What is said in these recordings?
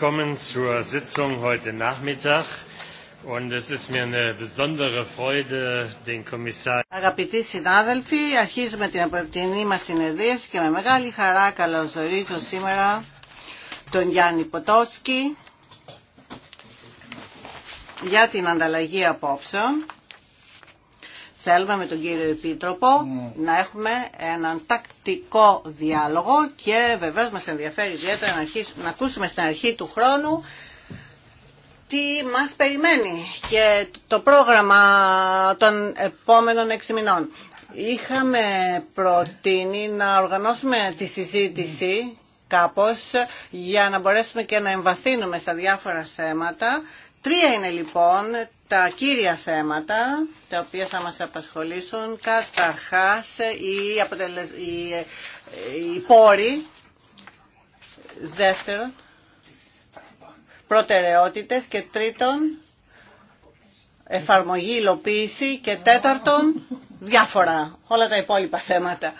willkommen zur Sitzung heute Nachmittag. Und es ist mir eine besondere Freude, den Kommissar... Αγαπητοί συνάδελφοι, αρχίζουμε την απευθυνή μας συνεδρίαση και με μεγάλη χαρά καλωσορίζω σήμερα τον Γιάννη Ποτόσκι για την ανταλλαγή απόψεων Θέλουμε με τον κύριο Επίτροπο ναι. να έχουμε έναν τακτικό διάλογο και βεβαίως μας ενδιαφέρει ιδιαίτερα να, ακούσουμε στην αρχή του χρόνου τι μας περιμένει και το πρόγραμμα των επόμενων έξι μηνών. Είχαμε προτείνει να οργανώσουμε τη συζήτηση κάπως για να μπορέσουμε και να εμβαθύνουμε στα διάφορα θέματα Τρία είναι λοιπόν τα κύρια θέματα τα οποία θα μας απασχολήσουν. Καταρχάς οι, αποτελεσ... οι... οι πόροι. Δεύτερον, προτεραιότητες και τρίτον, εφαρμογή, υλοποίηση και τέταρτον, διάφορα, όλα τα υπόλοιπα θέματα.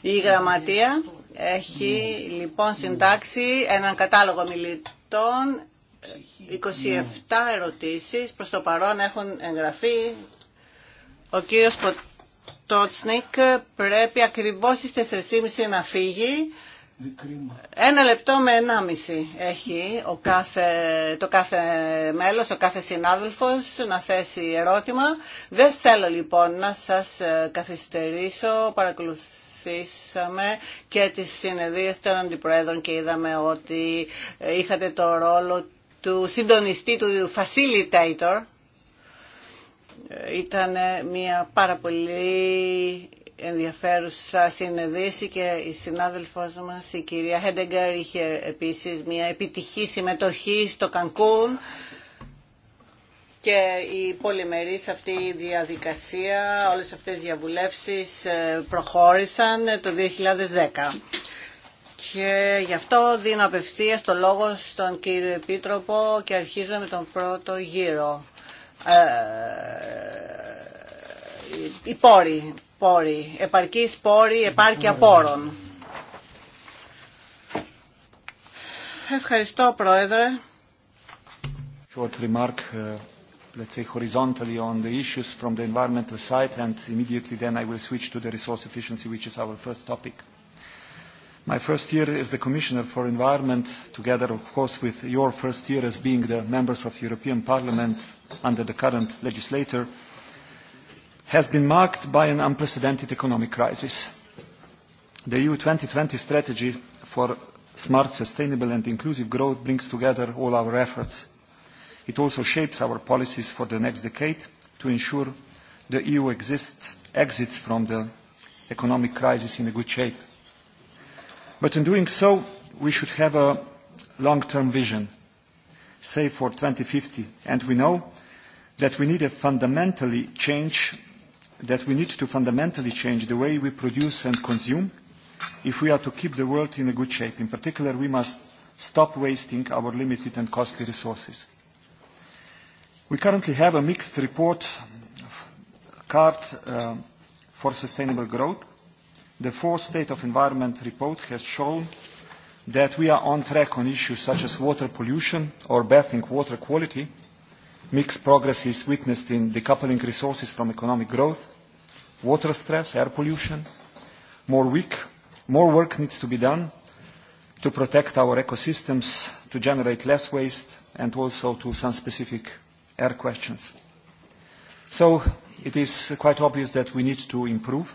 Η γραμματεία έχει λοιπόν συντάξει έναν κατάλογο μιλητών 27 ερωτήσεις. Προς το παρόν έχουν εγγραφεί. Ο κύριος Ποτότσνικ πρέπει ακριβώς στις 4.30 να φύγει. Ένα λεπτό με ενάμιση έχει ο κάθε, το κάθε μέλος, ο κάθε συνάδελφος να θέσει ερώτημα. Δεν θέλω λοιπόν να σας ε, καθυστερήσω, παρακολουθήσαμε και τις συνεδρίες των αντιπροέδρων και είδαμε ότι ε, είχατε το ρόλο του συντονιστή, του facilitator. Ήταν μια πάρα πολύ ενδιαφέρουσα συνεδρίαση και η συνάδελφός μας, η κυρία Χέντεγκερ, είχε επίσης μια επιτυχή συμμετοχή στο Κανκούν και η πολυμερής αυτή η διαδικασία, όλες αυτές οι διαβουλεύσεις ε, προχώρησαν το 2010. Και γι' αυτό δίνω απευθεία το λόγο στον κύριο Επίτροπο και αρχίζω με τον πρώτο γύρο. Ε, οι πόροι, πόροι, επαρκείς πόροι, επάρκεια πόρων. Ευχαριστώ, Πρόεδρε. Short remark, uh, let's say horizontally on the issues from the environmental side and immediately then I will switch to the resource efficiency, which is our first topic. My first year as the Commissioner for Environment, together, of course, with your first year as being the members of European Parliament under the current legislature, has been marked by an unprecedented economic crisis. The EU 2020 strategy for smart, sustainable and inclusive growth brings together all our efforts. It also shapes our policies for the next decade to ensure the EU exits from the economic crisis in a good shape. But in doing so, we should have a long-term vision, say for 2050. And we know that we need a fundamentally change, that we need to fundamentally change the way we produce and consume if we are to keep the world in a good shape. In particular, we must stop wasting our limited and costly resources. We currently have a mixed report card for sustainable growth The fourth State of Environment report has shown that we are on track on issues such as water pollution or bathing water quality. Mixed progress is witnessed in decoupling resources from economic growth, water stress, air pollution. More work needs to be done to protect our ecosystems, to generate less waste, and also to some specific air questions. So it is quite obvious that we need to improve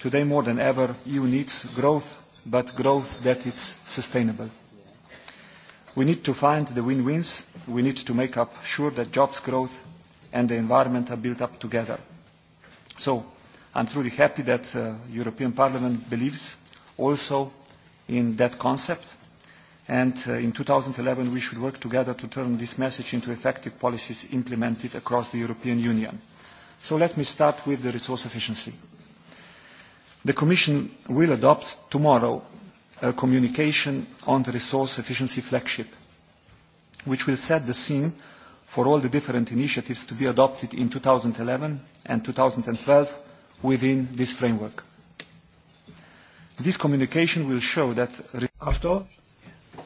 Today more than ever, EU needs growth, but growth that is sustainable. We need to find the win-wins. We need to make up sure that jobs growth and the environment are built up together. So I'm truly happy that the European Parliament believes also in that concept. And in 2011, we should work together to turn this message into effective policies implemented across the European Union. So let me start with the resource efficiency. The Commission will adopt tomorrow a communication on the resource efficiency flagship, which will set the scene for all the different initiatives to be adopted in 2011 and 2012 within this framework. This communication will show that... Αυτό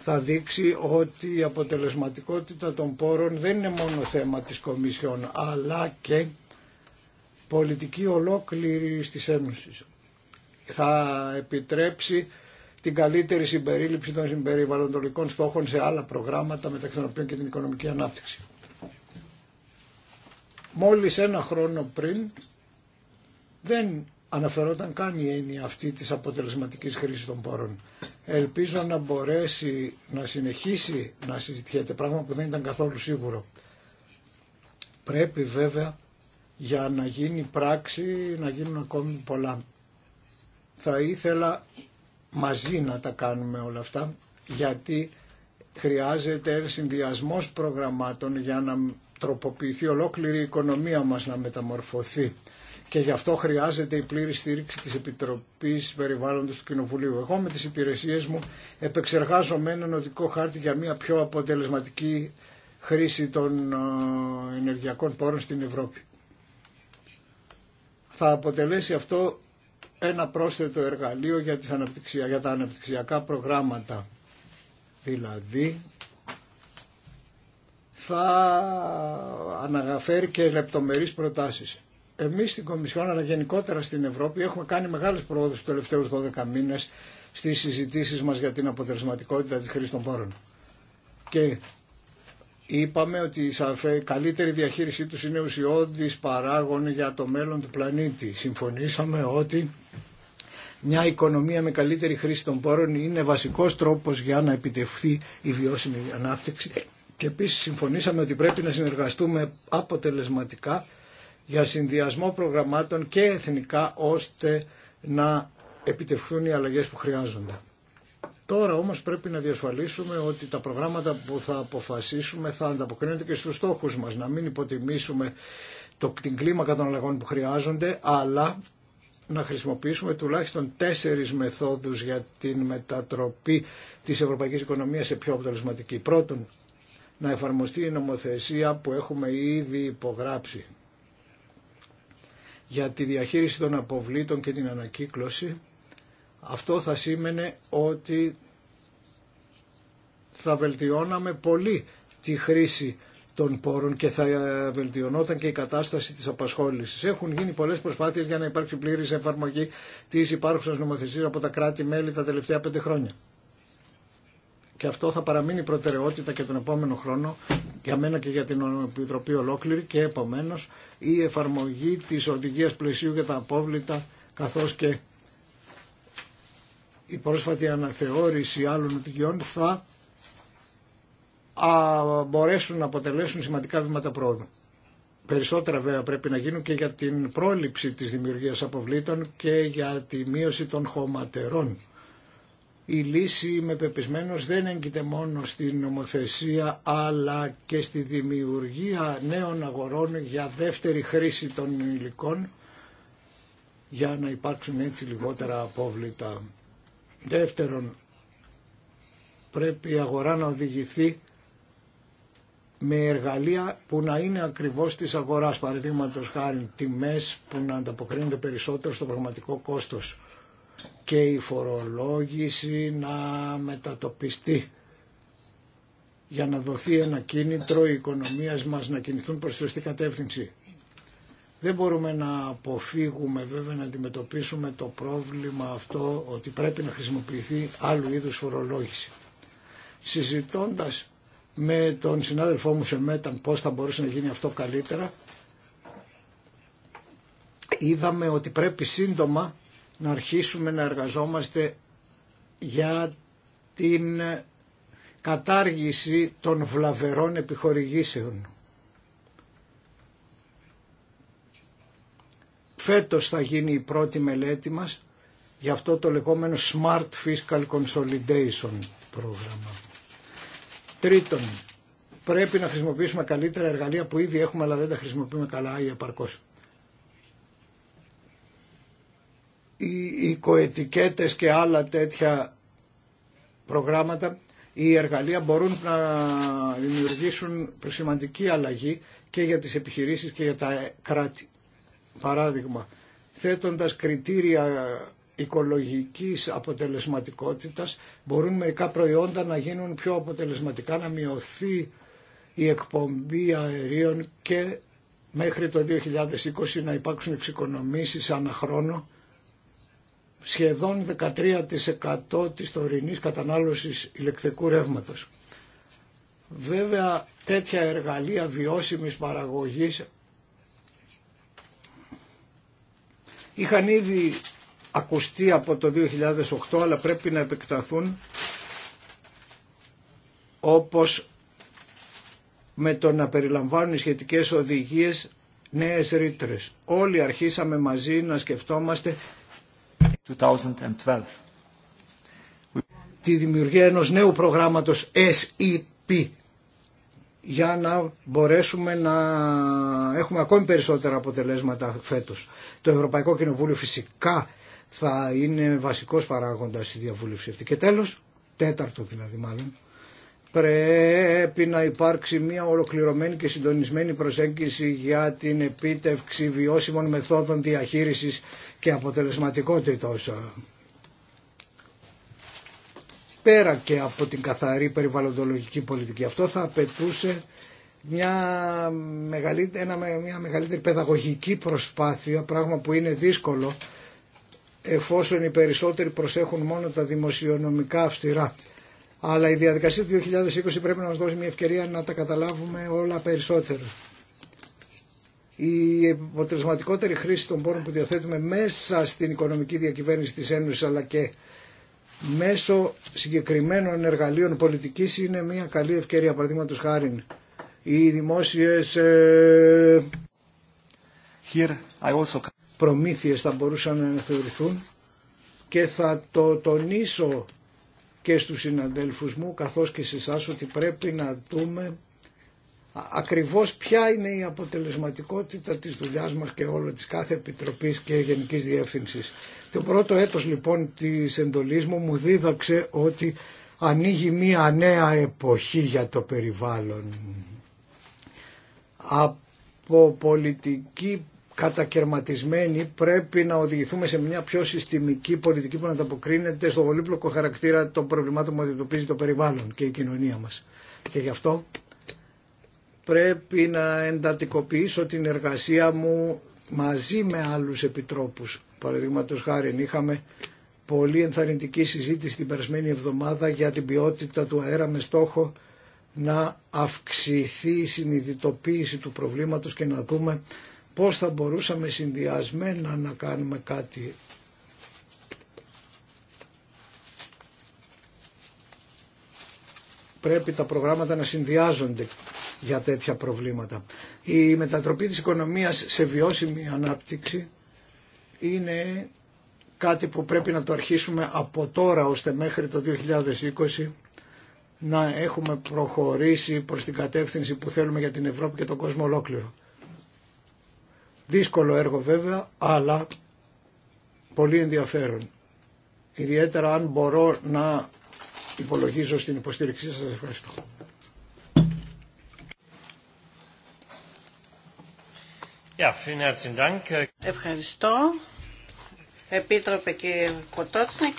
θα δείξει ότι η αποτελεσματικότητα των πόρων δεν είναι μόνο θέμα της Κομισιόν, αλλά και πολιτική ολόκληρη της Ένωσης θα επιτρέψει την καλύτερη συμπερίληψη των συμπεριβαλλοντολικών στόχων σε άλλα προγράμματα μεταξύ των οποίων και την οικονομική ανάπτυξη. Μόλις ένα χρόνο πριν δεν αναφερόταν καν η έννοια αυτή της αποτελεσματικής χρήσης των πόρων. Ελπίζω να μπορέσει να συνεχίσει να συζητιέται, πράγμα που δεν ήταν καθόλου σίγουρο. Πρέπει βέβαια για να γίνει πράξη να γίνουν ακόμη πολλά. Θα ήθελα μαζί να τα κάνουμε όλα αυτά γιατί χρειάζεται συνδυασμός προγραμμάτων για να τροποποιηθεί ολόκληρη η οικονομία μας να μεταμορφωθεί και γι' αυτό χρειάζεται η πλήρη στήριξη της Επιτροπής Περιβάλλοντος του Κοινοβουλίου. Εγώ με τις υπηρεσίες μου επεξεργάζομαι έναν οδικό χάρτη για μια πιο αποτελεσματική χρήση των ε, ενεργειακών πόρων στην Ευρώπη. Θα αποτελέσει αυτό ένα πρόσθετο εργαλείο για, τις αναπτυξια, για τα αναπτυξιακά προγράμματα. Δηλαδή θα αναφέρει και λεπτομερείς προτάσεις. Εμείς στην Κομισιόν αλλά γενικότερα στην Ευρώπη έχουμε κάνει μεγάλες πρόοδους του τελευταίους 12 μήνες στις συζητήσεις μας για την αποτελεσματικότητα της χρήσης των πόρων. Και είπαμε ότι η καλύτερη διαχείρισή τους είναι ουσιώδης παράγων για το μέλλον του πλανήτη. Συμφωνήσαμε ότι μια οικονομία με καλύτερη χρήση των πόρων είναι βασικός τρόπος για να επιτευχθεί η βιώσιμη ανάπτυξη και επίσης συμφωνήσαμε ότι πρέπει να συνεργαστούμε αποτελεσματικά για συνδυασμό προγραμμάτων και εθνικά ώστε να επιτευχθούν οι αλλαγές που χρειάζονται. Τώρα όμως πρέπει να διασφαλίσουμε ότι τα προγράμματα που θα αποφασίσουμε θα ανταποκρίνονται και στους στόχους μας. Να μην υποτιμήσουμε το, την κλίμακα των αλλαγών που χρειάζονται, αλλά να χρησιμοποιήσουμε τουλάχιστον τέσσερις μεθόδους για την μετατροπή της ευρωπαϊκής οικονομίας σε πιο αποτελεσματική. Πρώτον, να εφαρμοστεί η νομοθεσία που έχουμε ήδη υπογράψει για τη διαχείριση των αποβλήτων και την ανακύκλωση. Αυτό θα σήμαινε ότι θα βελτιώναμε πολύ τη χρήση των πόρων και θα ε, βελτιωνόταν και η κατάσταση της απασχόλησης. Έχουν γίνει πολλές προσπάθειες για να υπάρξει πλήρης εφαρμογή της υπάρχουσας νομοθεσίας από τα κράτη-μέλη τα τελευταία πέντε χρόνια. Και αυτό θα παραμείνει προτεραιότητα και τον επόμενο χρόνο για μένα και για την Επιτροπή ολόκληρη και επομένως η εφαρμογή της οδηγίας πλαισίου για τα απόβλητα καθώς και η πρόσφατη αναθεώρηση άλλων οδηγιών θα α, μπορέσουν να αποτελέσουν σημαντικά βήματα πρόοδου. Περισσότερα βέβαια πρέπει να γίνουν και για την πρόληψη της δημιουργίας αποβλήτων και για τη μείωση των χωματερών. Η λύση, είμαι πεπισμένος, δεν έγκυται μόνο στην νομοθεσία αλλά και στη δημιουργία νέων αγορών για δεύτερη χρήση των υλικών για να υπάρξουν έτσι λιγότερα απόβλητα. Δεύτερον, πρέπει η αγορά να οδηγηθεί με εργαλεία που να είναι ακριβώς της αγοράς, παραδείγματο χάρη τιμές που να ανταποκρίνονται περισσότερο στο πραγματικό κόστος και η φορολόγηση να μετατοπιστεί για να δοθεί ένα κίνητρο οι οικονομίας μας να κινηθούν προς τη σωστή κατεύθυνση. Δεν μπορούμε να αποφύγουμε βέβαια να αντιμετωπίσουμε το πρόβλημα αυτό ότι πρέπει να χρησιμοποιηθεί άλλου είδους φορολόγηση. Συζητώντας με τον συνάδελφό μου σε μέταν πώς θα μπορούσε να γίνει αυτό καλύτερα είδαμε ότι πρέπει σύντομα να αρχίσουμε να εργαζόμαστε για την κατάργηση των βλαβερών επιχορηγήσεων. Φέτος θα γίνει η πρώτη μελέτη μας για αυτό το λεγόμενο Smart Fiscal Consolidation πρόγραμμα. Τρίτον, πρέπει να χρησιμοποιήσουμε καλύτερα εργαλεία που ήδη έχουμε αλλά δεν τα χρησιμοποιούμε καλά ή απαρκώς. Οι οικοετικέτε και άλλα τέτοια προγράμματα οι εργαλεία μπορούν να δημιουργήσουν σημαντική αλλαγή και για τις επιχειρήσεις και για τα κράτη. Παράδειγμα, θέτοντας κριτήρια οικολογικής αποτελεσματικότητας μπορούν μερικά προϊόντα να γίνουν πιο αποτελεσματικά, να μειωθεί η εκπομπή αερίων και μέχρι το 2020 να υπάρξουν εξοικονομήσεις ανά χρόνο σχεδόν 13% της τωρινής κατανάλωσης ηλεκτρικού ρεύματος. Βέβαια τέτοια εργαλεία βιώσιμης παραγωγής είχαν ήδη ακουστεί από το 2008 αλλά πρέπει να επεκταθούν όπως με το να περιλαμβάνουν οι σχετικές οδηγίες νέες ρήτρε. Όλοι αρχίσαμε μαζί να σκεφτόμαστε 2012. τη δημιουργία ενός νέου προγράμματος SEP για να μπορέσουμε να έχουμε ακόμη περισσότερα αποτελέσματα φέτος. Το Ευρωπαϊκό Κοινοβούλιο φυσικά θα είναι βασικός παράγοντας στη διαβούλευση αυτή. Και τέλος, τέταρτο δηλαδή μάλλον, πρέπει να υπάρξει μια ολοκληρωμένη και συντονισμένη προσέγγιση για την επίτευξη βιώσιμων μεθόδων διαχείρισης και αποτελεσματικότητας. Πέρα και από την καθαρή περιβαλλοντολογική πολιτική. Αυτό θα απαιτούσε μια μεγαλύτερη, ένα, μια μεγαλύτερη παιδαγωγική προσπάθεια, πράγμα που είναι δύσκολο εφόσον οι περισσότεροι προσέχουν μόνο τα δημοσιονομικά αυστηρά. Αλλά η διαδικασία του 2020 πρέπει να μας δώσει μια ευκαιρία να τα καταλάβουμε όλα περισσότερο. Η αποτελεσματικότερη χρήση των πόρων που διαθέτουμε μέσα στην οικονομική διακυβέρνηση της Ένωσης αλλά και μέσω συγκεκριμένων εργαλείων πολιτικής είναι μια καλή ευκαιρία παραδείγματος χάρη. Οι δημόσιες... Ε, Here I also προμήθειες θα μπορούσαν να αναθεωρηθούν και θα το τονίσω και στους συναδέλφους μου καθώς και σε εσάς ότι πρέπει να δούμε ακριβώς ποια είναι η αποτελεσματικότητα της δουλειάς μας και όλο της κάθε επιτροπής και γενικής διεύθυνσης. Το πρώτο έτος λοιπόν της εντολής μου μου δίδαξε ότι ανοίγει μία νέα εποχή για το περιβάλλον. Από πολιτική κατακαιρματισμένοι πρέπει να οδηγηθούμε σε μια πιο συστημική πολιτική που να ανταποκρίνεται στο πολύπλοκο χαρακτήρα των προβλημάτων που αντιμετωπίζει το περιβάλλον και η κοινωνία μας. Και γι' αυτό πρέπει να εντατικοποιήσω την εργασία μου μαζί με άλλους επιτρόπους. Παραδείγματος χάρη είχαμε πολύ ενθαρρυντική συζήτηση την περασμένη εβδομάδα για την ποιότητα του αέρα με στόχο να αυξηθεί η συνειδητοποίηση του προβλήματος και να δούμε πώς θα μπορούσαμε συνδυασμένα να κάνουμε κάτι. Πρέπει τα προγράμματα να συνδυάζονται για τέτοια προβλήματα. Η μετατροπή της οικονομίας σε βιώσιμη ανάπτυξη είναι κάτι που πρέπει να το αρχίσουμε από τώρα ώστε μέχρι το 2020 να έχουμε προχωρήσει προς την κατεύθυνση που θέλουμε για την Ευρώπη και τον κόσμο ολόκληρο. Δύσκολο έργο βέβαια, αλλά πολύ ενδιαφέρον. Ιδιαίτερα αν μπορώ να υπολογίζω στην υποστήριξή σας. Ευχαριστώ. Ευχαριστώ. Επίτροπε κύριε Κοτότσνικ.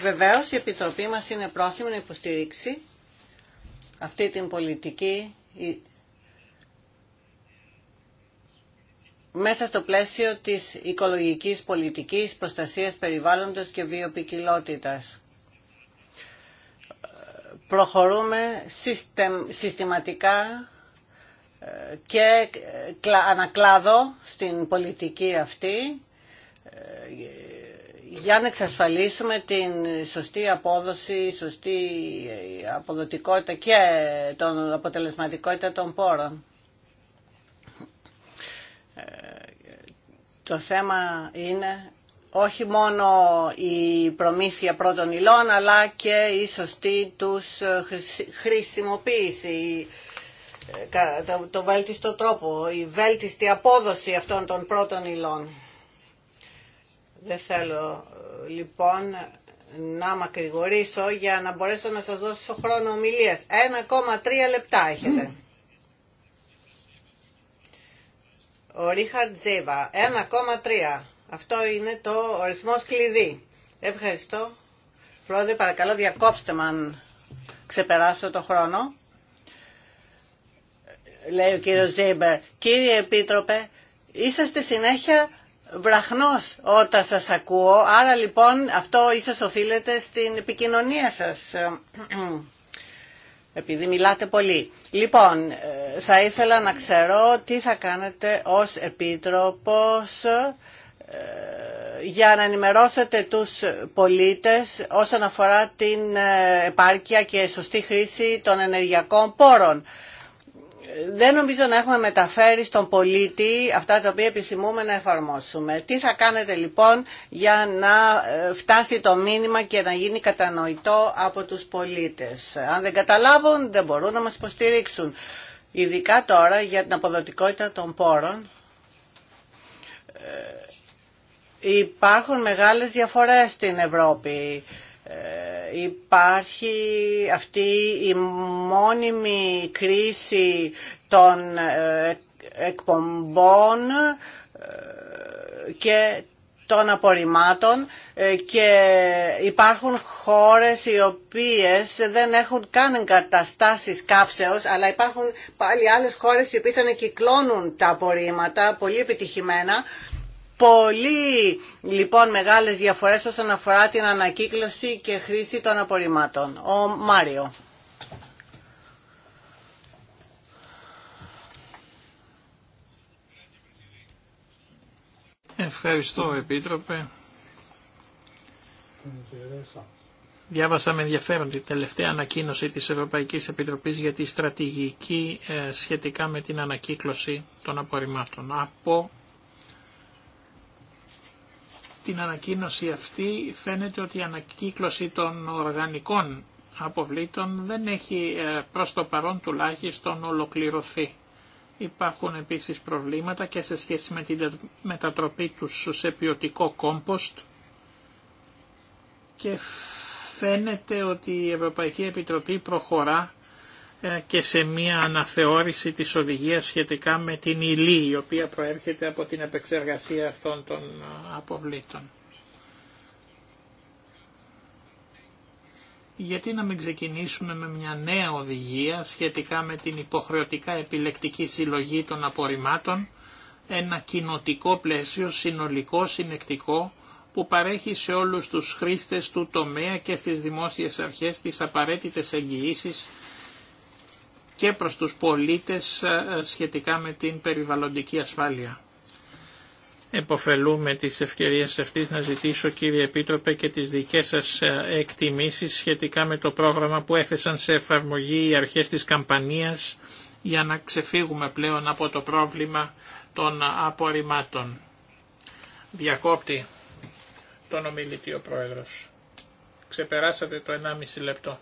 Βεβαίως η Επιτροπή μας είναι πρόθυμη να υποστηρίξει αυτή την πολιτική μέσα στο πλαίσιο της οικολογικής πολιτικής προστασίας περιβάλλοντος και βιοπικιλότητας. Προχωρούμε συστηματικά ε, και ανακλάδω στην πολιτική αυτή ε, για να εξασφαλίσουμε την σωστή απόδοση, σωστή ε, αποδοτικότητα και την αποτελεσματικότητα των πόρων το θέμα είναι όχι μόνο η προμήθεια πρώτων υλών, αλλά και η σωστή τους ε, χρησιμοποίηση, ε, το βέλτιστο τρόπο, η βέλτιστη απόδοση αυτών των πρώτων υλών. Δεν θέλω ε, λοιπόν να μακρηγορήσω για να μπορέσω να σας δώσω χρόνο ομιλίας. 1,3 λεπτά έχετε. Ο Ρίχαρτ ένα 1,3. Αυτό είναι το ορισμό κλειδί. Ευχαριστώ. Πρόεδρε, παρακαλώ διακόψτε με αν ξεπεράσω το χρόνο. Λέει ο κύριος Ζίμπερ, κύριε Επίτροπε, είσαστε συνέχεια βραχνός όταν σας ακούω, άρα λοιπόν αυτό ίσως οφείλεται στην επικοινωνία σας επειδή μιλάτε πολύ. Λοιπόν, ε, θα ήθελα να ξέρω τι θα κάνετε ως Επίτροπος ε, για να ενημερώσετε τους πολίτες όσον αφορά την ε, επάρκεια και σωστή χρήση των ενεργειακών πόρων δεν νομίζω να έχουμε μεταφέρει στον πολίτη αυτά τα οποία επισημούμε να εφαρμόσουμε. Τι θα κάνετε λοιπόν για να ε, φτάσει το μήνυμα και να γίνει κατανοητό από τους πολίτες. Αν δεν καταλάβουν δεν μπορούν να μας υποστηρίξουν. Ειδικά τώρα για την αποδοτικότητα των πόρων ε, υπάρχουν μεγάλες διαφορές στην Ευρώπη. Ε, υπάρχει αυτή η μόνιμη κρίση των ε, εκπομπών ε, και των απορριμμάτων και υπάρχουν χώρες οι οποίες δεν έχουν καν εγκαταστάσεις καύσεως αλλά υπάρχουν πάλι άλλες χώρες οι οποίες ανακυκλώνουν τα απορρίμματα πολύ επιτυχημένα πολύ λοιπόν μεγάλες διαφορές όσον αφορά την ανακύκλωση και χρήση των απορριμμάτων. Ο Μάριο. Ευχαριστώ Επίτροπε. Διάβασα με ενδιαφέρον την τελευταία ανακοίνωση της Ευρωπαϊκής Επιτροπής για τη στρατηγική ε, σχετικά με την ανακύκλωση των απορριμμάτων. Από την ανακοίνωση αυτή φαίνεται ότι η ανακύκλωση των οργανικών αποβλήτων δεν έχει ε, προς το παρόν τουλάχιστον ολοκληρωθεί. Υπάρχουν επίσης προβλήματα και σε σχέση με την μετατροπή τους σε ποιοτικό κόμποστ και φαίνεται ότι η Ευρωπαϊκή Επιτροπή προχωρά και σε μία αναθεώρηση της οδηγίας σχετικά με την υλή η οποία προέρχεται από την επεξεργασία αυτών των αποβλήτων. Γιατί να μην ξεκινήσουμε με μια νέα οδηγία σχετικά με την υποχρεωτικά επιλεκτική συλλογή των απορριμμάτων, ένα κοινοτικό πλαίσιο συνολικό συνεκτικό που παρέχει σε όλους τους χρήστες του τομέα και στις δημόσιες αρχές τις απαραίτητες εγγυήσεις και προς τους πολίτες ε, ε, σχετικά με την περιβαλλοντική ασφάλεια. Εποφελούμε τις ευκαιρίες αυτής να ζητήσω κύριε Επίτροπε και τις δικές σας ε, εκτιμήσεις σχετικά με το πρόγραμμα που έθεσαν σε εφαρμογή οι αρχές της καμπανίας για να ξεφύγουμε πλέον από το πρόβλημα των απορριμμάτων. Διακόπτη τον ομιλητή ο Πρόεδρος. Ξεπεράσατε το 1,5 λεπτό.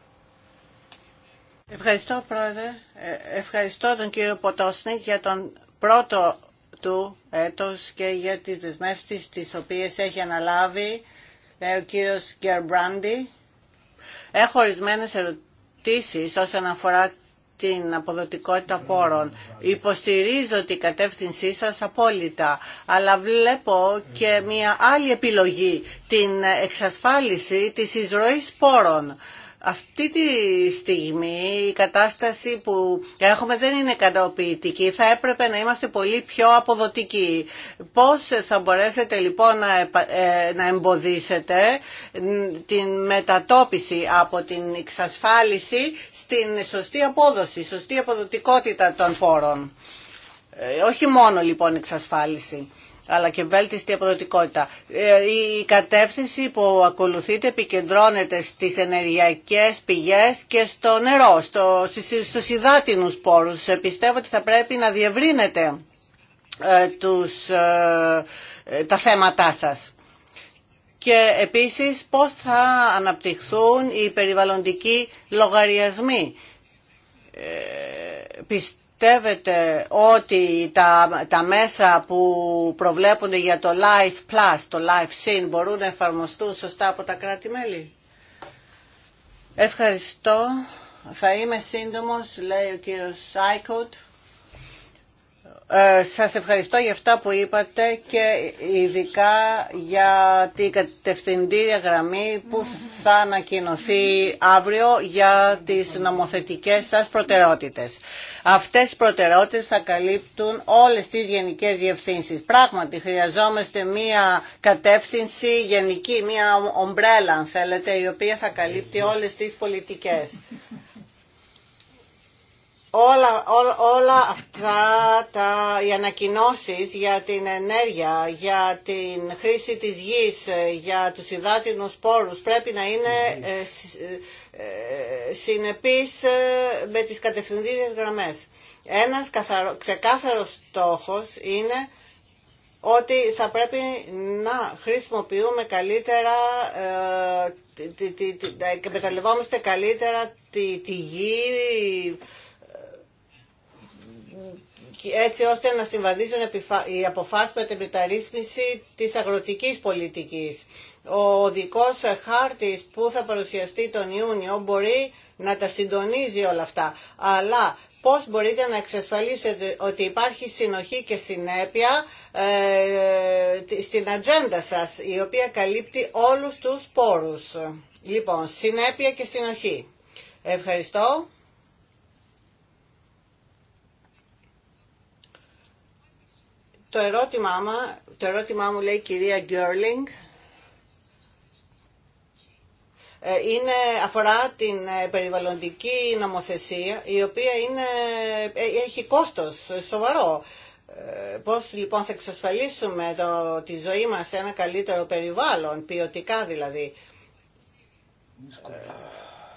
Ευχαριστώ, Πρόεδρε. Ε, ευχαριστώ τον κύριο Ποτόσνικ για τον πρώτο του έτος και για τις δεσμεύσεις τις οποίες έχει αναλάβει ε, ο κύριος Γκερμπράντι. Έχω ορισμένε ερωτήσεις όσον αφορά την αποδοτικότητα πόρων. Υποστηρίζω την κατεύθυνσή σας απόλυτα, αλλά βλέπω και μια άλλη επιλογή, την εξασφάλιση της εισρωής πόρων αυτή τη στιγμή η κατάσταση που έχουμε δεν είναι ικανοποιητική. Θα έπρεπε να είμαστε πολύ πιο αποδοτικοί. Πώς θα μπορέσετε λοιπόν να ε, εμποδίσετε την μετατόπιση από την εξασφάλιση στην σωστή απόδοση, σωστή αποδοτικότητα των πόρων. Ε, όχι μόνο λοιπόν εξασφάλιση αλλά και βέλτιστη αποδοτικότητα. Ε, η κατεύθυνση που ακολουθείτε επικεντρώνεται στις ενεργειακές πηγές και στο νερό, στο, στους υδάτινους πόρους. Ε, πιστεύω ότι θα πρέπει να διευρύνετε τους, ε, τα θέματά σας. Και επίσης πώς θα αναπτυχθούν οι περιβαλλοντικοί λογαριασμοί. πιστεύω Πιστεύετε ότι τα, τα μέσα που προβλέπουν για το Life Plus, το Life Sin μπορούν να εφαρμοστούν σωστά από τα κράτη-μέλη. Ευχαριστώ. Θα είμαι σύντομος, λέει ο κύριος Σάικοτ. Ε, σας ευχαριστώ για αυτά που είπατε και ειδικά για την κατευθυντήρια γραμμή που θα ανακοινωθεί αύριο για τις νομοθετικές σας προτεραιότητες. Αυτές οι προτεραιότητες θα καλύπτουν όλες τις γενικές διευθύνσεις. Πράγματι χρειαζόμαστε μία κατεύθυνση γενική, μία ομπρέλα αν θέλετε, η οποία θα καλύπτει όλες τις πολιτικές όλα, όλα, όλα αυτά τα, οι ανακοινώσει για την ενέργεια, για την χρήση της γης, ε, για τους υδάτινους πόρους πρέπει να είναι ε, ε συνεπείς ε, με τις κατευθυντήριες γραμμές. Ένας καθαρο, ξεκάθαρος στόχος είναι ότι θα πρέπει να χρησιμοποιούμε καλύτερα, και να καλύτερα τη, τη γη, έτσι ώστε να συμβαδίζουν οι αποφάσεις με την μεταρρύθμιση της αγροτικής πολιτικής. Ο δικός χάρτης που θα παρουσιαστεί τον Ιούνιο μπορεί να τα συντονίζει όλα αυτά. Αλλά πώς μπορείτε να εξασφαλίσετε ότι υπάρχει συνοχή και συνέπεια ε, στην ατζέντα σας, η οποία καλύπτει όλους τους πόρους. Λοιπόν, συνέπεια και συνοχή. Ευχαριστώ. Το ερώτημά, μου, το ερώτημά μου λέει η κυρία Γκέρλινγκ ε, είναι, αφορά την ε, περιβαλλοντική νομοθεσία η οποία είναι, ε, έχει κόστος σοβαρό. Πώς λοιπόν θα εξασφαλίσουμε το, τη ζωή μας σε ένα καλύτερο περιβάλλον, ποιοτικά δηλαδή.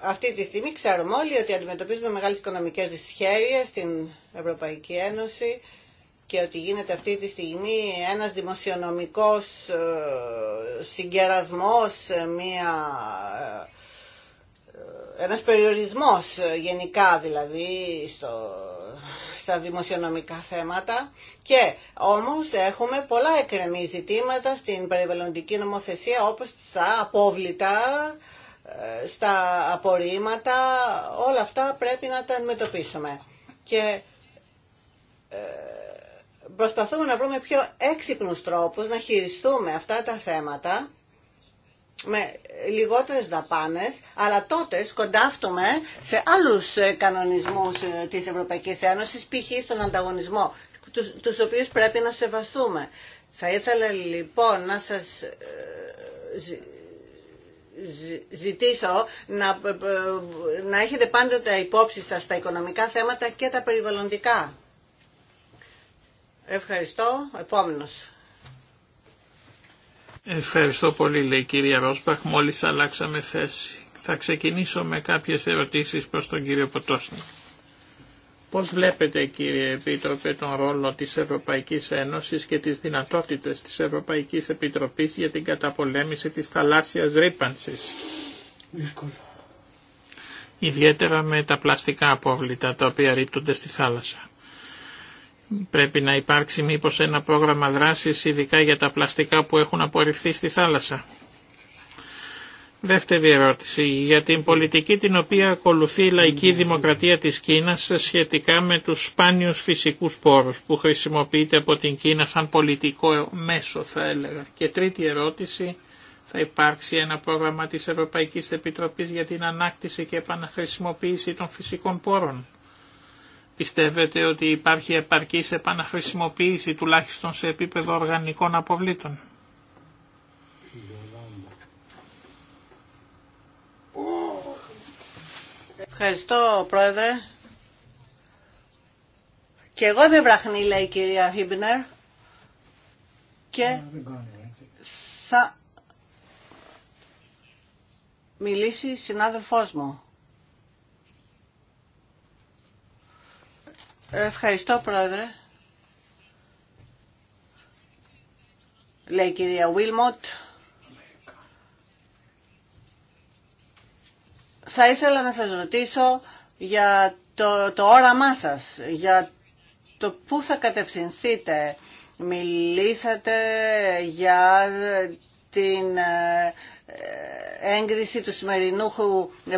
Αυτή τη στιγμή ξέρουμε όλοι ότι αντιμετωπίζουμε μεγάλες οικονομικές δυσχέρειες στην Ευρωπαϊκή Ένωση και ότι γίνεται αυτή τη στιγμή ένας δημοσιονομικός ε, συγκερασμός, ε, μια, ε, ένας περιορισμός γενικά δηλαδή στο, στα δημοσιονομικά θέματα και όμως έχουμε πολλά εκκρεμή ζητήματα στην περιβαλλοντική νομοθεσία όπως τα απόβλητα, στα απορρίμματα, όλα αυτά πρέπει να τα αντιμετωπίσουμε. Και προσπαθούμε να βρούμε πιο έξυπνους τρόπους να χειριστούμε αυτά τα θέματα με λιγότερες δαπάνες, αλλά τότε σκοντάφτουμε σε άλλους ε, κανονισμούς ε, της Ευρωπαϊκής Ένωσης, π.χ. στον ανταγωνισμό, τους, τους οποίους πρέπει να σεβαστούμε. Θα ήθελα λοιπόν να σας ε, ζητήσω να, να έχετε πάντοτε υπόψη σας τα οικονομικά θέματα και τα περιβαλλοντικά. Ευχαριστώ. Επόμενος. Ευχαριστώ πολύ, λέει η κυρία Ρόσπαχ. Μόλις αλλάξαμε θέση. Θα ξεκινήσω με κάποιες ερωτήσεις προς τον κύριο Ποτόσνη. Πώς βλέπετε, κύριε Επίτροπε, τον ρόλο της Ευρωπαϊκής Ένωσης και τις δυνατότητες της Ευρωπαϊκής Επιτροπής για την καταπολέμηση της θαλάσσιας ρήπανσης. Δύσκολο. Ιδιαίτερα με τα πλαστικά απόβλητα τα οποία ρίπτονται στη θάλασσα. Πρέπει να υπάρξει μήπως ένα πρόγραμμα δράσης ειδικά για τα πλαστικά που έχουν απορριφθεί στη θάλασσα. Δεύτερη ερώτηση. Για την πολιτική την οποία ακολουθεί η λαϊκή δημοκρατία της Κίνας σχετικά με τους σπάνιους φυσικούς πόρους που χρησιμοποιείται από την Κίνα σαν πολιτικό μέσο θα έλεγα. Και τρίτη ερώτηση. Θα υπάρξει ένα πρόγραμμα της Ευρωπαϊκής Επιτροπής για την ανάκτηση και επαναχρησιμοποίηση των φυσικών πόρων. Πιστεύετε ότι υπάρχει επαρκής επαναχρησιμοποίηση τουλάχιστον σε επίπεδο οργανικών αποβλήτων. Ευχαριστώ πρόεδρε. Και εγώ είμαι βραχνή λέει η κυρία Χίμπνερ. Και ε, θα μιλήσει συνάδελφός μου. Ευχαριστώ, Πρόεδρε. Λέει η κυρία Βίλμοτ. Θα ήθελα να σας ρωτήσω για το, το όραμά σας, για το πού θα κατευθυνθείτε. Μιλήσατε για την ε, έγκριση του σημερινού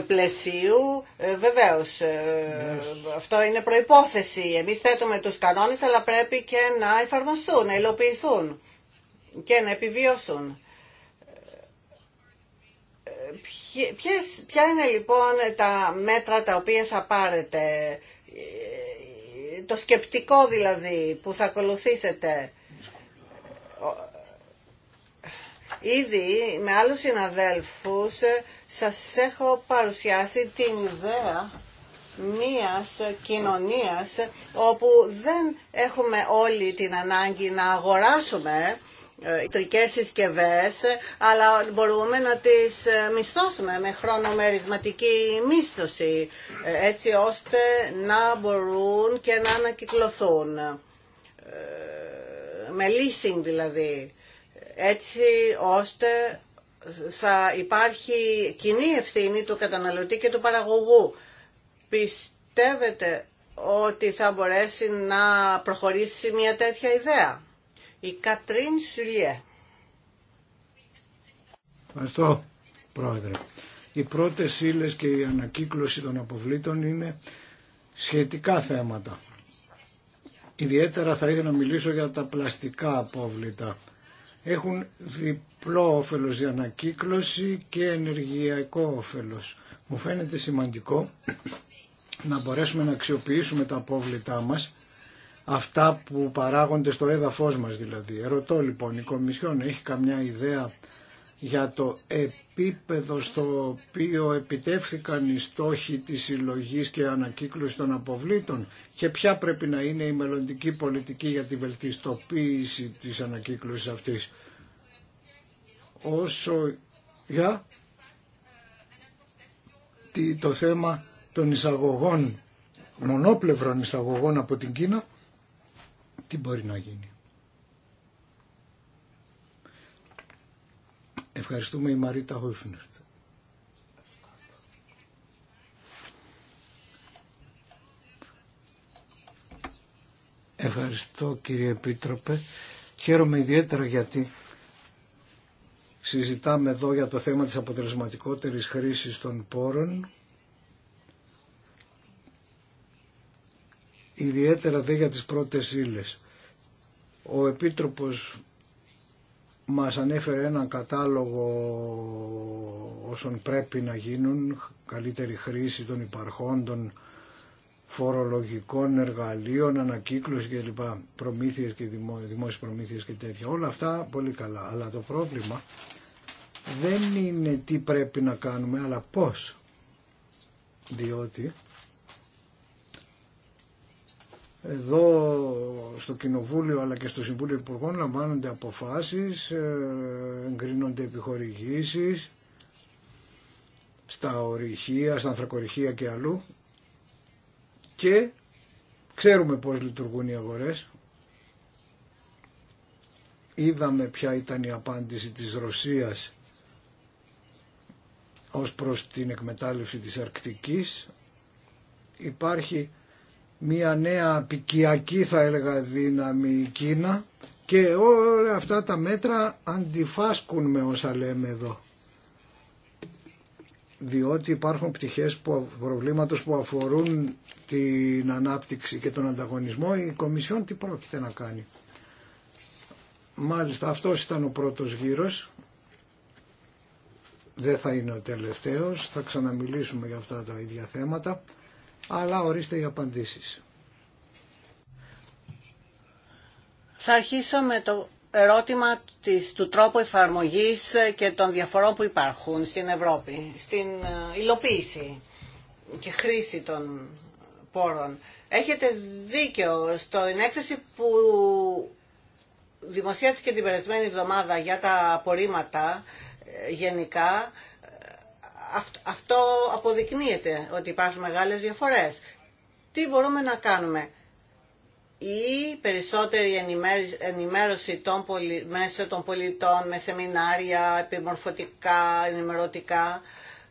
πλαισίου, ε, βεβαίως, ε, αυτό είναι προϋπόθεση. Εμείς θέτουμε τους κανόνες, αλλά πρέπει και να εφαρμοστούν, να υλοποιηθούν και να επιβιώσουν. Ε, ποιες, ποια είναι λοιπόν τα μέτρα τα οποία θα πάρετε, ε, το σκεπτικό δηλαδή που θα ακολουθήσετε Ήδη με άλλους συναδέλφους ε, σας έχω παρουσιάσει την ιδέα μίας κοινωνίας όπου δεν έχουμε όλοι την ανάγκη να αγοράσουμε ηλεκτρικές συσκευές αλλά μπορούμε να τις ε, μισθώσουμε με χρονομερισματική μίσθωση ε, έτσι ώστε να μπορούν και να ανακυκλωθούν με leasing δηλαδή έτσι ώστε θα υπάρχει κοινή ευθύνη του καταναλωτή και του παραγωγού. Πιστεύετε ότι θα μπορέσει να προχωρήσει μια τέτοια ιδέα. Η Κατρίν Σουλιέ. Ευχαριστώ, Πρόεδρε. Οι πρώτες ύλε και η ανακύκλωση των αποβλήτων είναι σχετικά θέματα. Ιδιαίτερα θα ήθελα να μιλήσω για τα πλαστικά απόβλητα έχουν διπλό όφελος για ανακύκλωση και ενεργειακό όφελος. Μου φαίνεται σημαντικό να μπορέσουμε να αξιοποιήσουμε τα απόβλητά μας, αυτά που παράγονται στο έδαφος μας δηλαδή. Ερωτώ λοιπόν, η Κομισιόν έχει καμιά ιδέα για το επίπεδο στο οποίο επιτεύχθηκαν οι στόχοι της συλλογή και ανακύκλωση των αποβλήτων και ποια πρέπει να είναι η μελλοντική πολιτική για τη βελτιστοποίηση της ανακύκλωσης αυτής. Όσο για το θέμα των εισαγωγών, μονόπλευρων εισαγωγών από την Κίνα, τι μπορεί να γίνει. Ευχαριστούμε η Μαρίτα Χόιφνερτ. Ευχαριστώ κύριε Επίτροπε. Χαίρομαι ιδιαίτερα γιατί συζητάμε εδώ για το θέμα της αποτελεσματικότερης χρήσης των πόρων. Ιδιαίτερα δε για τις πρώτες ύλες. Ο Επίτροπος μας ανέφερε έναν κατάλογο όσων πρέπει να γίνουν, καλύτερη χρήση των υπαρχόντων φορολογικών εργαλείων, ανακύκλωση και λοιπά, προμήθειες και δημόσιες προμήθειες και τέτοια. Όλα αυτά πολύ καλά. Αλλά το πρόβλημα δεν είναι τι πρέπει να κάνουμε, αλλά πώς. Διότι εδώ στο Κοινοβούλιο αλλά και στο Συμβούλιο Υπουργών λαμβάνονται αποφάσεις, ε, εγκρίνονται επιχορηγήσεις στα ορυχεία, στα ανθρακορυχεία και αλλού και ξέρουμε πώς λειτουργούν οι αγορές. Είδαμε ποια ήταν η απάντηση της Ρωσίας ως προς την εκμετάλλευση της Αρκτικής. Υπάρχει μια νέα πικιακή θα έλεγα δύναμη η Κίνα και όλα αυτά τα μέτρα αντιφάσκουν με όσα λέμε εδώ. Διότι υπάρχουν πτυχές που, προβλήματος που αφορούν την ανάπτυξη και τον ανταγωνισμό, η Κομισιόν τι πρόκειται να κάνει. Μάλιστα αυτός ήταν ο πρώτος γύρος. Δεν θα είναι ο τελευταίος, θα ξαναμιλήσουμε για αυτά τα ίδια θέματα αλλά ορίστε οι απαντήσεις. Θα αρχίσω με το ερώτημα της, του τρόπου εφαρμογής και των διαφορών που υπάρχουν στην Ευρώπη, στην ε, υλοποίηση και χρήση των πόρων. Έχετε δίκιο στο έκθεση που δημοσιεύτηκε την περασμένη εβδομάδα για τα απορρίμματα ε, γενικά αυτό αποδεικνύεται ότι υπάρχουν μεγάλες διαφορές. Τι μπορούμε να κάνουμε. Ή περισσότερη ενημέρωση των πολι... μέσω των πολιτών με σεμινάρια, επιμορφωτικά, ενημερωτικά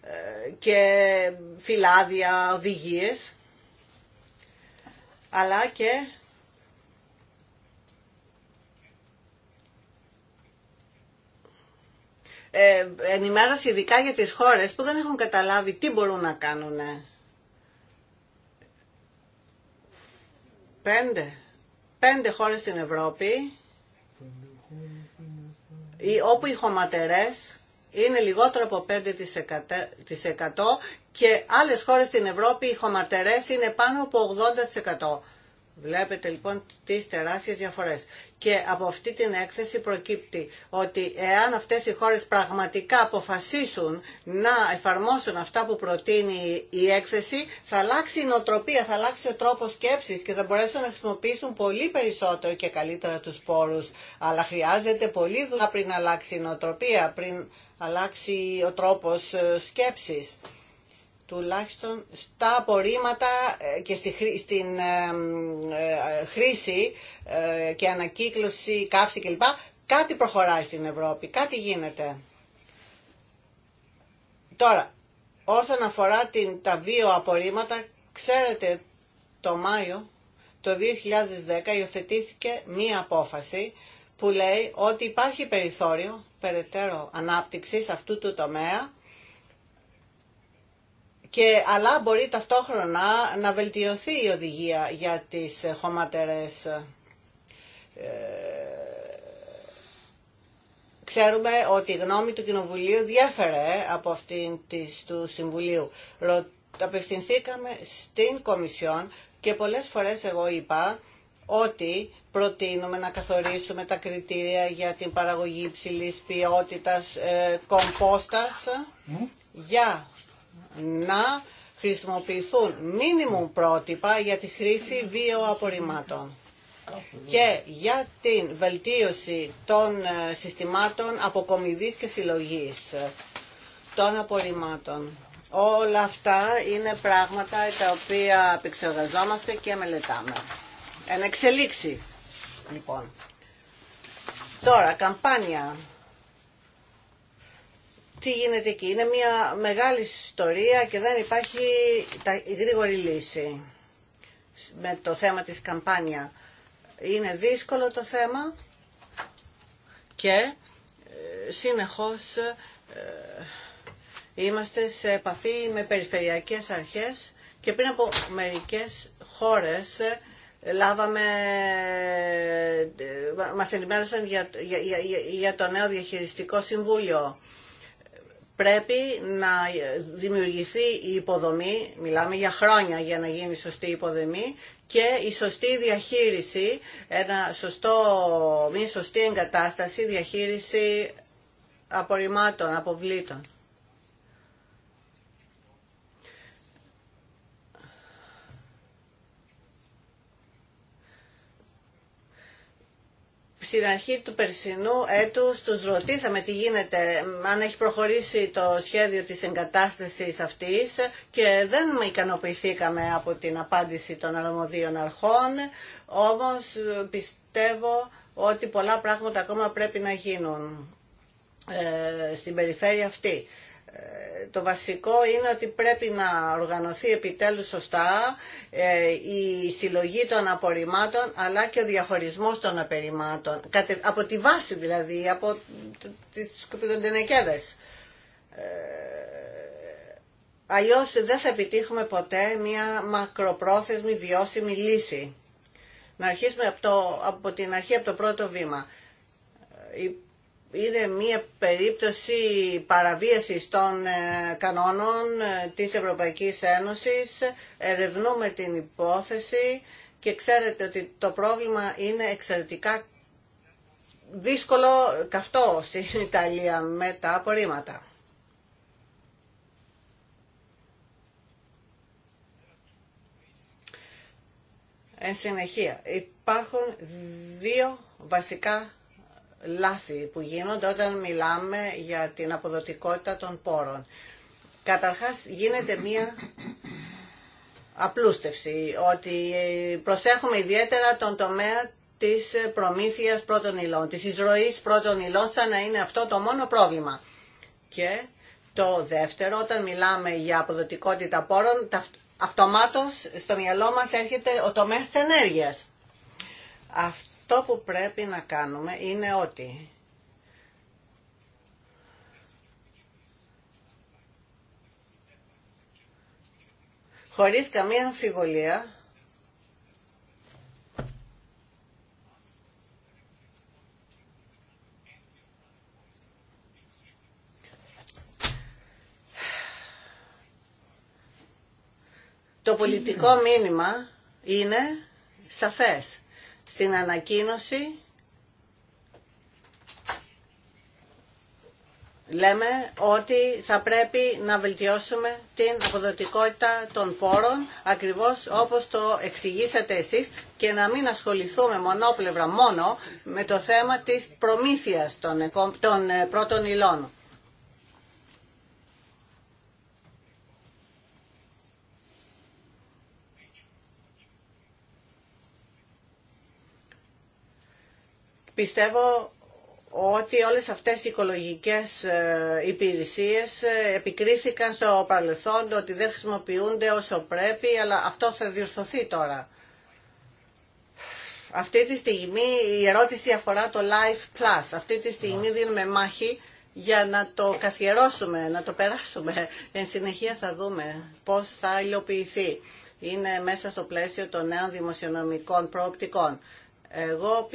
ε, και φυλάδια, οδηγίες αλλά και Ε, ενημέρωση ειδικά για τις χώρες που δεν έχουν καταλάβει τι μπορούν να κάνουν. Πέντε. Πέντε χώρες στην Ευρώπη όπου οι χωματερές είναι λιγότερο από 5% και άλλες χώρες στην Ευρώπη οι χωματερές είναι πάνω από 80%. Βλέπετε λοιπόν τις τεράστιες διαφορές. Και από αυτή την έκθεση προκύπτει ότι εάν αυτές οι χώρες πραγματικά αποφασίσουν να εφαρμόσουν αυτά που προτείνει η έκθεση, θα αλλάξει η νοοτροπία, θα αλλάξει ο τρόπος σκέψης και θα μπορέσουν να χρησιμοποιήσουν πολύ περισσότερο και καλύτερα τους πόρους. Αλλά χρειάζεται πολύ δουλειά πριν αλλάξει η νοοτροπία, πριν αλλάξει ο τρόπος ε, σκέψης τουλάχιστον στα απορρίμματα ε, και στην ε, ε, χρήση και ανακύκλωση, καύση κλπ. Κάτι προχωράει στην Ευρώπη, κάτι γίνεται. Τώρα, όσον αφορά την, τα βιοαπορρίμματα, ξέρετε το Μάιο το 2010 υιοθετήθηκε μία απόφαση που λέει ότι υπάρχει περιθώριο περαιτέρω ανάπτυξης αυτού του τομέα και, αλλά μπορεί ταυτόχρονα να βελτιωθεί η οδηγία για τις χωματερές. Ε, ξέρουμε ότι η γνώμη του Κοινοβουλίου διέφερε από αυτήν της, του Συμβουλίου. απευθυνθήκαμε στην Κομισιόν και πολλές φορές εγώ είπα ότι προτείνουμε να καθορίσουμε τα κριτήρια για την παραγωγή υψηλής ποιότητας ε, κομπόστας για να χρησιμοποιηθούν μίνιμουμ πρότυπα για τη χρήση βιοαπορριμμάτων και για την βελτίωση των ε, συστημάτων αποκομιδής και συλλογής ε, των απορριμμάτων. Όλα αυτά είναι πράγματα τα οποία επεξεργαζόμαστε και μελετάμε. Εν εξελίξει λοιπόν. Τώρα, καμπάνια τι Είναι μια μεγάλη ιστορία και δεν υπάρχει γρήγορη λύση με το θέμα της καμπάνια. Είναι δύσκολο το θέμα και ε, συνεχώς ε, είμαστε σε επαφή με περιφερειακές αρχές και πριν από μερικές χώρες ε, λάβαμε, μας ενημέρωσαν για, για, για το νέο διαχειριστικό συμβούλιο πρέπει να δημιουργηθεί η υποδομή, μιλάμε για χρόνια για να γίνει σωστή υποδομή και η σωστή διαχείριση, ένα σωστό, μια σωστή εγκατάσταση, διαχείριση απορριμμάτων, αποβλήτων. στην αρχή του περσινού έτους τους ρωτήσαμε τι γίνεται, αν έχει προχωρήσει το σχέδιο της εγκατάστασης αυτής και δεν ικανοποιηθήκαμε από την απάντηση των αρμοδίων αρχών, όμως πιστεύω ότι πολλά πράγματα ακόμα πρέπει να γίνουν ε, στην περιφέρεια αυτή. Ε, το βασικό είναι ότι πρέπει να οργανωθεί επιτέλους σωστά ε, η συλλογή των απορριμμάτων αλλά και ο διαχωρισμός των απεριμάτων. Από τη βάση δηλαδή, από τις σκουπιδοντενεκέδες. Ε, αλλιώς δεν θα επιτύχουμε ποτέ μια μακροπρόθεσμη βιώσιμη λύση. Να αρχίσουμε από, από την αρχή, από το πρώτο βήμα είναι μια περίπτωση παραβίασης των ε, κανόνων ε, της Ευρωπαϊκής Ένωσης. Ερευνούμε την υπόθεση και ξέρετε ότι το πρόβλημα είναι εξαιρετικά δύσκολο καυτό στην Ιταλία με τα απορρίμματα. Εν συνεχεία, υπάρχουν δύο βασικά λάθη που γίνονται όταν μιλάμε για την αποδοτικότητα των πόρων. Καταρχάς γίνεται μία απλούστευση, ότι προσέχουμε ιδιαίτερα τον τομέα της προμήθειας πρώτων υλών, της εισρωής πρώτων υλών, σαν να είναι αυτό το μόνο πρόβλημα. Και το δεύτερο, όταν μιλάμε για αποδοτικότητα πόρων, αυτομάτως στο μυαλό μας έρχεται ο τομέας της ενέργειας. Αυτό αυτό που πρέπει να κάνουμε είναι ότι χωρίς καμία αμφιβολία Το πολιτικό μήνυμα είναι σαφές στην ανακοίνωση λέμε ότι θα πρέπει να βελτιώσουμε την αποδοτικότητα των πόρων ακριβώς όπως το εξηγήσατε εσείς και να μην ασχοληθούμε μονόπλευρα μόνο με το θέμα της προμήθειας των ε, πρώτων υλών. Πιστεύω ότι όλες αυτές οι οικολογικές ε, υπηρεσίες ε, επικρίθηκαν στο παρελθόν ότι δεν χρησιμοποιούνται όσο πρέπει, αλλά αυτό θα διορθωθεί τώρα. Αυτή τη στιγμή η ερώτηση αφορά το Life Plus. Αυτή τη στιγμή δίνουμε μάχη για να το καθιερώσουμε, να το περάσουμε. Εν συνεχεία θα δούμε πώς θα υλοποιηθεί. Είναι μέσα στο πλαίσιο των νέων δημοσιονομικών προοπτικών. Εγώ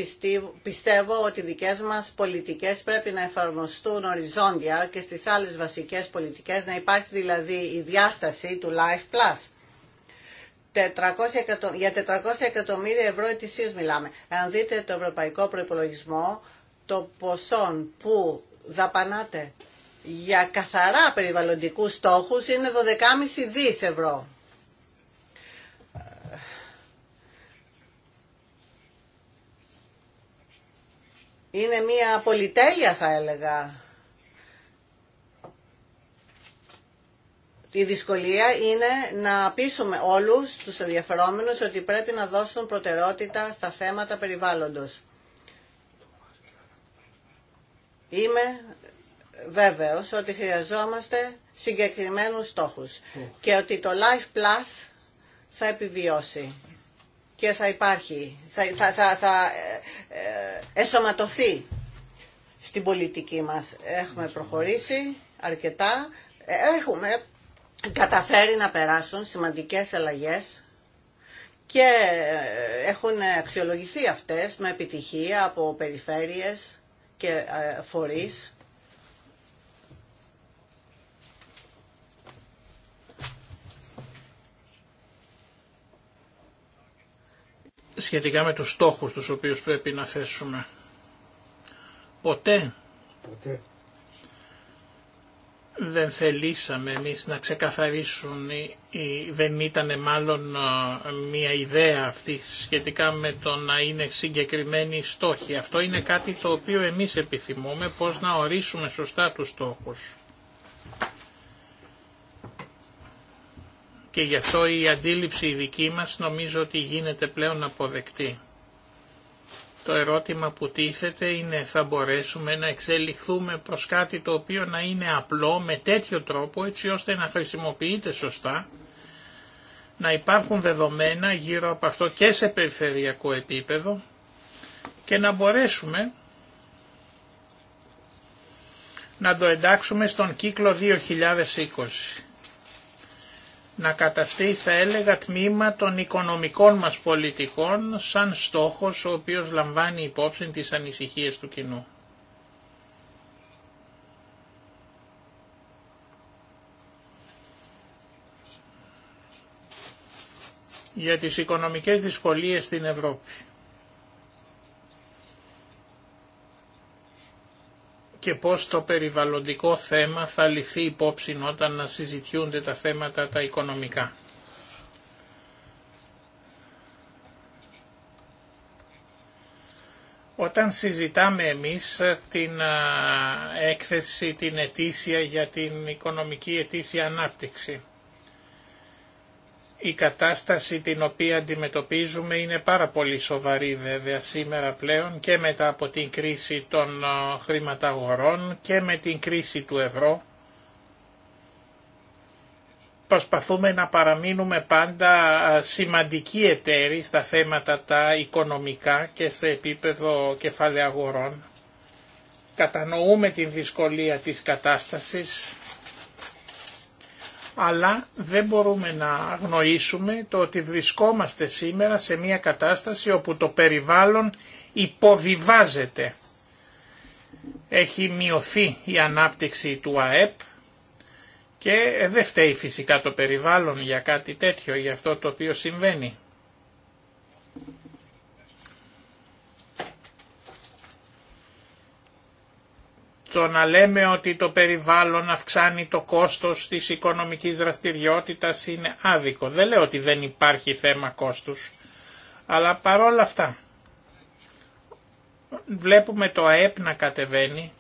πιστεύω ότι οι δικές μας πολιτικές πρέπει να εφαρμοστούν οριζόντια και στις άλλες βασικές πολιτικές να υπάρχει δηλαδή η διάσταση του Life Plus. 400 Για 400 εκατομμύρια ευρώ ετησίως μιλάμε. Αν δείτε το ευρωπαϊκό προϋπολογισμό, το ποσό που δαπανάτε για καθαρά περιβαλλοντικούς στόχους είναι 12,5 δις ευρώ. Είναι μια πολυτέλεια θα έλεγα. Η δυσκολία είναι να πείσουμε όλους τους ενδιαφερόμενους ότι πρέπει να δώσουν προτεραιότητα στα θέματα περιβάλλοντος. Είμαι βέβαιος ότι χρειαζόμαστε συγκεκριμένους στόχους και ότι το Life Plus θα επιβιώσει και θα υπάρχει, θα, θα, θα, ε, εσωματωθεί στην πολιτική μας. Έχουμε προχωρήσει αρκετά, έχουμε καταφέρει να περάσουν σημαντικές αλλαγές και έχουν αξιολογηθεί αυτές με επιτυχία από περιφέρειες και ε, φορείς σχετικά με τους στόχους τους οποίους πρέπει να θέσουμε. Ποτέ, Ποτέ. δεν θελήσαμε εμείς να ξεκαθαρίσουν ή δεν ήταν μάλλον μια ιδέα αυτή σχετικά με το να είναι συγκεκριμένοι στόχοι. Αυτό είναι κάτι το οποίο εμείς επιθυμούμε πώς να ορίσουμε σωστά τους στόχους. και γι' αυτό η αντίληψη η δική μας νομίζω ότι γίνεται πλέον αποδεκτή. Το ερώτημα που τίθεται είναι θα μπορέσουμε να εξελιχθούμε προς κάτι το οποίο να είναι απλό με τέτοιο τρόπο έτσι ώστε να χρησιμοποιείται σωστά, να υπάρχουν δεδομένα γύρω από αυτό και σε περιφερειακό επίπεδο και να μπορέσουμε να το εντάξουμε στον κύκλο 2020 να καταστεί θα έλεγα τμήμα των οικονομικών μας πολιτικών σαν στόχος ο οποίος λαμβάνει υπόψη τις ανησυχίες του κοινού. για τις οικονομικές δυσκολίες στην Ευρώπη. και πώς το περιβαλλοντικό θέμα θα λυθεί υπόψη όταν να συζητιούνται τα θέματα τα οικονομικά. Όταν συζητάμε εμείς την έκθεση, την ετήσια για την οικονομική ετήσια ανάπτυξη, η κατάσταση την οποία αντιμετωπίζουμε είναι πάρα πολύ σοβαρή βέβαια σήμερα πλέον και μετά από την κρίση των χρηματαγορών και με την κρίση του ευρώ. Προσπαθούμε να παραμείνουμε πάντα σημαντικοί εταίροι στα θέματα τα οικονομικά και σε επίπεδο κεφαλαίου αγορών. Κατανοούμε την δυσκολία της κατάστασης αλλά δεν μπορούμε να αγνοήσουμε το ότι βρισκόμαστε σήμερα σε μια κατάσταση όπου το περιβάλλον υποβιβάζεται. Έχει μειωθεί η ανάπτυξη του ΑΕΠ και δεν φταίει φυσικά το περιβάλλον για κάτι τέτοιο, για αυτό το οποίο συμβαίνει. το να λέμε ότι το περιβάλλον αυξάνει το κόστος της οικονομικής δραστηριότητας είναι άδικο. Δεν λέω ότι δεν υπάρχει θέμα κόστους, αλλά παρόλα αυτά βλέπουμε το ΑΕΠ να κατεβαίνει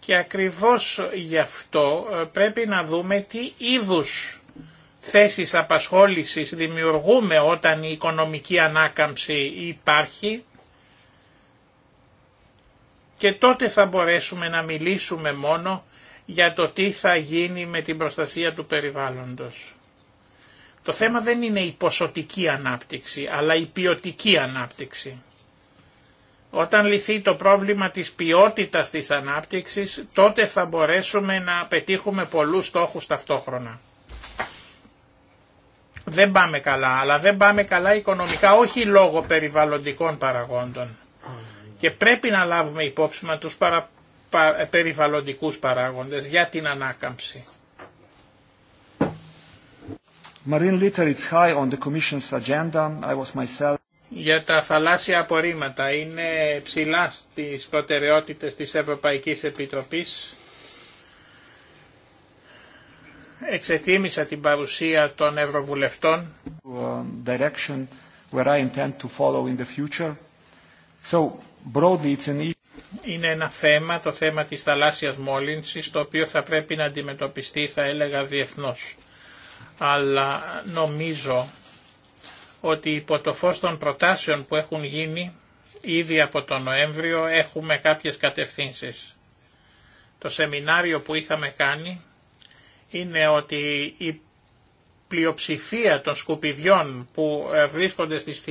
και ακριβώς γι' αυτό ε, πρέπει να δούμε τι είδους θέσεις απασχόλησης δημιουργούμε όταν η οικονομική ανάκαμψη υπάρχει και τότε θα μπορέσουμε να μιλήσουμε μόνο για το τι θα γίνει με την προστασία του περιβάλλοντος. Το θέμα δεν είναι η ποσοτική ανάπτυξη, αλλά η ποιοτική ανάπτυξη. Όταν λυθεί το πρόβλημα της ποιότητας της ανάπτυξης, τότε θα μπορέσουμε να πετύχουμε πολλούς στόχους ταυτόχρονα. Δεν πάμε καλά, αλλά δεν πάμε καλά οικονομικά, όχι λόγω περιβαλλοντικών παραγόντων και πρέπει να λάβουμε υπόψη μα τους παρα, πα, περιβαλλοντικούς παράγοντες για την ανάκαμψη. Marine litter is high on the Commission's agenda. I was myself. Για τα θαλάσσια απορρίμματα είναι ψηλά στις προτεραιότητες της Ευρωπαϊκής Επιτροπής. Εξετίμησα την παρουσία των Ευρωβουλευτών. Um, direction where I intend to follow in the future. So E- είναι ένα θέμα, το θέμα της θαλάσσιας μόλυνσης, το οποίο θα πρέπει να αντιμετωπιστεί, θα έλεγα, διεθνώς. Αλλά νομίζω ότι υπό το φως των προτάσεων που έχουν γίνει, ήδη από τον Νοέμβριο έχουμε κάποιες κατευθύνσεις. Το σεμινάριο που είχαμε κάνει είναι ότι πλειοψηφία των σκουπιδιών που ε, βρίσκονται στις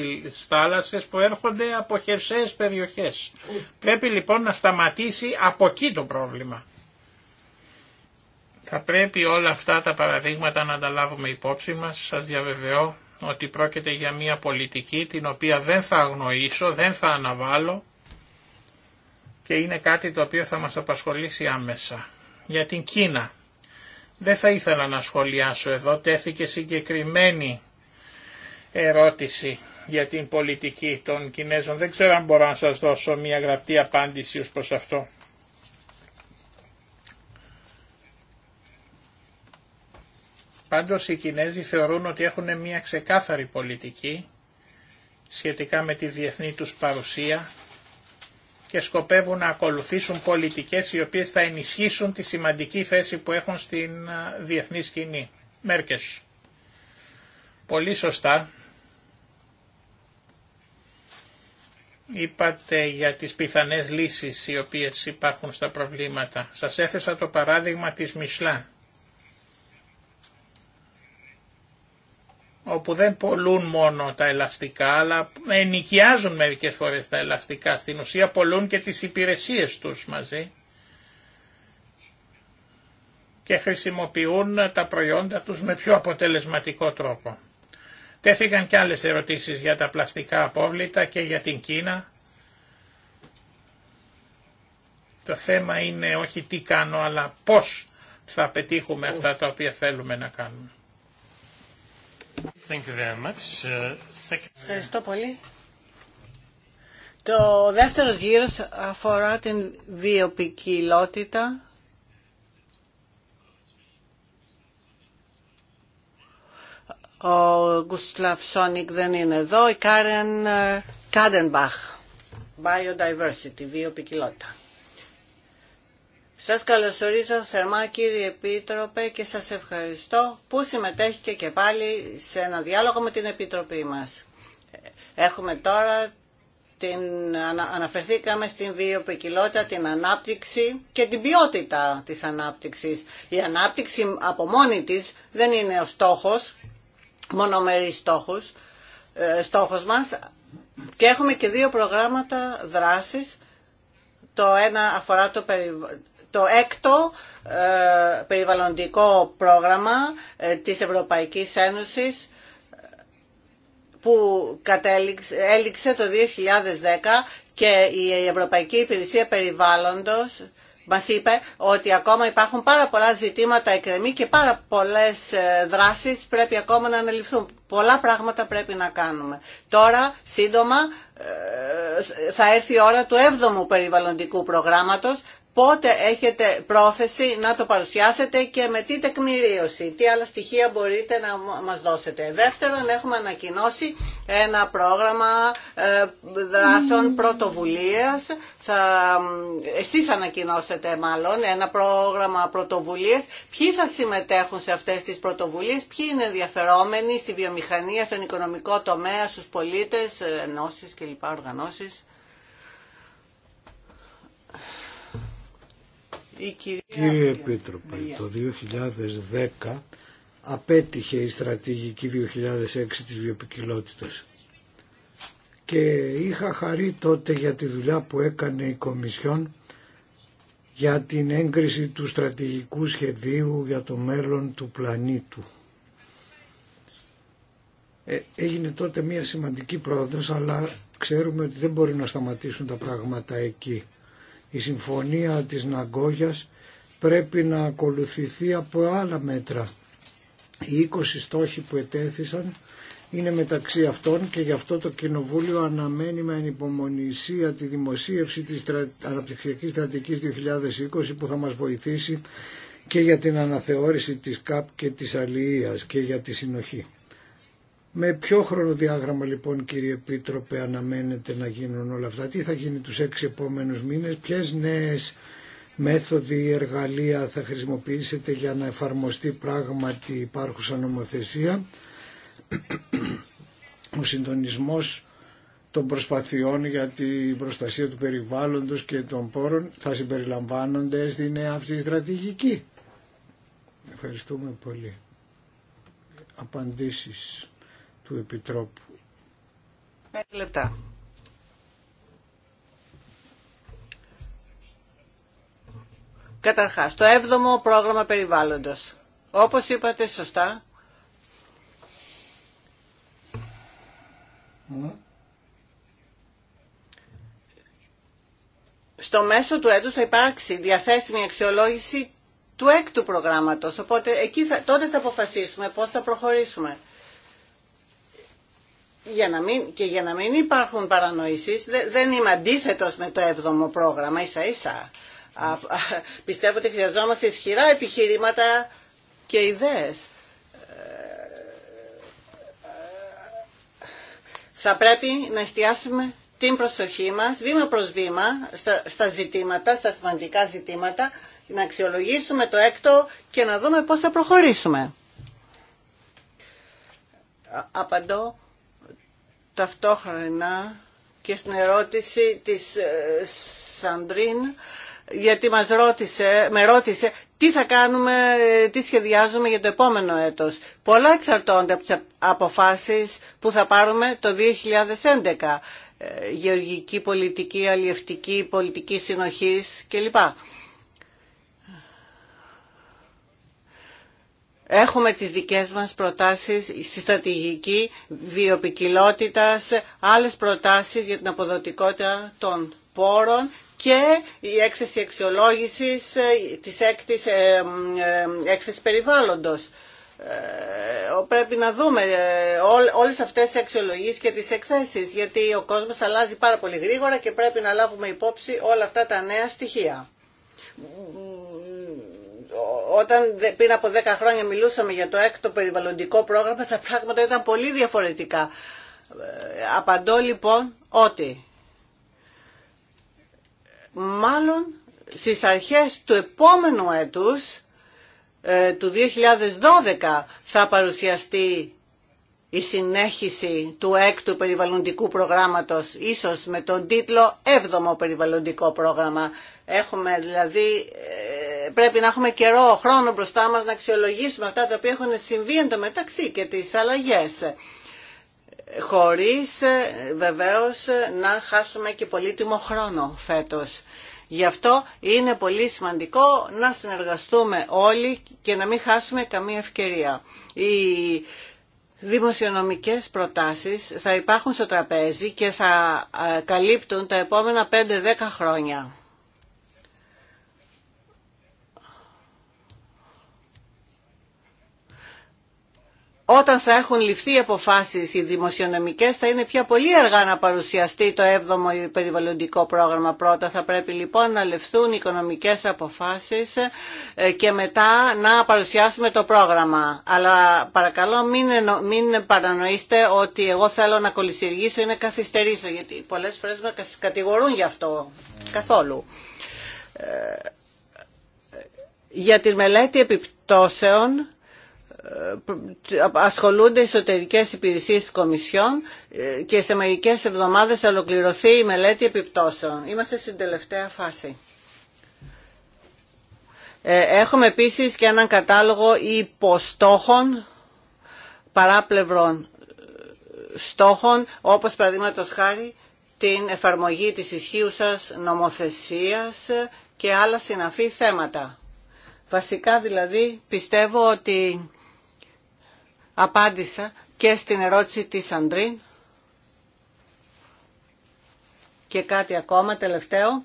θάλασσες έρχονται από χερσαίες περιοχές. Πρέπει λοιπόν να σταματήσει από εκεί το πρόβλημα. Θα πρέπει όλα αυτά τα παραδείγματα να τα λάβουμε υπόψη μας. Σας διαβεβαιώ ότι πρόκειται για μια πολιτική την οποία δεν θα αγνοήσω, δεν θα αναβάλω και είναι κάτι το οποίο θα μας απασχολήσει άμεσα. Για την Κίνα δεν θα ήθελα να σχολιάσω εδώ, τέθηκε συγκεκριμένη ερώτηση για την πολιτική των Κινέζων. Δεν ξέρω αν μπορώ να σας δώσω μια γραπτή απάντηση ως προς αυτό. Πάντως οι Κινέζοι θεωρούν ότι έχουν μια ξεκάθαρη πολιτική σχετικά με τη διεθνή τους παρουσία και σκοπεύουν να ακολουθήσουν πολιτικές οι οποίες θα ενισχύσουν τη σημαντική θέση που έχουν στην διεθνή σκηνή. Μέρκες. Πολύ σωστά είπατε για τις πιθανές λύσεις οι οποίες υπάρχουν στα προβλήματα. Σας έθεσα το παράδειγμα της Μισλά όπου δεν πολλούν μόνο τα ελαστικά, αλλά ενοικιάζουν μερικές φορές τα ελαστικά. Στην ουσία πολλούν και τις υπηρεσίες τους μαζί και χρησιμοποιούν τα προϊόντα τους με πιο αποτελεσματικό τρόπο. Τέθηκαν και άλλες ερωτήσεις για τα πλαστικά απόβλητα και για την Κίνα. Το θέμα είναι όχι τι κάνω, αλλά πώς θα πετύχουμε αυτά τα οποία θέλουμε να κάνουμε. Uh, Ευχαριστώ πολύ. Το δεύτερο γύρος αφορά την βιοπικιλότητα. Ο Γκουσλαφ Σόνικ δεν είναι εδώ. Η Κάρεν ε, Κάντενμπαχ. Biodiversity, βιοπικιλότητα. Σας καλωσορίζω θερμά κύριε Επίτροπε και σας ευχαριστώ που συμμετέχετε και πάλι σε ένα διάλογο με την Επιτροπή μας. Έχουμε τώρα, την, αναφερθήκαμε στην βιοποικιλότητα, την ανάπτυξη και την ποιότητα της ανάπτυξης. Η ανάπτυξη από μόνη της δεν είναι ο στόχος, μονομερής στόχος, ε, στόχος μας και έχουμε και δύο προγράμματα δράσης το ένα αφορά το, περιβάλλον το έκτο ε, περιβαλλοντικό πρόγραμμα ε, της Ευρωπαϊκής Ένωσης που έληξε το 2010 και η Ευρωπαϊκή Υπηρεσία Περιβάλλοντος μα είπε ότι ακόμα υπάρχουν πάρα πολλά ζητήματα εκκρεμή και πάρα πολλές ε, δράσεις πρέπει ακόμα να αναλυφθούν. Πολλά πράγματα πρέπει να κάνουμε. Τώρα, σύντομα, θα έρθει η ώρα του 7ου περιβαλλοντικού προγράμματος πότε έχετε πρόθεση να το παρουσιάσετε και με τι τεκμηρίωση, τι άλλα στοιχεία μπορείτε να μας δώσετε. Δεύτερον, έχουμε ανακοινώσει ένα πρόγραμμα ε, δράσεων πρωτοβουλίας. Θα, εσείς ανακοινώσετε μάλλον ένα πρόγραμμα πρωτοβουλίας. Ποιοι θα συμμετέχουν σε αυτές τις πρωτοβουλίες, ποιοι είναι ενδιαφερόμενοι στη βιομηχανία, στον οικονομικό τομέα, στους πολίτες, ενώσεις κλπ. οργανώσεις. Κύριε Επίτροπε, το 2010 απέτυχε η στρατηγική 2006 της βιοποικιλότητας και είχα χαρεί τότε για τη δουλειά που έκανε η Κομισιόν για την έγκριση του στρατηγικού σχεδίου για το μέλλον του πλανήτου. Ε, έγινε τότε μια σημαντική πρόοδος αλλά ξέρουμε ότι δεν μπορεί να σταματήσουν τα πράγματα εκεί. Η συμφωνία της Ναγκόγιας πρέπει να ακολουθηθεί από άλλα μέτρα. Οι 20 στόχοι που ετέθησαν είναι μεταξύ αυτών και γι' αυτό το Κοινοβούλιο αναμένει με ανυπομονησία τη δημοσίευση της αναπτυξιακής στρατηγικής 2020 που θα μας βοηθήσει και για την αναθεώρηση της ΚΑΠ και της αλληλείας και για τη συνοχή. Με ποιο χρονοδιάγραμμα λοιπόν κύριε Επίτροπε αναμένετε να γίνουν όλα αυτά, τι θα γίνει τους έξι επόμενους μήνες, ποιες νέες μέθοδοι, εργαλεία θα χρησιμοποιήσετε για να εφαρμοστεί πράγματι υπάρχουσα νομοθεσία, ο συντονισμός των προσπαθειών για την προστασία του περιβάλλοντος και των πόρων θα συμπεριλαμβάνονται στην αυτή στρατηγική. Ευχαριστούμε πολύ. Απαντήσεις του Επιτρόπου. Πέντε λεπτά. Καταρχάς, το 7ο πρόγραμμα περιβάλλοντος. Όπως είπατε σωστά, στο μέσο του έτους θα υπάρξει διαθέσιμη αξιολόγηση του έκτου προγράμματος. Οπότε εκεί θα, τότε θα αποφασίσουμε πώς θα προχωρήσουμε για να μην, και για να μην υπάρχουν παρανοήσεις, δεν είμαι αντίθετος με το 7ο πρόγραμμα, ίσα ίσα. Πιστεύω ότι χρειαζόμαστε ισχυρά επιχειρήματα και ιδέες. Ε, θα πρέπει να εστιάσουμε την προσοχή μας, βήμα προς βήμα, στα, ζητήματα, στα σημαντικά ζητήματα, να αξιολογήσουμε το έκτο και να δούμε πώς θα προχωρήσουμε. Απαντώ ταυτόχρονα και στην ερώτηση της ε, Σαντρίν γιατί μας ρώτησε, με ρώτησε τι θα κάνουμε, τι σχεδιάζουμε για το επόμενο έτος. Πολλά εξαρτώνται από τις αποφάσεις που θα πάρουμε το 2011. Ε, γεωργική πολιτική, αλλιευτική, πολιτική συνοχής κλπ. Έχουμε τις δικές μας προτάσεις στη στρατηγική βιοπικιλότητας, άλλες προτάσεις για την αποδοτικότητα των πόρων και η έκθεση αξιολόγησης ε, της έκτης ε, ε, έκθεσης περιβάλλοντος. Πρέπει να δούμε όλες αυτές τις αξιολογίες και τις εκθέσεις γιατί ο κόσμος αλλάζει πάρα πολύ γρήγορα και πρέπει να λάβουμε υπόψη όλα αυτά τα νέα στοιχεία όταν πριν από 10 χρόνια μιλούσαμε για το έκτο περιβαλλοντικό πρόγραμμα, τα πράγματα ήταν πολύ διαφορετικά. Ε, απαντώ λοιπόν ότι μάλλον στις αρχές του επόμενου έτους, ε, του 2012, θα παρουσιαστεί η συνέχιση του έκτου περιβαλλοντικού προγράμματος, ίσως με τον τίτλο «Έβδομο περιβαλλοντικό πρόγραμμα». Έχουμε δηλαδή, ε, πρέπει να έχουμε καιρό, χρόνο μπροστά μας να αξιολογήσουμε αυτά τα οποία έχουν συμβεί εντωμεταξύ μεταξύ και τις αλλαγές. Χωρίς ε, βεβαίως να χάσουμε και πολύτιμο χρόνο φέτος. Γι' αυτό είναι πολύ σημαντικό να συνεργαστούμε όλοι και να μην χάσουμε καμία ευκαιρία δημοσιονομικές προτάσεις θα υπάρχουν στο τραπέζι και θα ε, καλύπτουν τα επόμενα 5-10 χρόνια. όταν θα έχουν ληφθεί οι αποφάσεις οι δημοσιονομικές θα είναι πια πολύ αργά να παρουσιαστεί το 7ο περιβαλλοντικό πρόγραμμα πρώτα. Θα πρέπει λοιπόν να ληφθούν οι οικονομικές αποφάσεις ε, και μετά να παρουσιάσουμε το πρόγραμμα. Αλλά παρακαλώ μην, παρανοείστε ότι εγώ θέλω να κολυσιεργήσω ή να καθυστερήσω γιατί πολλές φορές με κατηγορούν γι' αυτό καθόλου. Ε, ε, για τη μελέτη επιπτώσεων ε, ασχολούνται εσωτερικές υπηρεσίες της Κομισιόν ε, και σε μερικές εβδομάδες θα ολοκληρωθεί η μελέτη επιπτώσεων. Είμαστε στην τελευταία φάση. Ε, έχουμε επίσης και έναν κατάλογο υποστόχων παράπλευρων στόχων, όπως παραδείγματος χάρη την εφαρμογή της ισχύουσας νομοθεσίας και άλλα συναφή θέματα. Βασικά δηλαδή πιστεύω ότι απάντησα και στην ερώτηση της Αντρίν και κάτι ακόμα τελευταίο.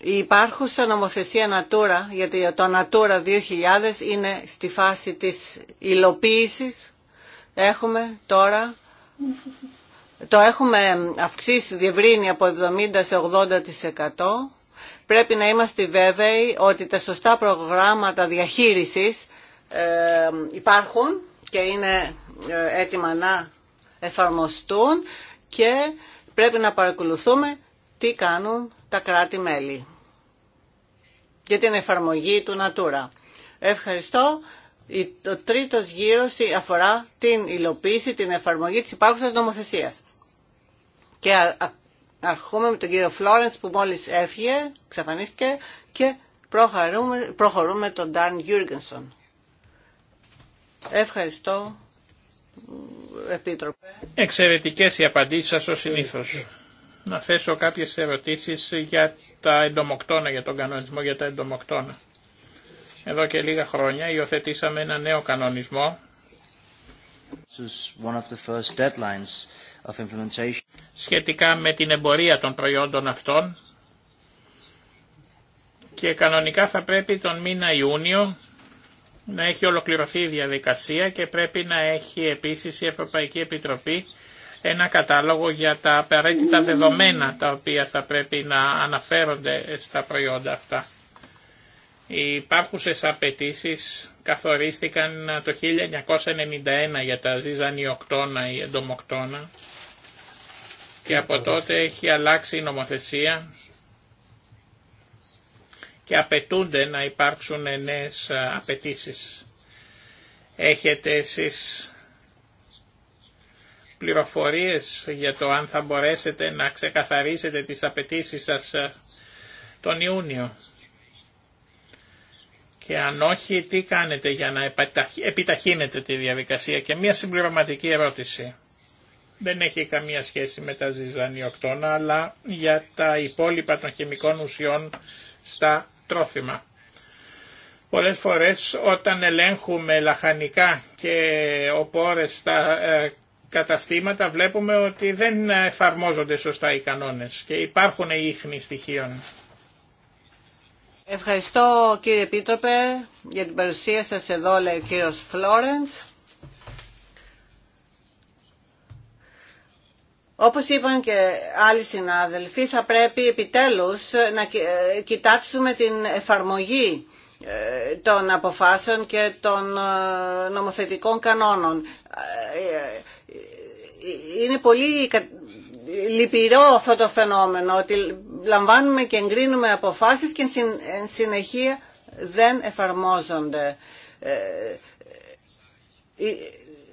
Η υπάρχουσα νομοθεσία Natura, γιατί το Natura 2000 είναι στη φάση της υλοποίησης. Έχουμε τώρα, το έχουμε αυξήσει, διευρύνει από 70 σε 80%. Πρέπει να είμαστε βέβαιοι ότι τα σωστά προγράμματα διαχείρισης ε, υπάρχουν και είναι ε, έτοιμα να εφαρμοστούν και πρέπει να παρακολουθούμε τι κάνουν τα κράτη-μέλη για την εφαρμογή του Natura. Ευχαριστώ. Το τρίτος γύρος αφορά την υλοποίηση, την εφαρμογή της υπάρχουσας νομοθεσίας. Και αρχούμε με τον κύριο Φλόρενς που μόλις έφυγε, ξαφανίστηκε και προχωρούμε, προχωρούμε τον Ντάν Γιούργενσον. Ευχαριστώ, Επίτροπε. Εξαιρετικές οι απαντήσεις σας ως συνήθως. Να θέσω κάποιες ερωτήσεις για τα εντομοκτώνα, για τον κανονισμό για τα εντομοκτώνα. Εδώ και λίγα χρόνια υιοθετήσαμε ένα νέο κανονισμό σχετικά με την εμπορία των προϊόντων αυτών και κανονικά θα πρέπει τον μήνα Ιούνιο να έχει ολοκληρωθεί η διαδικασία και πρέπει να έχει επίσης η Ευρωπαϊκή Επιτροπή ένα κατάλογο για τα απαραίτητα δεδομένα τα οποία θα πρέπει να αναφέρονται στα προϊόντα αυτά. Οι υπάρχουσες απαιτήσει καθορίστηκαν το 1991 για τα και από τότε έχει αλλάξει η νομοθεσία και απαιτούνται να υπάρξουν νέες απαιτήσεις. Έχετε εσείς πληροφορίες για το αν θα μπορέσετε να ξεκαθαρίσετε τις απαιτήσεις σας τον Ιούνιο. Και αν όχι, τι κάνετε για να επιταχύνετε τη διαδικασία. Και μια συμπληρωματική ερώτηση. Δεν έχει καμία σχέση με τα ζυζανιοκτώνα, αλλά για τα υπόλοιπα των χημικών ουσιών στα τρόφιμα. Πολλές φορές όταν ελέγχουμε λαχανικά και οπόρες στα ε, καταστήματα βλέπουμε ότι δεν εφαρμόζονται σωστά οι κανόνες και υπάρχουν ίχνοι στοιχείων. Ευχαριστώ κύριε Επίτροπε για την παρουσία σας εδώ λέει ο κύριος Φλόρενς. Όπως είπαν και άλλοι συνάδελφοι, θα πρέπει επιτέλους να ε, κοιτάξουμε την εφαρμογή ε, των αποφάσεων και των ε, νομοθετικών κανόνων. Είναι πολύ λυπηρό αυτό το φαινόμενο ότι λαμβάνουμε και εγκρίνουμε αποφάσεις και συνεχεία δεν εφαρμόζονται.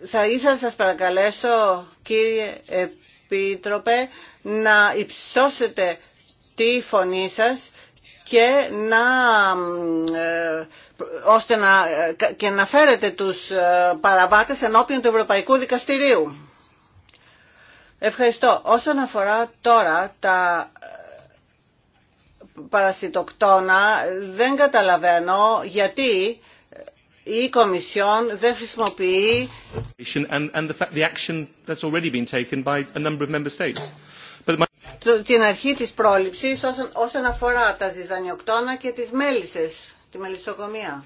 Θα ήθελα σας παρακαλέσω κύριε Επίτροπε, να υψώσετε τη φωνή σας και να, ε, ώστε να, και να φέρετε τους ε, παραβάτες ενώπιον του Ευρωπαϊκού Δικαστηρίου. Ευχαριστώ. Όσον αφορά τώρα τα ε, παρασιτοκτόνα, δεν καταλαβαίνω γιατί η Κομισιόν δεν χρησιμοποιεί την αρχή της πρόληψης όσον, όσον αφορά τα ζυζανιοκτώνα και τις μέλισσες, τη μελισσοκομεία.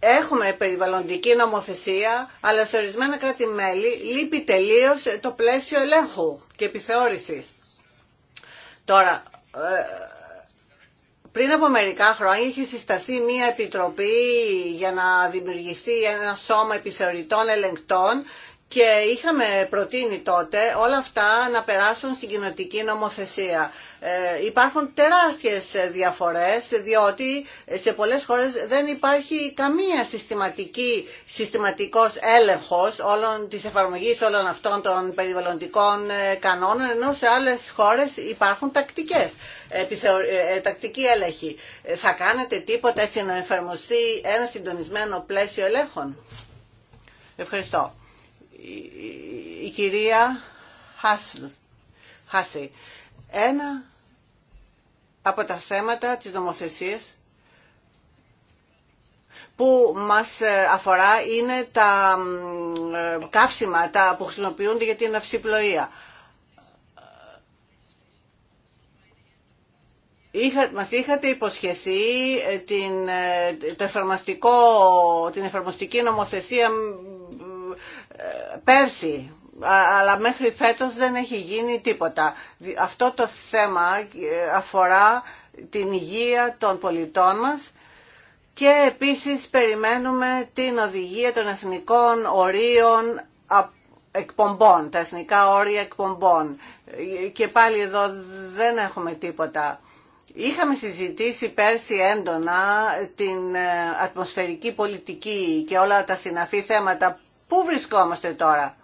Έχουμε περιβαλλοντική νομοθεσία, αλλά σε ορισμένα κράτη-μέλη λείπει τελείω το πλαίσιο ελέγχου και επιθεώρησης. Τώρα, ε, πριν από μερικά χρόνια είχε συσταθεί μία επιτροπή για να δημιουργηθεί ένα σώμα επιθεωρητών ελεγκτών και είχαμε προτείνει τότε όλα αυτά να περάσουν στην κοινοτική νομοθεσία. Ε, υπάρχουν τεράστιες διαφορές, διότι σε πολλές χώρες δεν υπάρχει καμία συστηματική, συστηματικός έλεγχος όλων, της εφαρμογής όλων αυτών των περιβαλλοντικών ε, κανόνων, ενώ σε άλλες χώρες υπάρχουν τακτικές ε, τακτική έλεγχη. Θα κάνετε τίποτα έτσι να εφαρμοστεί ένα συντονισμένο πλαίσιο ελέγχων. Ευχαριστώ η, κυρία Χάσλ, Ένα από τα θέματα της νομοθεσίας που μας ε, αφορά είναι τα ε, καύσιμα τα που χρησιμοποιούνται για την αυσιπλοεία. Είχα, μας είχατε υποσχεθεί ε, την, το την εφαρμοστική νομοθεσία πέρσι αλλά μέχρι φέτος δεν έχει γίνει τίποτα. Αυτό το θέμα ε, αφορά την υγεία των πολιτών μας και επίσης περιμένουμε την οδηγία των εθνικών ορίων εκπομπών, τα εθνικά όρια εκπομπών. Ε, και πάλι εδώ δεν έχουμε τίποτα. Είχαμε συζητήσει πέρσι έντονα την ε, ατμοσφαιρική πολιτική και όλα τα συναφή θέματα Πού βρισκόμαστε τώρα.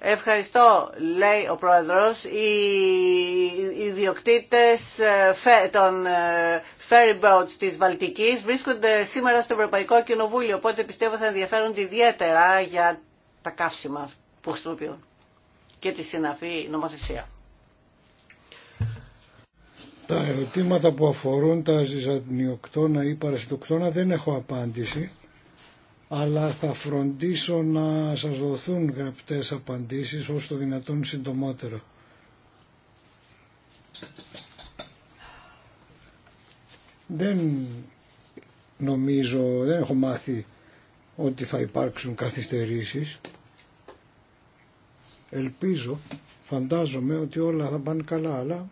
Ευχαριστώ, λέει ο Πρόεδρος. Οι ιδιοκτήτες ε, των ε, ferry boats της Βαλτικής βρίσκονται σήμερα στο Ευρωπαϊκό Κοινοβούλιο, οπότε πιστεύω θα ενδιαφέρονται ιδιαίτερα για τα καύσιμα που χρησιμοποιούν και τη συναφή νομοθεσία. Τα ερωτήματα που αφορούν τα ζυζανιοκτώνα ή παρασιτοκτώνα δεν έχω απάντηση αλλά θα φροντίσω να σας δοθούν γραπτές απαντήσεις όσο το δυνατόν συντομότερο. Δεν νομίζω, δεν έχω μάθει ότι θα υπάρξουν καθυστερήσεις. Ελπίζω, φαντάζομαι ότι όλα θα πάνε καλά, αλλά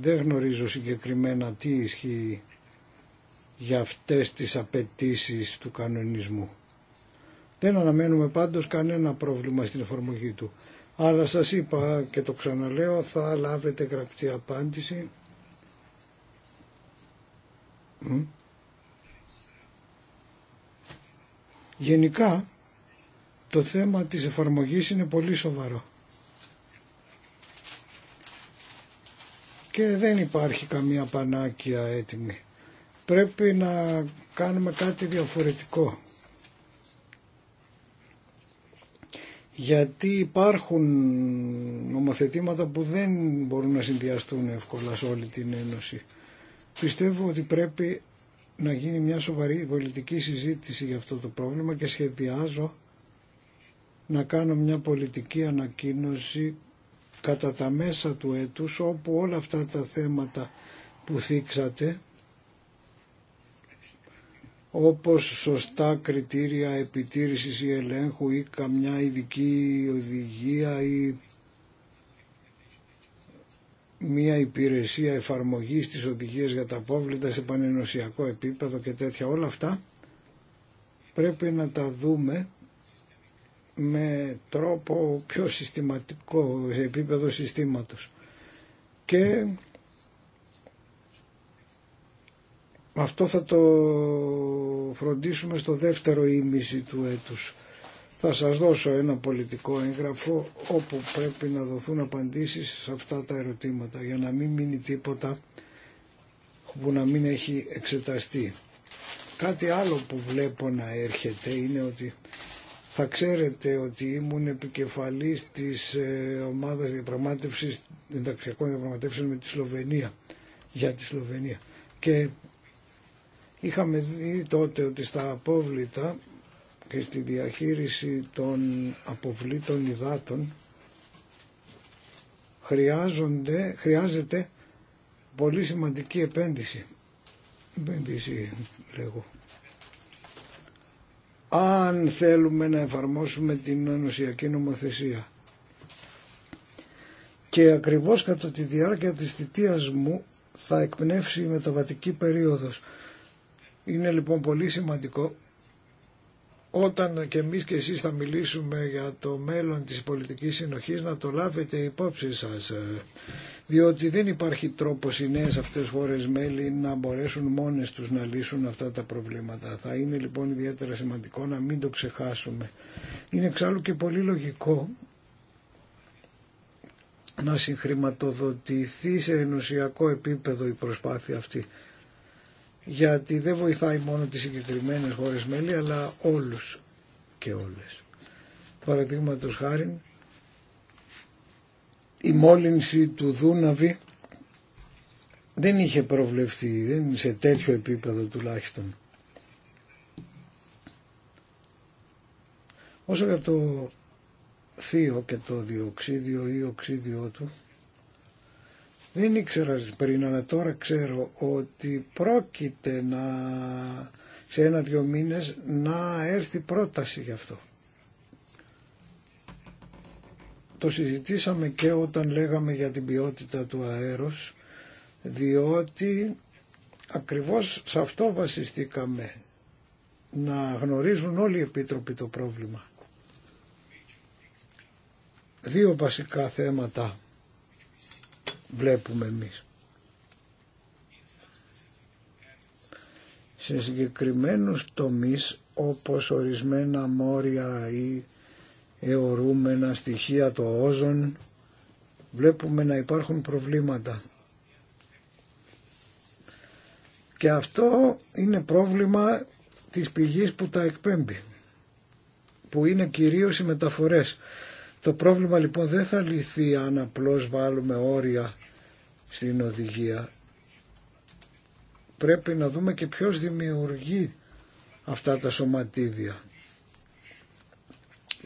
δεν γνωρίζω συγκεκριμένα τι ισχύει για αυτές τις απαιτήσει του κανονισμού. Δεν αναμένουμε πάντως κανένα πρόβλημα στην εφαρμογή του. Αλλά σας είπα και το ξαναλέω θα λάβετε γραπτή απάντηση. Γενικά το θέμα της εφαρμογής είναι πολύ σοβαρό. Και δεν υπάρχει καμία πανάκια έτοιμη πρέπει να κάνουμε κάτι διαφορετικό. Γιατί υπάρχουν νομοθετήματα που δεν μπορούν να συνδυαστούν εύκολα σε όλη την Ένωση. Πιστεύω ότι πρέπει να γίνει μια σοβαρή πολιτική συζήτηση για αυτό το πρόβλημα και σχεδιάζω να κάνω μια πολιτική ανακοίνωση κατά τα μέσα του έτους όπου όλα αυτά τα θέματα που θίξατε όπως σωστά κριτήρια επιτήρησης ή ελέγχου ή καμιά ειδική οδηγία ή μία υπηρεσία εφαρμογής της οδηγίας για τα απόβλητα σε πανενωσιακό επίπεδο και τέτοια. Όλα αυτά πρέπει να τα δούμε με τρόπο πιο συστηματικό σε επίπεδο συστήματος. Και Αυτό θα το φροντίσουμε στο δεύτερο ήμιση του έτους. Θα σας δώσω ένα πολιτικό έγγραφο όπου πρέπει να δοθούν απαντήσεις σε αυτά τα ερωτήματα για να μην μείνει τίποτα που να μην έχει εξεταστεί. Κάτι άλλο που βλέπω να έρχεται είναι ότι θα ξέρετε ότι ήμουν επικεφαλής της ε, ομάδας διαπραγμάτευσης, ενταξιακών διαπραγματεύσεων με τη Σλοβενία, για τη Σλοβενία. Και Είχαμε δει τότε ότι στα απόβλητα και στη διαχείριση των αποβλήτων υδάτων χρειάζονται, χρειάζεται πολύ σημαντική επένδυση. Επένδυση λέγω. Αν θέλουμε να εφαρμόσουμε την ενωσιακή νομοθεσία. Και ακριβώς κατά τη διάρκεια της θητείας μου θα εκπνεύσει η μεταβατική περίοδος είναι λοιπόν πολύ σημαντικό όταν και εμείς και εσείς θα μιλήσουμε για το μέλλον της πολιτικής συνοχής να το λάβετε υπόψη σας ε, διότι δεν υπάρχει τρόπος οι νέες αυτές χώρες μέλη να μπορέσουν μόνες τους να λύσουν αυτά τα προβλήματα. Θα είναι λοιπόν ιδιαίτερα σημαντικό να μην το ξεχάσουμε. Είναι εξάλλου και πολύ λογικό να συγχρηματοδοτηθεί σε ενωσιακό επίπεδο η προσπάθεια αυτή γιατί δεν βοηθάει μόνο τις συγκεκριμένες χώρες μέλη αλλά όλους και όλες. Παραδείγματο χάρη η μόλυνση του Δούναβη δεν είχε προβλεφθεί, δεν σε τέτοιο επίπεδο τουλάχιστον. Όσο για το θείο και το διοξίδιο ή οξίδιο του, δεν ήξερα πριν, αλλά τώρα ξέρω ότι πρόκειται να, σε ένα-δυο μήνες να έρθει πρόταση γι' αυτό. Το συζητήσαμε και όταν λέγαμε για την ποιότητα του αέρος, διότι ακριβώς σε αυτό βασιστήκαμε, να γνωρίζουν όλοι οι επίτροποι το πρόβλημα. Δύο βασικά θέματα βλέπουμε εμείς. Σε συγκεκριμένους τομείς όπως ορισμένα μόρια ή αιωρούμενα στοιχεία το όζων βλέπουμε να υπάρχουν προβλήματα. Και αυτό είναι πρόβλημα της πηγής που τα εκπέμπει, που είναι κυρίως οι μεταφορές το πρόβλημα λοιπόν δεν θα λυθεί αν απλώς βάλουμε όρια στην οδηγία. Πρέπει να δούμε και ποιος δημιουργεί αυτά τα σωματίδια.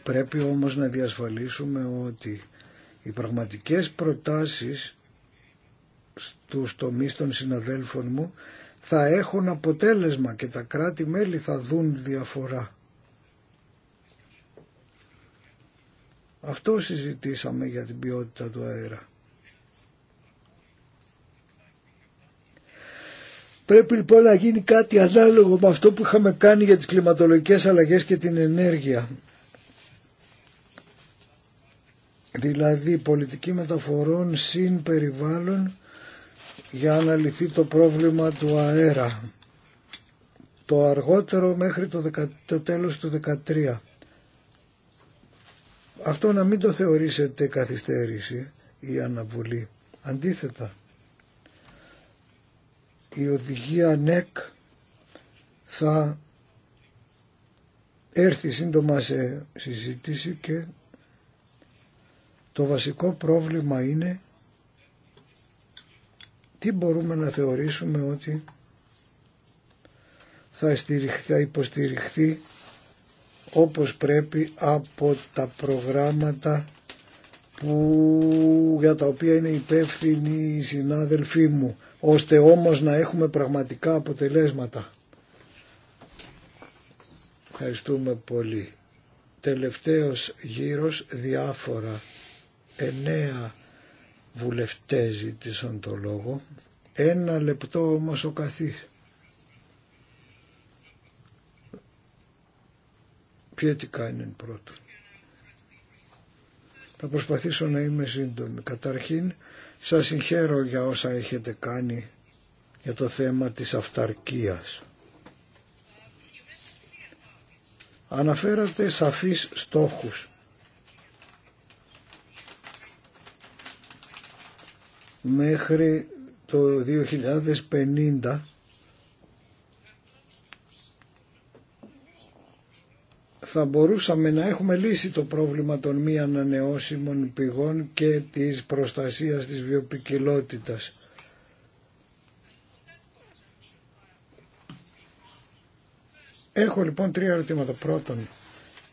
Πρέπει όμως να διασφαλίσουμε ότι οι πραγματικές προτάσεις στους τομείς των συναδέλφων μου θα έχουν αποτέλεσμα και τα κράτη-μέλη θα δουν διαφορά. Αυτό συζητήσαμε για την ποιότητα του αέρα. Πρέπει λοιπόν να γίνει κάτι ανάλογο με αυτό που είχαμε κάνει για τις κλιματολογικές αλλαγές και την ενέργεια. Δηλαδή πολιτική μεταφορών συν περιβάλλον για να λυθεί το πρόβλημα του αέρα. Το αργότερο μέχρι το, δεκα... το τέλος του 2013 αυτό να μην το θεωρήσετε καθυστέρηση ή αναβολή. Αντίθετα, η οδηγία ΝΕΚ θα έρθει σύντομα σε συζήτηση και το βασικό πρόβλημα είναι τι μπορούμε να θεωρήσουμε ότι θα, θα υποστηριχθεί όπως πρέπει από τα προγράμματα που, για τα οποία είναι υπεύθυνοι οι συνάδελφοί μου, ώστε όμως να έχουμε πραγματικά αποτελέσματα. Ευχαριστούμε πολύ. Τελευταίος γύρος διάφορα εννέα βουλευτές ζήτησαν το λόγο. Ένα λεπτό όμως ο καθής. κάνουν πρώτον. Θα προσπαθήσω να είμαι σύντομη. Καταρχήν, σας συγχαίρω για όσα έχετε κάνει για το θέμα της αυταρκίας. Αναφέρατε σαφείς στόχους. Μέχρι το 2050 θα μπορούσαμε να έχουμε λύσει το πρόβλημα των μη ανανεώσιμων πηγών και της προστασίας της βιοπικιλότητας. Έχω λοιπόν τρία ερωτήματα. Πρώτον,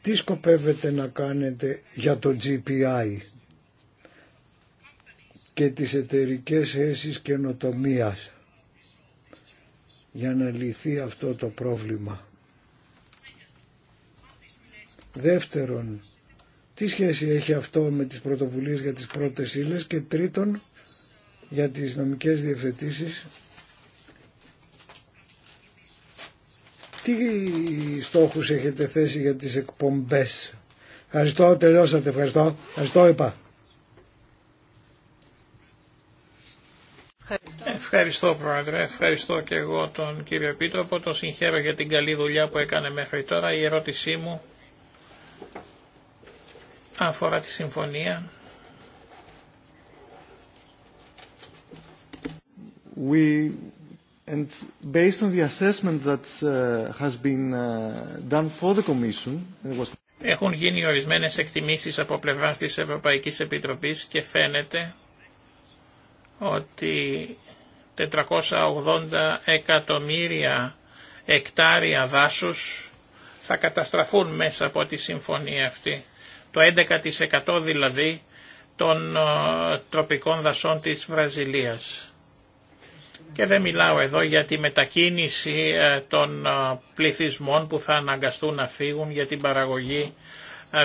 τι σκοπεύετε να κάνετε για το GPI και τις εταιρικές αίσεις καινοτομίας για να λυθεί αυτό το πρόβλημα. Δεύτερον, τι σχέση έχει αυτό με τις πρωτοβουλίες για τις πρώτες ύλες και τρίτον, για τις νομικές διευθετήσεις, τι στόχους έχετε θέσει για τις εκπομπές. Ευχαριστώ, τελειώσατε, ευχαριστώ. Ευχαριστώ, είπα. Ευχαριστώ Πρόεδρε, ευχαριστώ και εγώ τον κύριο Επίτροπο, τον συγχαίρω για την καλή δουλειά που έκανε μέχρι τώρα. Η ερώτησή μου αφορά τη συμφωνία. We and based on the assessment that uh, has been uh, done for the Commission, it was... Έχουν γίνει ορισμένες εκτιμήσεις από πλευράς της Ευρωπαϊκής Επιτροπής και φαίνεται ότι 480 εκατομμύρια εκτάρια δάσους θα καταστραφούν μέσα από τη συμφωνία αυτή. Το 11% δηλαδή των ε, τροπικών δασών της Βραζιλίας. Και δεν μιλάω εδώ για τη μετακίνηση ε, των ε, πληθυσμών που θα αναγκαστούν να φύγουν για την παραγωγή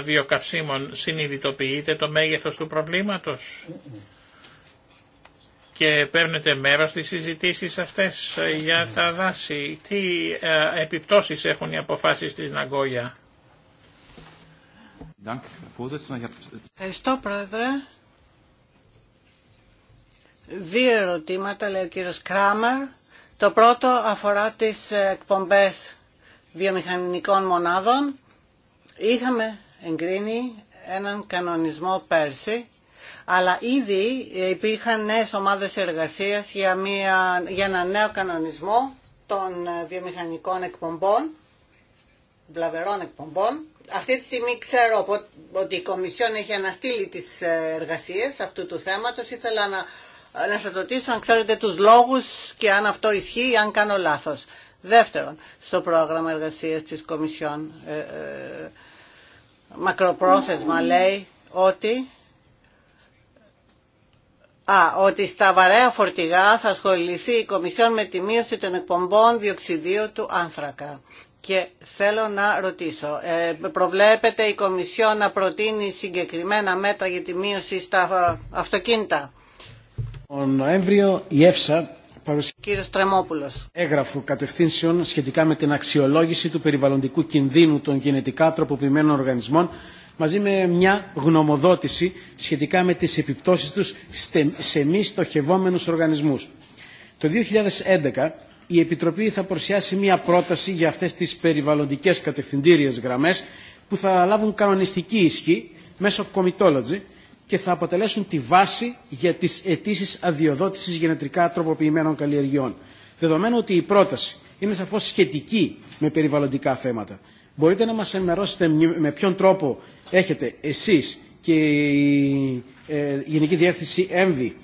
βιοκαυσίμων. Συνειδητοποιείτε το μέγεθος του προβλήματος και παίρνετε μέρος στις συζητήσεις αυτές ε, για τα δάση. Τι ε, επιπτώσεις έχουν οι αποφάσεις της Ναγκόγια. Ευχαριστώ Πρόεδρε. Δύο ερωτήματα λέει ο κύριος Κράμερ. Το πρώτο αφορά τις ε, εκπομπές βιομηχανικών μονάδων. Είχαμε εγκρίνει έναν κανονισμό πέρσι αλλά ήδη υπήρχαν νέες ομάδες εργασίας για, μια, για ένα νέο κανονισμό των ε, βιομηχανικών εκπομπών, βλαβερών εκπομπών. Αυτή τη στιγμή ξέρω ότι η Κομισιόν έχει αναστείλει τις ε, εργασίες αυτού του θέματος. Ήθελα να, να σας ρωτήσω αν ξέρετε τους λόγους και αν αυτό ισχύει ή αν κάνω λάθος. Δεύτερον, στο πρόγραμμα εργασίας της Κομισιόν ε, μακροπρόθεσμα λέει ότι Α, ότι στα βαρέα φορτηγά θα ασχοληθεί η Κομισιόν με τη μείωση των εκπομπών διοξιδίου του άνθρακα. Και θέλω να ρωτήσω, ε, προβλέπεται η Κομισιόν να προτείνει συγκεκριμένα μέτρα για τη μείωση στα ε, αυτοκίνητα. Ο Νοέμβριο η ΕΦΣΑ Κύριος Έγγραφο κατευθύνσεων σχετικά με την αξιολόγηση του περιβαλλοντικού κινδύνου των γενετικά τροποποιημένων οργανισμών μαζί με μια γνωμοδότηση σχετικά με τις επιπτώσεις τους σε μη στοχευόμενους οργανισμούς. Το 2011 η Επιτροπή θα προσιάσει μια πρόταση για αυτές τις περιβαλλοντικές κατευθυντήριες γραμμές που θα λάβουν κανονιστική ισχύ μέσω Comitology και θα αποτελέσουν τη βάση για τις αιτήσει αδειοδότησης γενετρικά τροποποιημένων καλλιεργιών. Δεδομένου ότι η πρόταση είναι σαφώς σχετική με περιβαλλοντικά θέματα. Μπορείτε να μας ενημερώσετε με ποιον τρόπο έχετε εσείς και ε, η Γενική Διεύθυνση ΕΜΒΗ,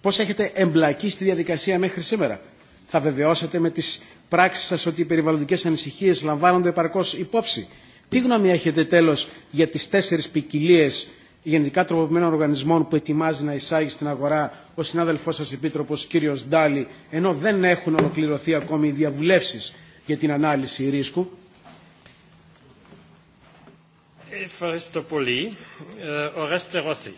πώς έχετε εμπλακεί στη διαδικασία μέχρι σήμερα. Θα βεβαιώσετε με τις πράξεις σας ότι οι περιβαλλοντικές ανησυχίες λαμβάνονται επαρκώς υπόψη. Τι γνώμη έχετε τέλος για τις τέσσερις ποικιλίε γενικά τροποποιημένων οργανισμών που ετοιμάζει να εισάγει στην αγορά ο συνάδελφός σας επίτροπος κ. Ντάλι, ενώ δεν έχουν ολοκληρωθεί ακόμη οι διαβουλεύσεις για την ανάλυση ρίσκου. Ο uh, Oreste Rossi.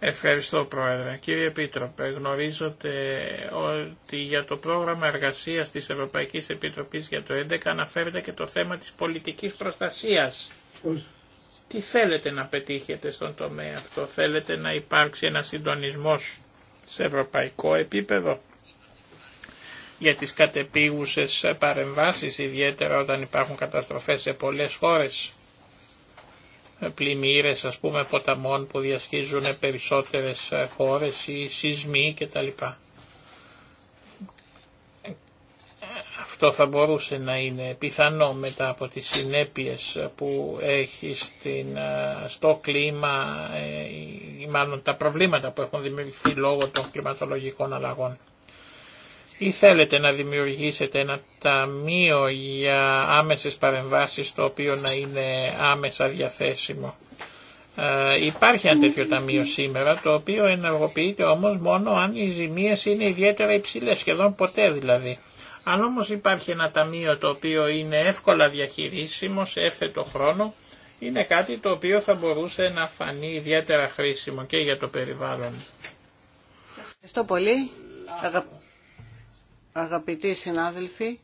Ευχαριστώ Πρόεδρε. Κύριε Επίτροπε, γνωρίζετε ότι για το πρόγραμμα εργασίας της Ευρωπαϊκή Επιτροπής για το 2011 αναφέρεται και το θέμα της πολιτικής προστασίας. Τι θέλετε να πετύχετε στον τομέα αυτό, θέλετε να υπάρξει ένα συντονισμός σε ευρωπαϊκό επίπεδο για τις κατεπίγουσες παρεμβάσεις, ιδιαίτερα όταν υπάρχουν καταστροφές σε πολλές χώρες, πλημμύρες ας πούμε ποταμών που διασχίζουν περισσότερες χώρες ή σεισμοί κτλ. Αυτό θα μπορούσε να είναι πιθανό μετά από τις συνέπειες που έχει στην, στο κλίμα ε, ή μάλλον τα προβλήματα που έχουν δημιουργηθεί λόγω των κλιματολογικών αλλαγών ή θέλετε να δημιουργήσετε ένα ταμείο για άμεσες παρεμβάσεις το οποίο να είναι άμεσα διαθέσιμο. Ε, υπάρχει ένα τέτοιο ταμείο σήμερα το οποίο ενεργοποιείται όμως μόνο αν οι ζημίες είναι ιδιαίτερα υψηλές, σχεδόν ποτέ δηλαδή. Αν όμως υπάρχει ένα ταμείο το οποίο είναι εύκολα διαχειρίσιμο σε έφθετο χρόνο, είναι κάτι το οποίο θα μπορούσε να φανεί ιδιαίτερα χρήσιμο και για το περιβάλλον. Ευχαριστώ πολύ αγαπητοί συνάδελφοι.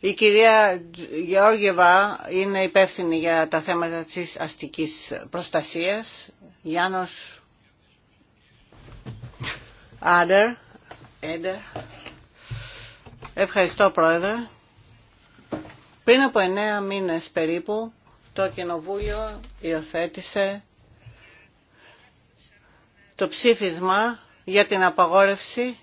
Η κυρία Γεώργεβα είναι υπεύθυνη για τα θέματα της αστικής προστασίας. Γιάννος Άντερ. Ευχαριστώ Πρόεδρε. Πριν από εννέα μήνες περίπου το Κοινοβούλιο υιοθέτησε το ψήφισμα για την απαγόρευση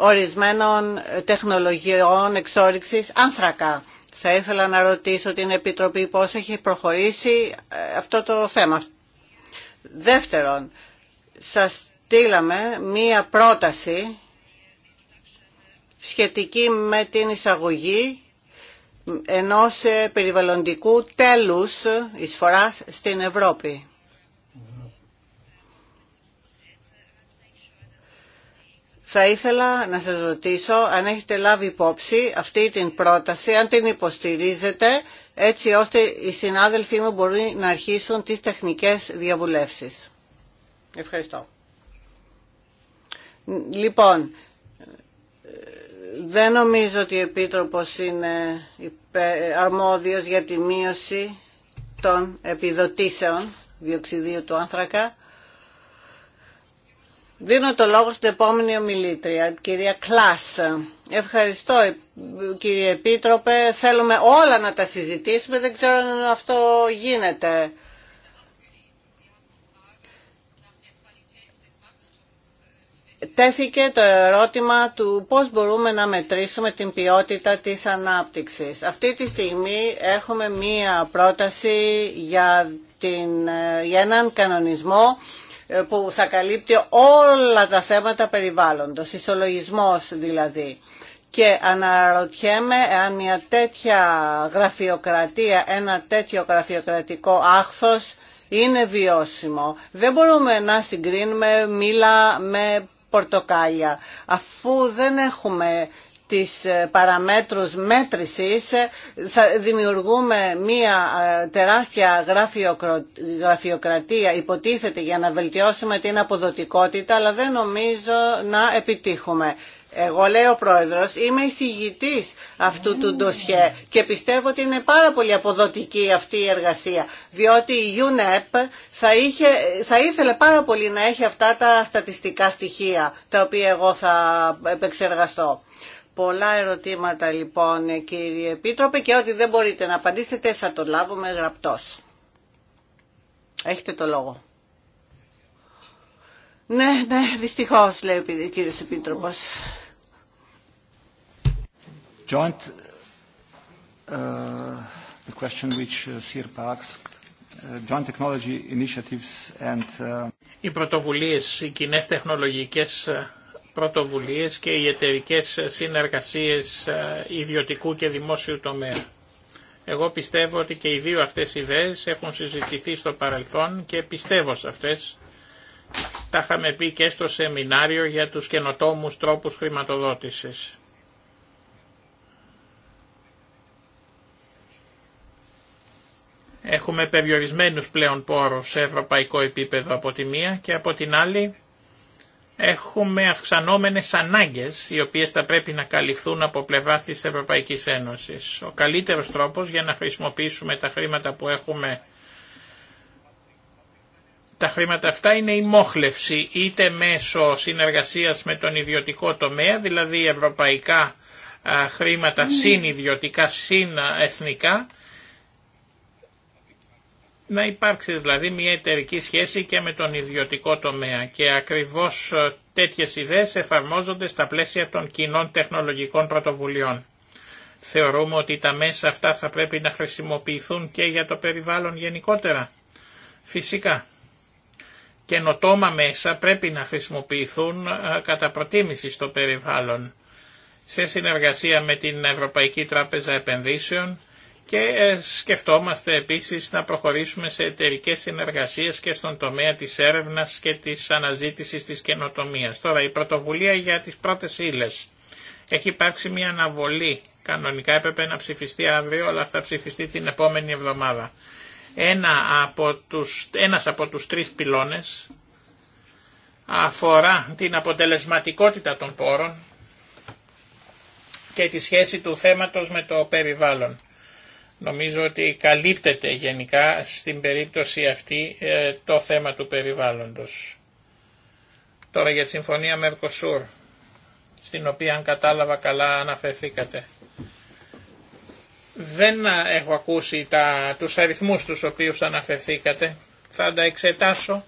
ορισμένων τεχνολογιών εξόριξης άνθρακα. Θα ήθελα να ρωτήσω την Επιτροπή πώς έχει προχωρήσει ε, αυτό το θέμα. Δεύτερον, σας στείλαμε μία πρόταση σχετική με την εισαγωγή ενός ε, περιβαλλοντικού τέλους εισφοράς στην Ευρώπη. Θα ήθελα να σας ρωτήσω αν έχετε λάβει υπόψη αυτή την πρόταση, αν την υποστηρίζετε, έτσι ώστε οι συνάδελφοί μου μπορούν να αρχίσουν τις τεχνικές διαβουλεύσεις. Ευχαριστώ. Λοιπόν, δεν νομίζω ότι ο Επίτροπος είναι αρμόδιος για τη μείωση των επιδοτήσεων διοξιδίου του άνθρακα. Δίνω το λόγο στην επόμενη ομιλήτρια, κυρία Κλάς. Ευχαριστώ ε, κύριε Επίτροπε. Θέλουμε όλα να τα συζητήσουμε. Δεν ξέρω αν αυτό γίνεται. Τέθηκε το ερώτημα του πώς μπορούμε να μετρήσουμε την ποιότητα της ανάπτυξης. Αυτή τη στιγμή έχουμε μία πρόταση για, την, ε, για έναν κανονισμό που θα καλύπτει όλα τα θέματα περιβάλλοντος, ισολογισμός δηλαδή. Και αναρωτιέμαι αν μια τέτοια γραφειοκρατία, ένα τέτοιο γραφειοκρατικό άχθος είναι βιώσιμο. Δεν μπορούμε να συγκρίνουμε μήλα με πορτοκάλια. Αφού δεν έχουμε τις ε, παραμέτρους μέτρησης ε, δημιουργούμε μία ε, τεράστια γραφειοκρατία υποτίθεται για να βελτιώσουμε την αποδοτικότητα αλλά δεν νομίζω να επιτύχουμε. Εγώ λέει ο πρόεδρος, είμαι εισηγητής αυτού του ντοσιέ και πιστεύω ότι είναι πάρα πολύ αποδοτική αυτή η εργασία, διότι η UNEP θα, είχε, θα ήθελε πάρα πολύ να έχει αυτά τα στατιστικά στοιχεία, τα οποία εγώ θα επεξεργαστώ πολλά ερωτήματα λοιπόν κύριε Επίτροπε και ό,τι δεν μπορείτε να απαντήσετε θα το λάβουμε γραπτός. Έχετε το λόγο. Ναι, ναι, δυστυχώς λέει ο κύριος Επίτροπος. Joint, uh, the question which uh, Sir asked, uh, joint technology initiatives and... Οι πρωτοβουλίες, οι κοινές τεχνολογικές πρωτοβουλίες και οι εταιρικέ συνεργασίες ε, ιδιωτικού και δημόσιου τομέα. Εγώ πιστεύω ότι και οι δύο αυτές ιδέες έχουν συζητηθεί στο παρελθόν και πιστεύω σε αυτές. Τα είχαμε πει και στο σεμινάριο για τους καινοτόμους τρόπους χρηματοδότησης. Έχουμε περιορισμένους πλέον πόρους σε ευρωπαϊκό επίπεδο από τη μία και από την άλλη έχουμε αυξανόμενες ανάγκες οι οποίες θα πρέπει να καλυφθούν από πλευρά της Ευρωπαϊκής Ένωσης. Ο καλύτερος τρόπος για να χρησιμοποιήσουμε τα χρήματα που έχουμε τα χρήματα αυτά είναι η μόχλευση είτε μέσω συνεργασίας με τον ιδιωτικό τομέα, δηλαδή ευρωπαϊκά χρήματα ναι. συν-ιδιωτικά, συν-εθνικά, να υπάρξει δηλαδή μια εταιρική σχέση και με τον ιδιωτικό τομέα και ακριβώς ε, τέτοιες ιδέες εφαρμόζονται στα πλαίσια των κοινών τεχνολογικών πρωτοβουλειών. Θεωρούμε ότι τα μέσα αυτά θα πρέπει να χρησιμοποιηθούν και για το περιβάλλον γενικότερα. Φυσικά. Καινοτόμα μέσα πρέπει να χρησιμοποιηθούν ε, κατά προτίμηση στο περιβάλλον. Σε συνεργασία με την Ευρωπαϊκή Τράπεζα Επενδύσεων και ε, σκεφτόμαστε επίσης να προχωρήσουμε σε εταιρικέ συνεργασίες και στον τομέα της έρευνας και της αναζήτησης της καινοτομίας. Τώρα η πρωτοβουλία για τις πρώτες ύλε. Έχει υπάρξει μια αναβολή. Κανονικά έπρεπε να ψηφιστεί αύριο, αλλά θα ψηφιστεί την επόμενη εβδομάδα. Ένα από τους, ένας από τους τρεις πυλώνες αφορά την αποτελεσματικότητα των πόρων και τη σχέση του θέματος με το περιβάλλον. Νομίζω ότι καλύπτεται γενικά στην περίπτωση αυτή ε, το θέμα του περιβάλλοντος. Τώρα για τη συμφωνία Μερκοσούρ, στην οποία αν κατάλαβα καλά αναφερθήκατε. Δεν έχω ακούσει τα, τους αριθμούς τους οποίους αναφερθήκατε. Θα τα εξετάσω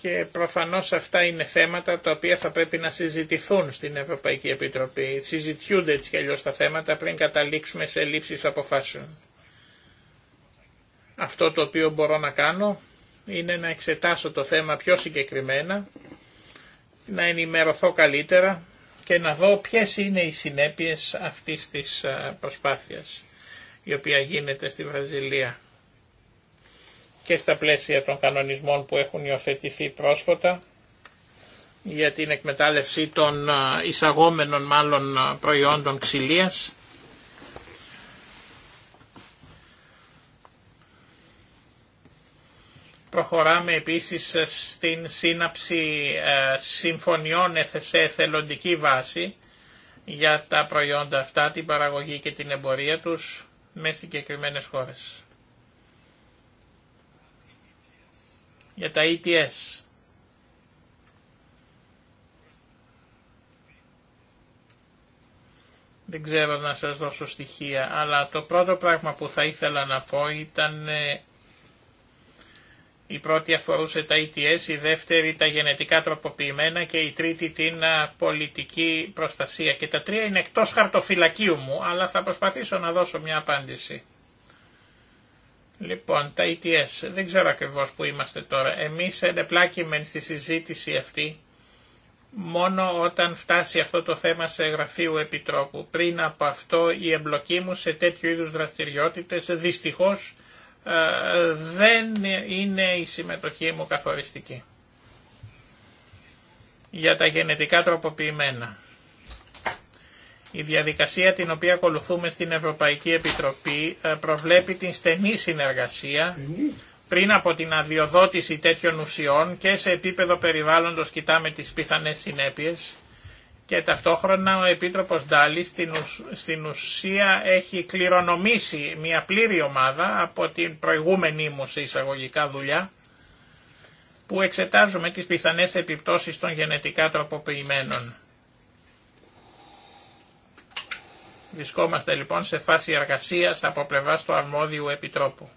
και προφανώς αυτά είναι θέματα τα οποία θα πρέπει να συζητηθούν στην Ευρωπαϊκή Επιτροπή. Συζητιούνται έτσι κι αλλιώς τα θέματα πριν καταλήξουμε σε λήψεις αποφάσεων. Αυτό το οποίο μπορώ να κάνω είναι να εξετάσω το θέμα πιο συγκεκριμένα, να ενημερωθώ καλύτερα και να δω ποιες είναι οι συνέπειες αυτής της ε, προσπάθειας η οποία γίνεται στη Βραζιλία και στα πλαίσια των κανονισμών που έχουν υιοθετηθεί πρόσφατα για την εκμετάλλευση των εισαγόμενων μάλλον προϊόντων ξυλίας. Προχωράμε επίσης στην σύναψη συμφωνιών σε εθελοντική βάση για τα προϊόντα αυτά, την παραγωγή και την εμπορία τους με συγκεκριμένες χώρες. για τα ETS. Δεν ξέρω να σας δώσω στοιχεία, αλλά το πρώτο πράγμα που θα ήθελα να πω ήταν ε, η πρώτη αφορούσε τα ETS, η δεύτερη τα γενετικά τροποποιημένα και η τρίτη την πολιτική προστασία. Και τα τρία είναι εκτός χαρτοφυλακίου μου, αλλά θα προσπαθήσω να δώσω μια απάντηση. Λοιπόν, τα ETS, δεν ξέρω ακριβώ που είμαστε τώρα. Εμείς ενεπλάκημεν στη συζήτηση αυτή μόνο όταν φτάσει αυτό το θέμα σε γραφείο επιτρόπου. Πριν από αυτό η εμπλοκή μου σε τέτοιου είδους δραστηριότητες δυστυχώς ε, δεν είναι η συμμετοχή μου καθοριστική για τα γενετικά τροποποιημένα. Η διαδικασία την οποία ακολουθούμε στην Ευρωπαϊκή Επιτροπή ε, προβλέπει την στενή συνεργασία πριν από την αδειοδότηση τέτοιων ουσιών και σε επίπεδο περιβάλλοντος κοιτάμε τις πιθανές συνέπειες και ταυτόχρονα ο Επίτροπος Ντάλη στην ουσία έχει κληρονομήσει μια πλήρη ομάδα από την προηγούμενη μου σε εισαγωγικά δουλειά που εξετάζουμε τις πιθανές επιπτώσεις των γενετικά τροποποιημένων. Βρισκόμαστε λοιπόν σε φάση εργασίας από πλευρά του αρμόδιου επιτρόπου.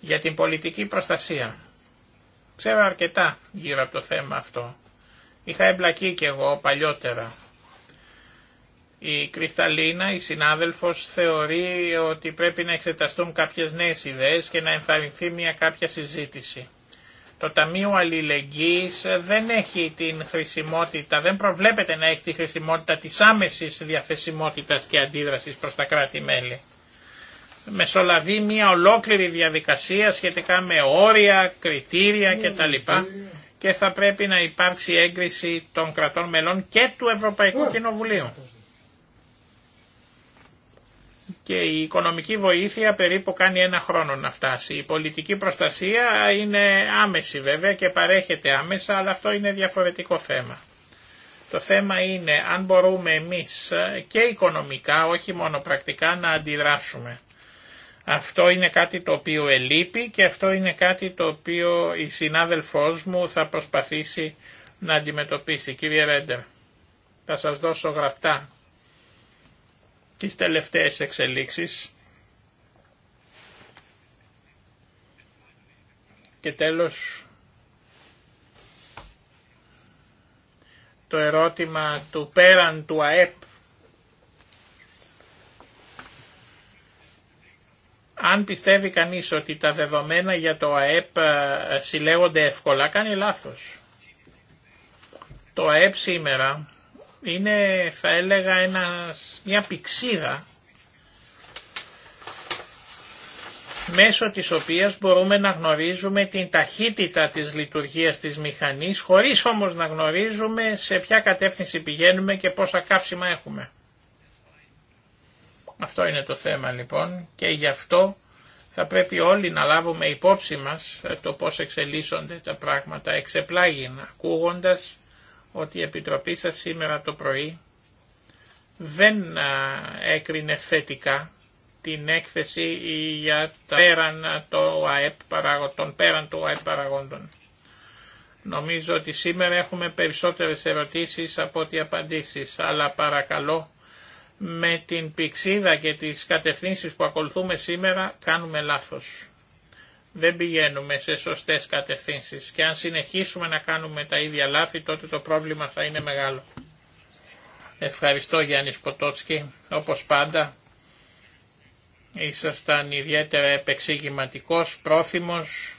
Για την πολιτική προστασία. Ξέρω αρκετά γύρω από το θέμα αυτό. Είχα εμπλακεί κι εγώ παλιότερα. Η Κρυσταλίνα, η συνάδελφος, θεωρεί ότι πρέπει να εξεταστούν κάποιες νέες ιδέες και να ενθαρρυνθεί μια κάποια συζήτηση. Το Ταμείο Αλληλεγγύης δεν έχει την χρησιμότητα, δεν προβλέπεται να έχει τη χρησιμότητα της άμεσης διαθεσιμότητας και αντίδρασης προς τα κράτη-μέλη. Μεσολαβεί μια ολόκληρη διαδικασία σχετικά με όρια, κριτήρια κτλ. Και θα πρέπει να υπάρξει έγκριση των κρατών μελών και του Ευρωπαϊκού Κοινοβουλίου και η οικονομική βοήθεια περίπου κάνει ένα χρόνο να φτάσει. Η πολιτική προστασία είναι άμεση βέβαια και παρέχεται άμεσα, αλλά αυτό είναι διαφορετικό θέμα. Το θέμα είναι αν μπορούμε εμείς και οικονομικά, όχι μόνο πρακτικά, να αντιδράσουμε. Αυτό είναι κάτι το οποίο ελείπει και αυτό είναι κάτι το οποίο η συνάδελφός μου θα προσπαθήσει να αντιμετωπίσει. Κύριε Ρέντερ, θα σας δώσω γραπτά Τις τελευταίες εξελίξεις και τέλος το ερώτημα του πέραν του ΑΕΠ αν πιστεύει κανείς ότι τα δεδομένα για το ΑΕΠ ε, συλλέγονται εύκολα, κάνει λάθος. Το ΑΕΠ σήμερα είναι θα έλεγα μια πηξίδα μέσω της οποίας μπορούμε να γνωρίζουμε την ταχύτητα της λειτουργίας της μηχανής χωρίς όμως να γνωρίζουμε σε ποια κατεύθυνση πηγαίνουμε και πόσα κάψιμα έχουμε. Αυτό είναι το θέμα λοιπόν και γι' αυτό θα πρέπει όλοι να λάβουμε υπόψη μας το πώς εξελίσσονται τα πράγματα εξεπλάγην ακούγοντας ότι η Επιτροπή σας σήμερα το πρωί δεν έκρινε θετικά την έκθεση για τα πέραν το ΑΕΠ, των πέραν του ΑΕΠ παραγόντων. Νομίζω ότι σήμερα έχουμε περισσότερες ερωτήσεις από ότι απαντήσεις, αλλά παρακαλώ με την πηξίδα και τις κατευθύνσεις που ακολουθούμε σήμερα κάνουμε λάθος δεν πηγαίνουμε σε σωστές κατευθύνσεις και αν συνεχίσουμε να κάνουμε τα ίδια λάθη τότε το πρόβλημα θα είναι μεγάλο. Ευχαριστώ Γιάννη Σποτότσκι, όπως πάντα ήσασταν ιδιαίτερα επεξηγηματικός, πρόθυμος.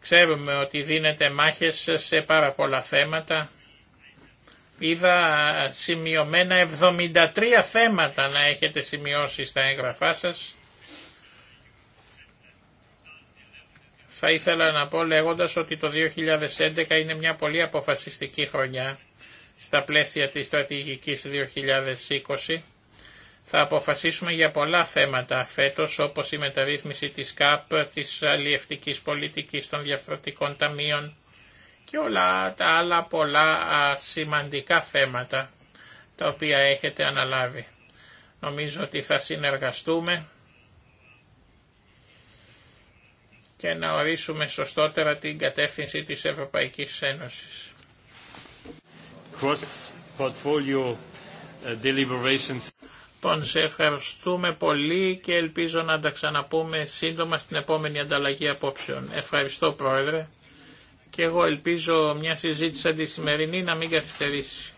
Ξέρουμε ότι δίνετε μάχες σε πάρα πολλά θέματα. Είδα σημειωμένα 73 θέματα να έχετε σημειώσει στα έγγραφά σας. θα ήθελα να πω λέγοντας ότι το 2011 είναι μια πολύ αποφασιστική χρονιά στα πλαίσια της στρατηγικής 2020. Θα αποφασίσουμε για πολλά θέματα φέτος όπως η μεταρρύθμιση της ΚΑΠ, της αλλιευτικής πολιτικής των διαφορετικών ταμείων και όλα τα άλλα πολλά σημαντικά θέματα τα οποία έχετε αναλάβει. Νομίζω ότι θα συνεργαστούμε και να ορίσουμε σωστότερα την κατεύθυνση της Ευρωπαϊκής Ένωσης. Cross portfolio uh, deliberations. Λοιπόν, σε ευχαριστούμε πολύ και ελπίζω να τα ξαναπούμε σύντομα στην επόμενη ανταλλαγή απόψεων. Ευχαριστώ Πρόεδρε και εγώ ελπίζω μια συζήτηση σαν τη να μην καθυστερήσει.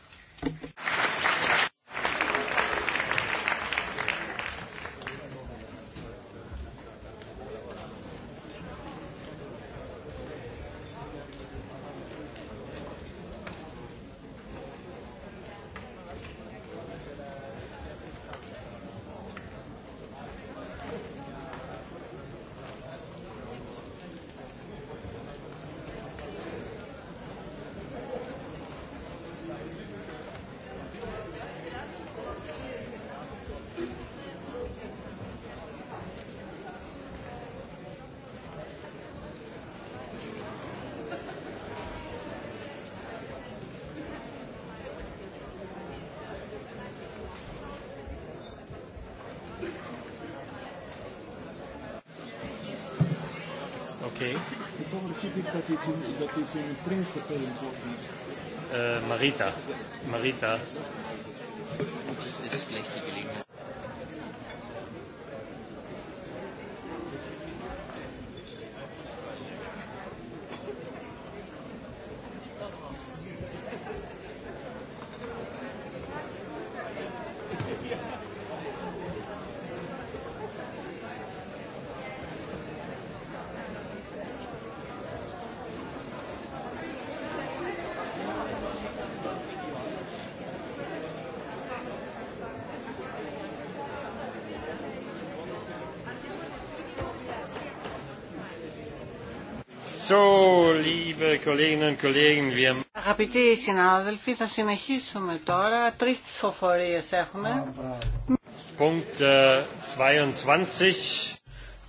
il principe è il Marita, Marita. So, Αγαπητοί συνάδελφοι, θα συνεχίσουμε τώρα. Τρει ψηφοφορίε έχουμε. 22. Äh,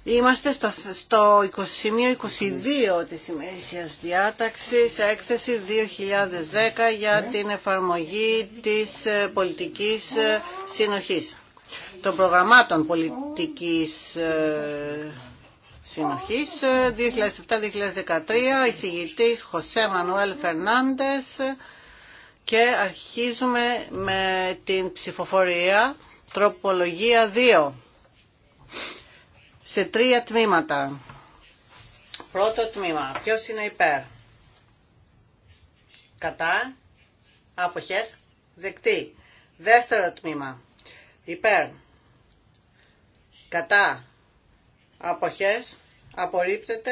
Είμαστε στο, στο σημείο 22 της ημερήσιας διάταξης, έκθεση 2010 για ναι. την εφαρμογή της ε, πολιτικής ε, συνοχής των προγραμμάτων πολιτικής ε, συνοχής 2007-2013, ε, εισηγητής Χωσέ Μανουέλ Φερνάντες και αρχίζουμε με την ψηφοφορία τροπολογία 2 σε τρία τμήματα. Πρώτο τμήμα, ποιος είναι υπέρ. Κατά, άποχες, δεκτή. Δεύτερο τμήμα, υπέρ. Κατά, αποχές, απορρίπτεται.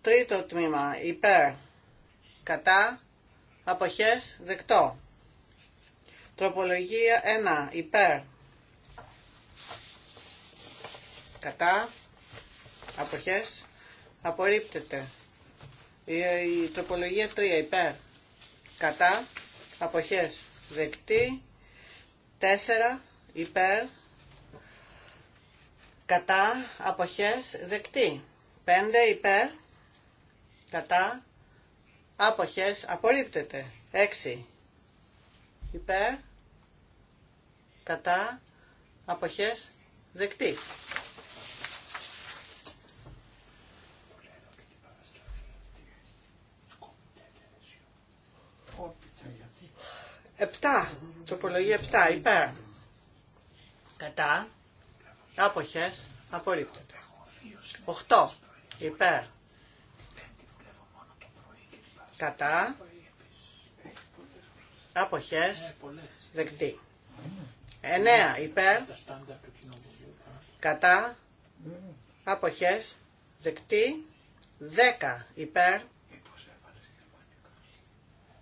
Τρίτο τμήμα, υπέρ, κατά, αποχές, δεκτό. Τροπολογία 1, υπέρ, κατά, αποχές, απορρίπτεται. Η, τροπολογία 3, υπέρ, κατά, αποχές, δεκτή. 4, υπέρ, κατά αποχές δεκτή. 5 υπέρ κατά αποχές απορρίπτεται. 6 υπέρ κατά αποχές δεκτή. Επτά, Τοπολογία επτά υπέρ. Κατά, Άποχες. Απορρίπτεται. 8. Υπέρ. Κατά. Άποχες. Δεκτή. 9. Υπέρ. Κατά. Άποχες. Δεκτή. 10. Υπέρ.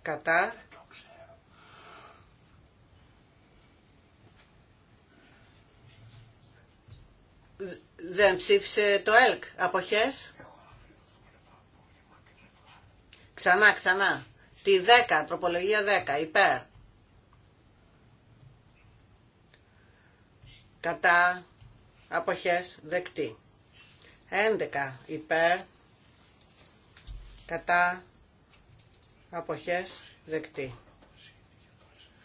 Κατά. Δεν ψήφισε το ΕΛΚ. Αποχές. Ξανά, ξανά. Τη 10, τροπολογία 10, υπέρ. Κατά. Αποχές. Δεκτή. 11, υπέρ. Κατά. Αποχές. Δεκτή.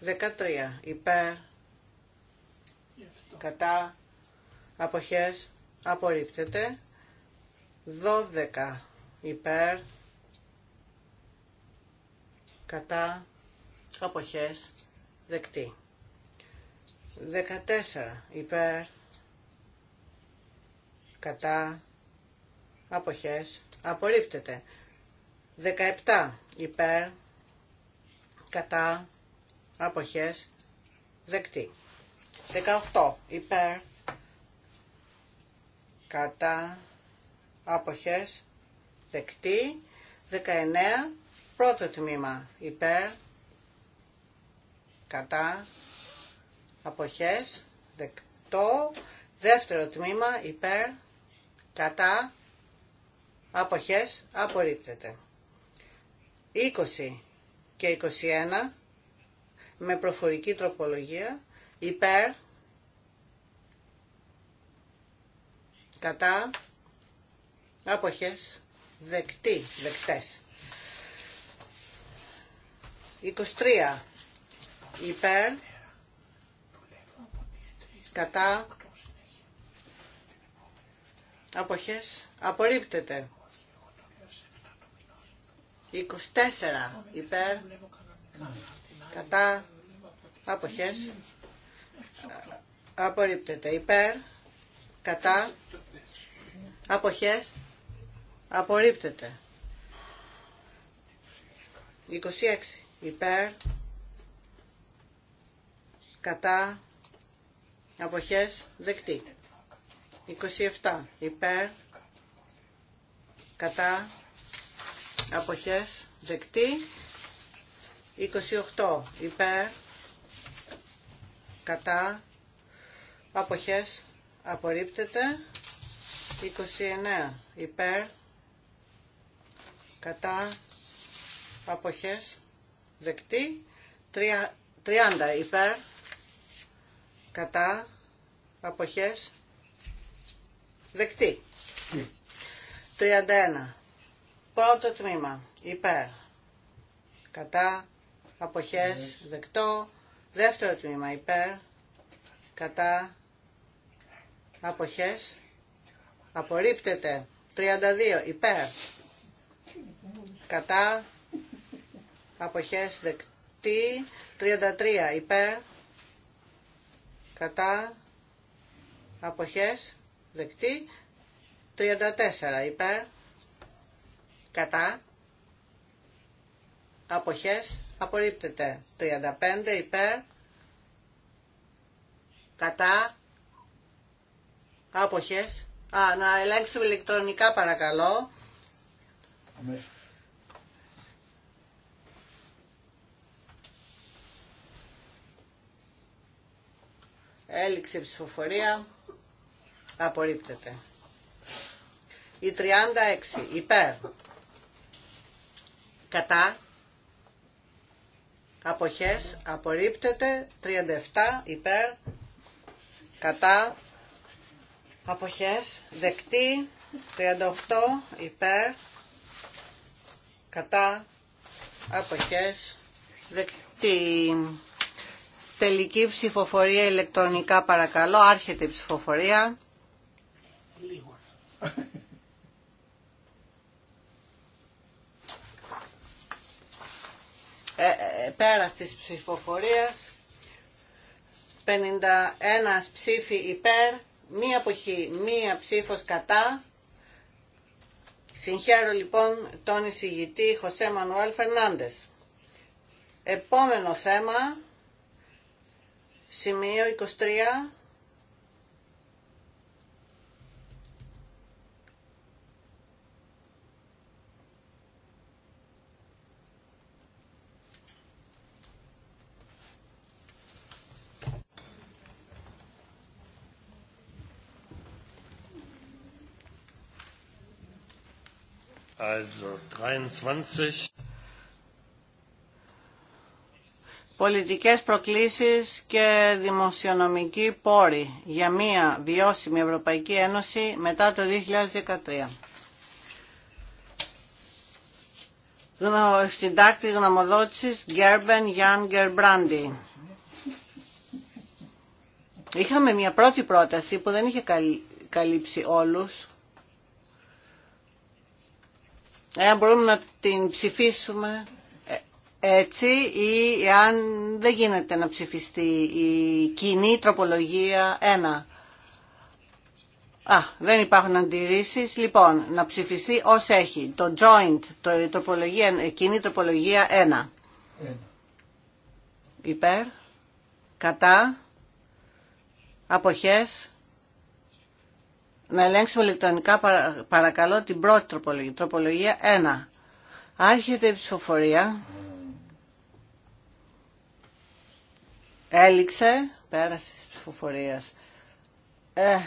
13, υπέρ. Κατά αποχές απορρίπτεται 12 υπέρ κατά αποχές δεκτή 14 υπέρ κατά αποχές απορρίπτεται 17 υπέρ κατά αποχές δεκτή 18 υπέρ κατά αποχές δεκτή 19 πρώτο τμήμα υπέρ κατά αποχές δεκτό δεύτερο τμήμα υπέρ κατά αποχές απορρίπτεται 20 και 21 με προφορική τροπολογία υπέρ κατά αποχές δεκτή, δεκτές. 23 υπέρ κατά αποχές απορρίπτεται. 24 υπέρ κατά αποχές απορρίπτεται. Υπέρ κατά Αποχές. Απορρίπτεται. 26. Υπέρ. Κατά. Αποχές. Δεκτή. 27. Υπέρ. Κατά. Αποχές. Δεκτή. 28. Υπέρ. Κατά. Αποχές. Απορρίπτεται. 29 υπέρ κατά αποχές δεκτή 30 υπέρ κατά αποχές δεκτή 31 πρώτο τμήμα υπέρ κατά αποχές δεκτό δεύτερο τμήμα υπέρ κατά αποχές Απορρίπτεται. 32 υπέρ. Κατά. Αποχές δεκτή. 33 υπέρ. Κατά. Αποχές δεκτή. 34 υπέρ. Κατά. Αποχές απορρίπτεται. 35 υπέρ. Κατά. Άποχες Α, να ελέγξουμε ηλεκτρονικά παρακαλώ. Αμέσως. ψηφοφορία. Απορρίπτεται. Η 36. Υπέρ. Κατά. Αποχές. Απορρίπτεται. 37. Υπέρ. Κατά αποχές δεκτή 38 υπέρ κατά αποχές δεκτή τελική ψηφοφορία ηλεκτρονικά παρακαλώ άρχεται η ψηφοφορία Λίγο. Ε, ε, πέρας της ψηφοφορίας 51 ψήφι υπέρ μία αποχή, μία ψήφος κατά. Συγχαίρω λοιπόν τον εισηγητή Χωσέ Μανουέλ Φερνάντες. Επόμενο θέμα, σημείο 23 Also 23. Πολιτικές προκλήσεις και δημοσιονομική πόρη για μια βιώσιμη Ευρωπαϊκή Ένωση μετά το 2013. Συντάκτη γνωμοδότησης Γκέρμπεν Γιάν Γκερμπράντι. Είχαμε μια πρώτη πρόταση που δεν είχε καλύψει όλους εάν μπορούμε να την ψηφίσουμε ε, έτσι ή αν δεν γίνεται να ψηφιστεί η κοινή τροπολογία 1. Α, δεν υπάρχουν αντιρρήσεις. Λοιπόν, να ψηφιστεί ως έχει το joint, το, τροπολογία, κοινή τροπολογία 1. 1. Υπέρ, κατά, αποχές, να ελέγξουμε ηλεκτρονικά παρακαλώ την πρώτη τροπολογία, τροπολογία 1. Άρχεται η ψηφοφορία. Έληξε, πέρασε τη ψηφοφορια Ε,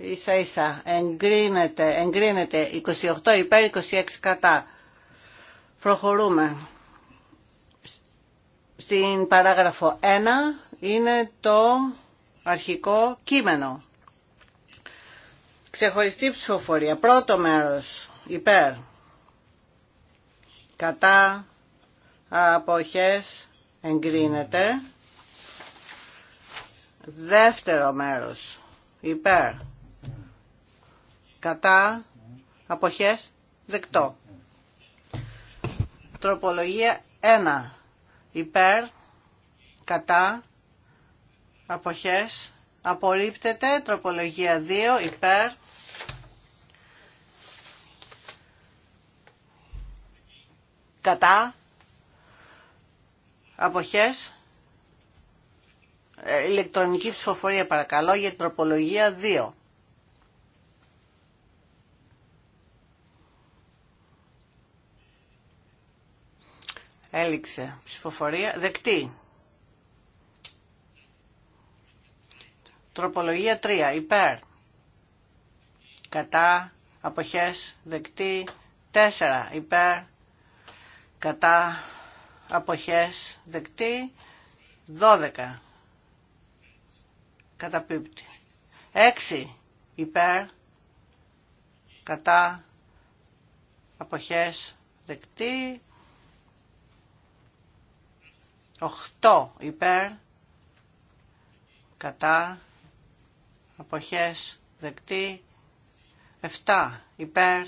ίσα ίσα, εγκρίνεται, εγκρίνεται 28 υπέρ 26 κατά. Προχωρούμε. Στην παράγραφο 1 είναι το αρχικό κείμενο. Ξεχωριστή ψηφοφορία. Πρώτο μέρος. Υπέρ. Κατά. Αποχές. Εγκρίνεται. Δεύτερο μέρος. Υπέρ. Κατά. Αποχές. Δεκτό. Τροπολογία 1. Υπέρ. Κατά. Αποχές. Απορρίπτεται. Τροπολογία 2. Υπέρ. Κατά. Αποχές. Ε, ηλεκτρονική ψηφοφορία παρακαλώ για τροπολογία 2. Έληξε ψηφοφορία. Δεκτή. Τροπολογία 3. Υπέρ. Κατά. Αποχές. Δεκτή. 4. Υπέρ. Κατά. Αποχές. Δεκτή. 12. Καταπίπτει. 6. Υπέρ. Κατά. Αποχές. Δεκτή. 8. Υπέρ κατά αποχές δεκτή 7 υπέρ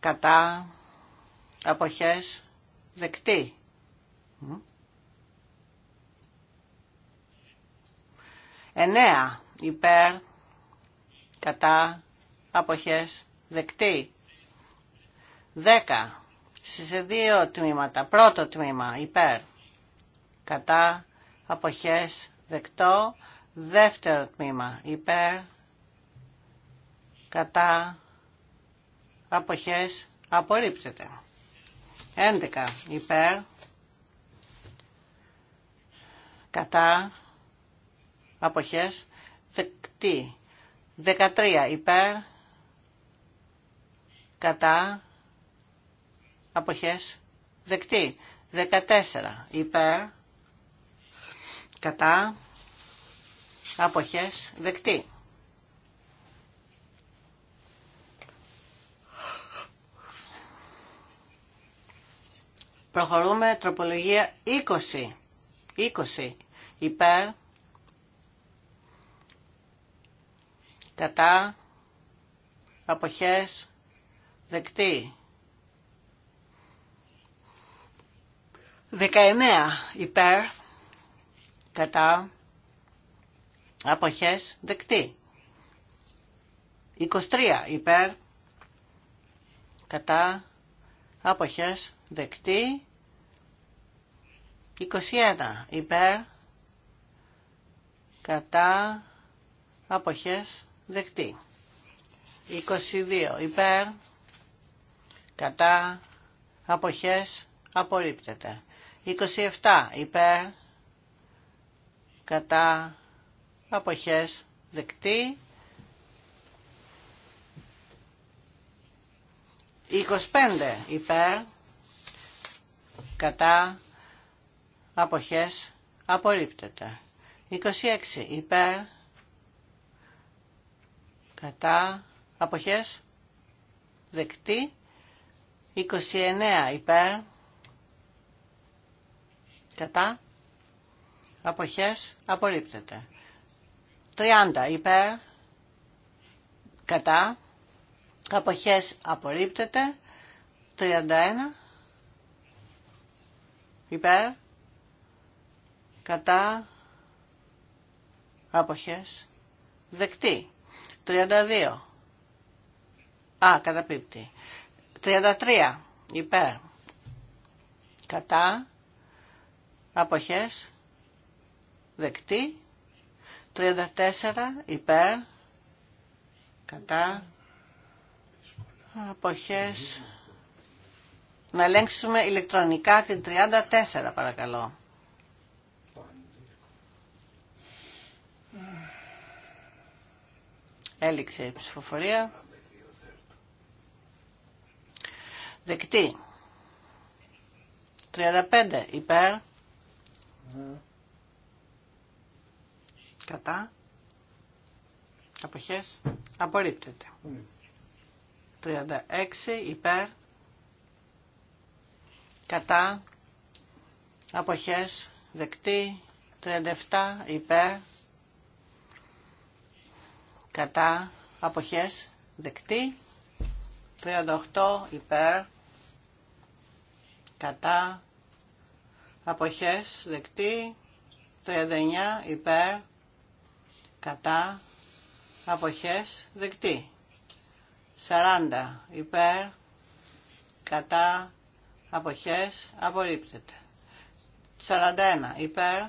κατά αποχές δεκτή εννέα υπέρ κατά αποχές δεκτή δέκα σε δύο τμήματα πρώτο τμήμα υπέρ κατά αποχές Δεκτό. Δεύτερο τμήμα. Υπέρ. Κατά. Αποχές. Απορρίπτεται. 11. Υπέρ. Κατά. Αποχές. Δεκτή. 13. Υπέρ. Κατά. Αποχές. Δεκτή. 14. Υπέρ κατά, αποχές, δεκτή. Προχωρούμε τροπολογία 20. 20. Υπέρ. Κατά. Αποχές. Δεκτή. 19. Υπέρ κατά αποχές δεκτή. 23 υπέρ κατά αποχές δεκτή. 21 υπέρ κατά αποχές δεκτή. 22 υπέρ κατά αποχές απορρίπτεται. 27 υπέρ κατά αποχές δεκτή 25 υπέρ κατά αποχές απορρίπτεται 26 υπέρ κατά αποχές δεκτή 29 υπέρ κατά αποχές απορρίπτεται. 30 υπέρ, κατά, αποχές απορρίπτεται. 31 υπέρ, κατά, αποχές δεκτή. 32 Α, καταπίπτει. 33. Υπέρ. Κατά. Αποχές δεκτή. 34 υπέρ, κατά, αποχές. Να ελέγξουμε ηλεκτρονικά την 34 παρακαλώ. Έληξε η ψηφοφορία. Δεκτή. 35 υπέρ. Ναι κατά, αποχές, απορρίπτεται. 36 υπέρ, κατά, αποχές, δεκτή, 37 υπέρ, κατά, αποχές, δεκτή, 38 υπέρ, κατά, αποχές, δεκτή, 39 υπέρ, κατά, αποχές, δεκτή. 40 υπέρ, κατά, αποχές, απορρίπτεται. 41 υπέρ,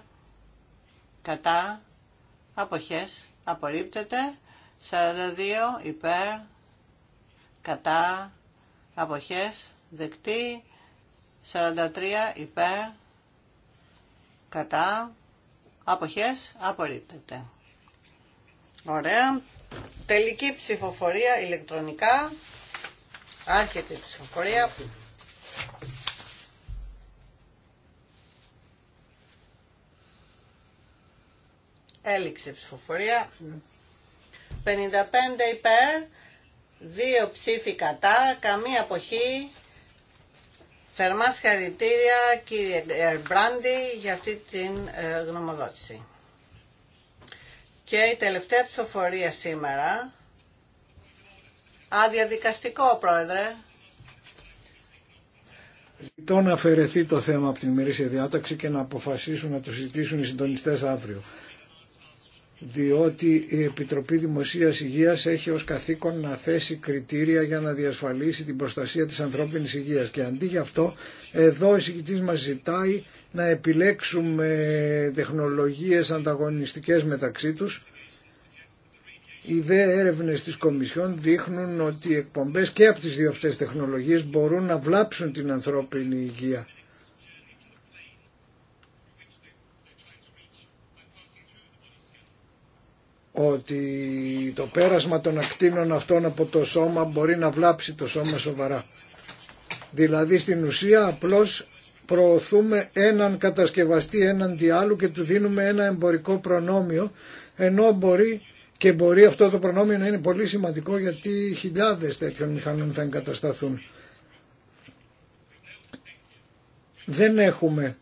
κατά, αποχές, απορρίπτεται. 42 υπέρ, κατά, αποχές, δεκτή. 43 υπέρ, κατά, αποχές, απορρίπτεται. Ωραία. Τελική ψηφοφορία ηλεκτρονικά. Άρχεται η ψηφοφορία. Έληξε η ψηφοφορία. 55 υπέρ, 2 ψήφοι κατά, καμία αποχή. Θερμά συγχαρητήρια κύριε ερμπράντι για αυτή την ε, γνωμοδότηση. Και η τελευταία ψηφοφορία σήμερα. Αδιαδικαστικό, Πρόεδρε. Ζητώ να αφαιρεθεί το θέμα από την ημερήσια διάταξη και να αποφασίσουν να το συζητήσουν οι συντονιστές αύριο διότι η Επιτροπή Δημοσίας Υγείας έχει ως καθήκον να θέσει κριτήρια για να διασφαλίσει την προστασία της ανθρώπινης υγείας και αντί για αυτό εδώ ο συγκητής μας ζητάει να επιλέξουμε τεχνολογίες ανταγωνιστικές μεταξύ τους οι δε έρευνες της Κομισιόν δείχνουν ότι οι εκπομπές και από τις δύο αυτές τεχνολογίες μπορούν να βλάψουν την ανθρώπινη υγεία ότι το πέρασμα των ακτίνων αυτών από το σώμα μπορεί να βλάψει το σώμα σοβαρά. Δηλαδή στην ουσία απλώς προωθούμε έναν κατασκευαστή έναντι άλλου και του δίνουμε ένα εμπορικό προνόμιο ενώ μπορεί και μπορεί αυτό το προνόμιο να είναι πολύ σημαντικό γιατί χιλιάδες τέτοιων μηχανών θα εγκατασταθούν. Δεν έχουμε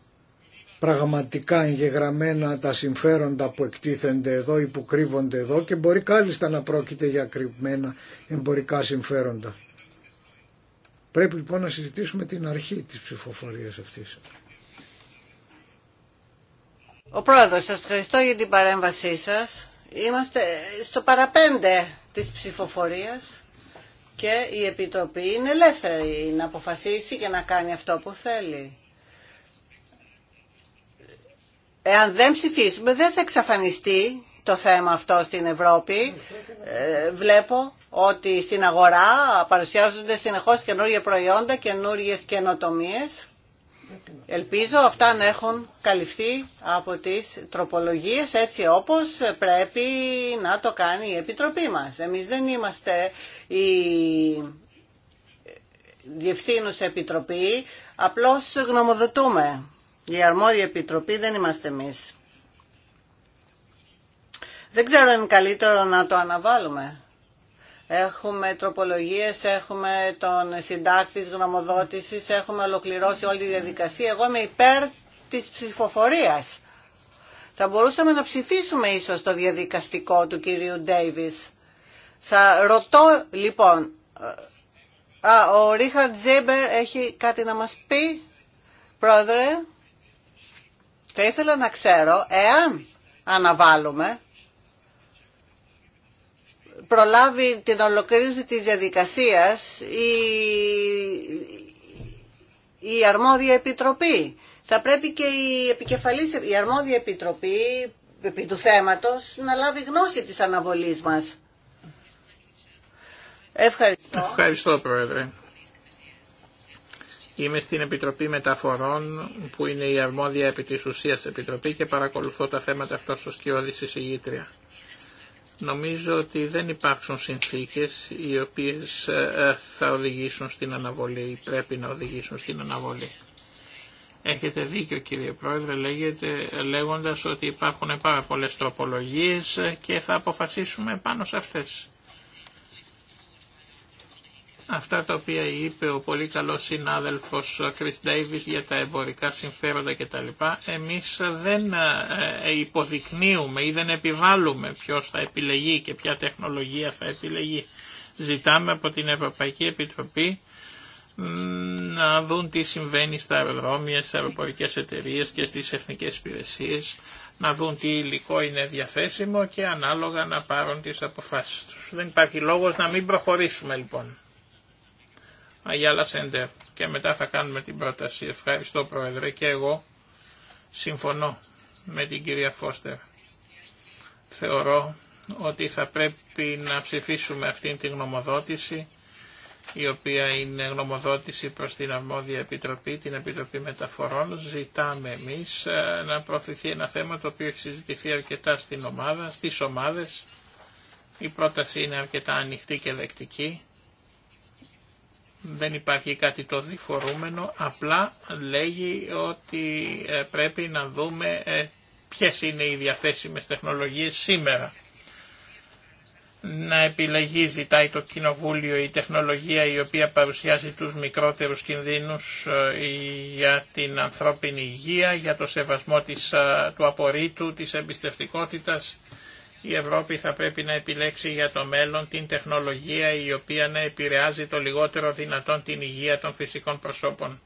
πραγματικά εγγεγραμμένα τα συμφέροντα που εκτίθενται εδώ ή που κρύβονται εδώ και μπορεί κάλλιστα να πρόκειται για κρυμμένα εμπορικά συμφέροντα. Πρέπει λοιπόν να συζητήσουμε την αρχή της ψηφοφορίας αυτής. Ο Πρόεδρος, σας ευχαριστώ για την παρέμβασή σας. Είμαστε στο παραπέντε της ψηφοφορίας και η Επιτροπή είναι ελεύθερη να αποφασίσει και να κάνει αυτό που θέλει εάν δεν ψηφίσουμε δεν θα εξαφανιστεί το θέμα αυτό στην Ευρώπη. Ε, βλέπω ότι στην αγορά παρουσιάζονται συνεχώς καινούργια προϊόντα, καινούργιες καινοτομίες. Ελπίζω αυτά να έχουν καλυφθεί από τις τροπολογίες έτσι όπως πρέπει να το κάνει η Επιτροπή μας. Εμείς δεν είμαστε η Διευθύνουσα Επιτροπή, απλώς γνωμοδοτούμε. Η αρμόδια επιτροπή δεν είμαστε εμείς. Δεν ξέρω αν είναι καλύτερο να το αναβάλουμε. Έχουμε τροπολογίες, έχουμε τον συντάκτης γνωμοδότησης, έχουμε ολοκληρώσει όλη τη διαδικασία. Εγώ είμαι υπέρ της ψηφοφορίας. Θα μπορούσαμε να ψηφίσουμε ίσως το διαδικαστικό του κυρίου Ντέιβις. Θα ρωτώ λοιπόν, ο Ρίχαρτ Ζέμπερ έχει κάτι να μας πει, πρόεδρε. Θα ήθελα να ξέρω εάν αναβάλουμε προλάβει την ολοκλήρωση της διαδικασίας η, η αρμόδια επιτροπή. Θα πρέπει και η επικεφαλής, η αρμόδια επιτροπή επί του θέματος να λάβει γνώση της αναβολής μας. Ευχαριστώ. Ευχαριστώ Πρόεδρε. Είμαι στην Επιτροπή Μεταφορών που είναι η αρμόδια επί της ουσίας Επιτροπή και παρακολουθώ τα θέματα αυτά στο σκιώδη συγγήτρια. Νομίζω ότι δεν υπάρξουν συνθήκες οι οποίες ε, ε, θα οδηγήσουν στην αναβολή ή πρέπει να οδηγήσουν στην αναβολή. Έχετε δίκιο κύριε Πρόεδρε λέγεται, λέγοντας ότι υπάρχουν πάρα πολλές τροπολογίες και θα αποφασίσουμε πάνω σε αυτές αυτά τα οποία είπε ο πολύ καλός συνάδελφος Chris Davis για τα εμπορικά συμφέροντα κτλ. Εμείς δεν ε, ε, υποδεικνύουμε ή δεν επιβάλλουμε ποιος θα επιλεγεί και ποια τεχνολογία θα επιλεγεί. Ζητάμε από την Ευρωπαϊκή Επιτροπή να δουν τι συμβαίνει στα αεροδρόμια, στις αεροπορικές εταιρείες και στις εθνικές υπηρεσίες, να δουν τι υλικό είναι διαθέσιμο και ανάλογα να πάρουν τις αποφάσεις τους. Δεν υπάρχει λόγος να μην προχωρήσουμε λοιπόν. Αγιάλα Σέντερ και μετά θα κάνουμε την πρόταση. Ευχαριστώ Πρόεδρε και εγώ συμφωνώ με την κυρία Φώστερ. Θεωρώ ότι θα πρέπει να ψηφίσουμε αυτήν την γνωμοδότηση η οποία είναι γνωμοδότηση προς την αρμόδια επιτροπή, την Επιτροπή Μεταφορών. Ζητάμε εμείς ε, να προωθηθεί ένα θέμα το οποίο έχει συζητηθεί αρκετά στην ομάδα, στις ομάδες. Η πρόταση είναι αρκετά ανοιχτή και δεκτική δεν υπάρχει κάτι το διφορούμενο, απλά λέγει ότι ε, πρέπει να δούμε ε, ποιες είναι οι διαθέσιμες τεχνολογίες σήμερα. Να επιλεγεί ζητάει το Κοινοβούλιο η τεχνολογία η οποία παρουσιάζει τους μικρότερους κινδύνους ε, για την ανθρώπινη υγεία, για το σεβασμό της, του απορρίτου, της εμπιστευτικότητας η Ευρώπη θα πρέπει να επιλέξει για το μέλλον την τεχνολογία η οποία να επηρεάζει το λιγότερο δυνατόν την υγεία των φυσικών προσώπων.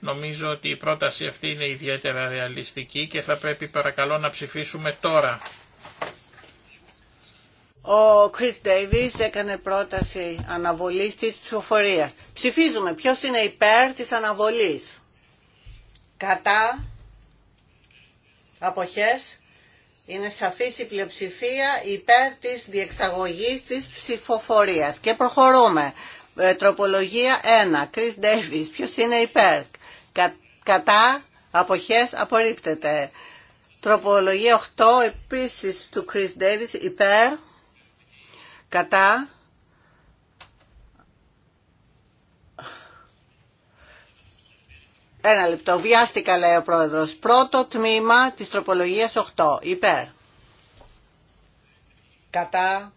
Νομίζω ότι η πρόταση αυτή είναι ιδιαίτερα ρεαλιστική και θα πρέπει παρακαλώ να ψηφίσουμε τώρα. Ο Chris Davis έκανε πρόταση αναβολής της ψηφοφορίας. Ψηφίζουμε ποιος είναι υπέρ της αναβολής. Κατά. Αποχές. Είναι σαφής η πλειοψηφία υπέρ της διεξαγωγής της ψηφοφορίας. Και προχωρούμε. Ε, τροπολογία 1. Κρίς Ντέιβις. Ποιος είναι υπέρ. Κα, κατά. Αποχές. Απορρίπτεται. Τροπολογία 8. Επίσης του Κρίς Ντέιβις. Υπέρ. Κατά. Ένα λεπτό. Βιάστηκα, λέει ο πρόεδρο. Πρώτο τμήμα της τροπολογίας 8. Υπέρ. Κατά.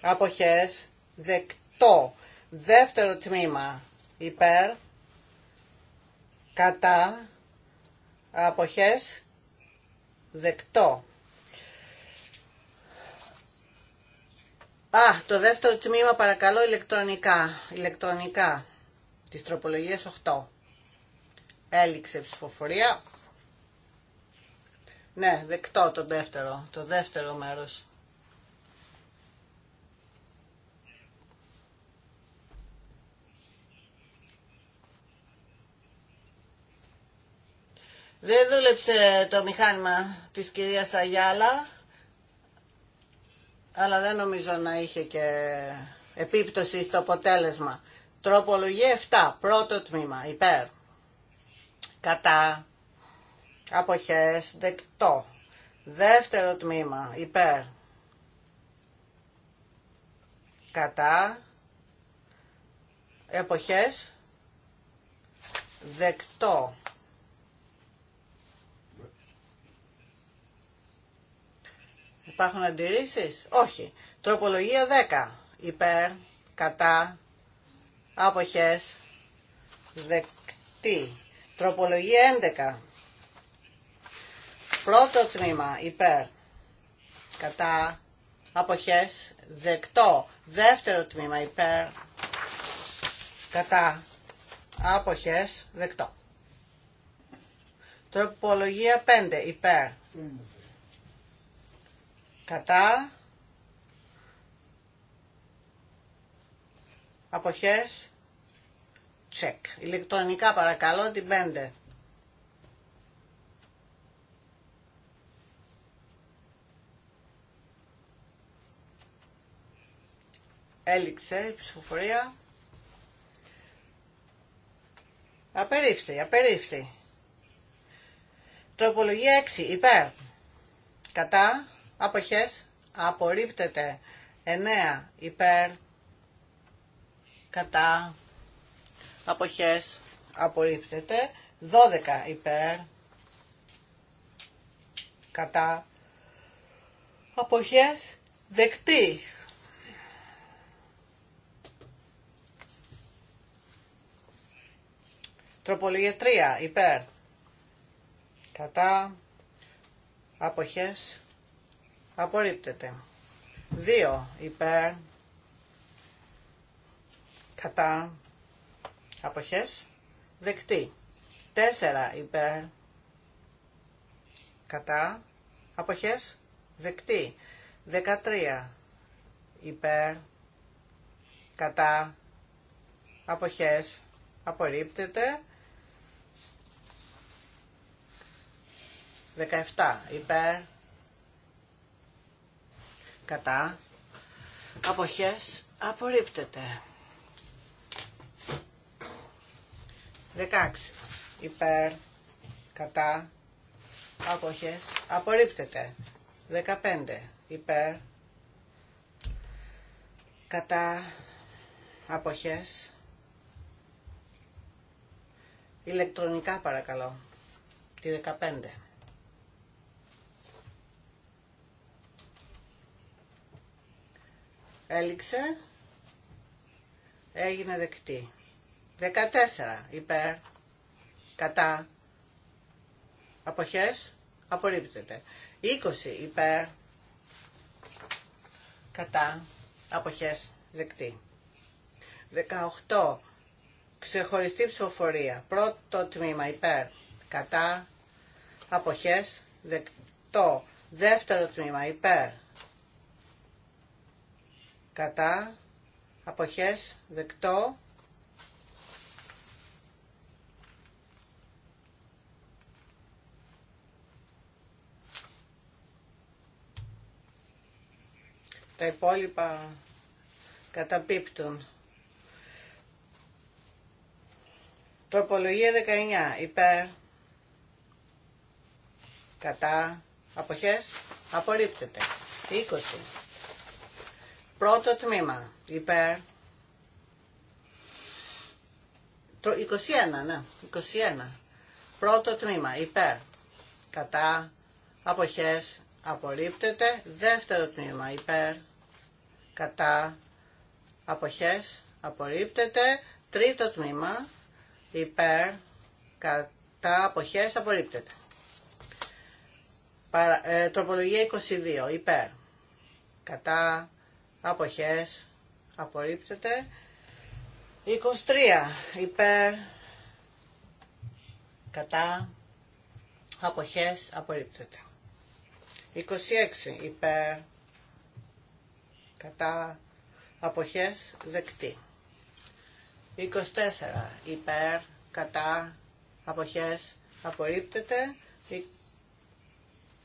Αποχές. Δεκτό. Δεύτερο τμήμα. Υπέρ. Κατά. Αποχές. Δεκτό. Α, το δεύτερο τμήμα παρακαλώ ηλεκτρονικά. Ηλεκτρονικά. Της τροπολογίας 8. Έληξε ψηφοφορία. Ναι, δεκτό το δεύτερο, το δεύτερο μέρος. Δεν δούλεψε το μηχάνημα της κυρίας Αγιάλα, αλλά δεν νομίζω να είχε και επίπτωση στο αποτέλεσμα. Τροπολογία 7, πρώτο τμήμα, υπέρ κατά, αποχές, δεκτό. Δεύτερο τμήμα, υπέρ, κατά, εποχές, δεκτό. Υπάρχουν αντιρρήσεις? Όχι. Τροπολογία 10. Υπέρ, κατά, άποχες, δεκτή. Τροπολογία 11. Πρώτο τμήμα υπέρ. Κατά. Αποχές. Δεκτό. Δεύτερο τμήμα υπέρ. Κατά. Αποχές. Δεκτό. Τροπολογία 5 υπέρ. Κατά. Αποχές check. Ηλεκτρονικά παρακαλώ την 5. Έληξε η ψηφοφορία. Απερίφθη, απερίφθη. Τροπολογία 6, υπέρ. Κατά, αποχές, απορρίπτεται. 9, υπέρ. Κατά, αποχές απορρίπτεται. 12 υπέρ κατά αποχές δεκτή. Τροπολογία 3 υπέρ κατά αποχές απορρίπτεται. 2 υπέρ κατά αποχές δεκτή. 4 υπέρ κατά αποχές δεκτή. 13 υπέρ κατά αποχές απορρίπτεται. 17 υπέρ κατά αποχές απορρίπτεται. 16 υπέρ κατά αποχές απορρίπτεται 15 υπέρ κατά αποχές ηλεκτρονικά παρακαλώ τη 15 έληξε έγινε δεκτή 14 υπέρ κατά αποχές απορρίπτεται. 20 υπέρ κατά αποχές δεκτή. 18 ξεχωριστή ψηφοφορία. Πρώτο τμήμα υπέρ κατά αποχές δεκτό. Δεύτερο τμήμα υπέρ κατά αποχές δεκτό. Τα υπόλοιπα καταπίπτουν. Τροπολογία 19. Υπέρ. Κατά. Αποχές. Απορρίπτεται. 20. Πρώτο τμήμα. Υπέρ. Το 21, ναι. 21. Πρώτο τμήμα. Υπέρ. Κατά. Αποχές απορρίπτεται. Δεύτερο τμήμα υπέρ, κατά, αποχές, απορρίπτεται. Τρίτο τμήμα υπέρ, κατά, αποχές, απορρίπτεται. Παρα, ε, τροπολογία 22 υπέρ, κατά, αποχές, απορρίπτεται. 23 υπέρ, κατά, αποχές, απορρίπτεται. 26 υπέρ κατά αποχές δεκτή. 24 υπέρ κατά αποχές απορρίπτεται.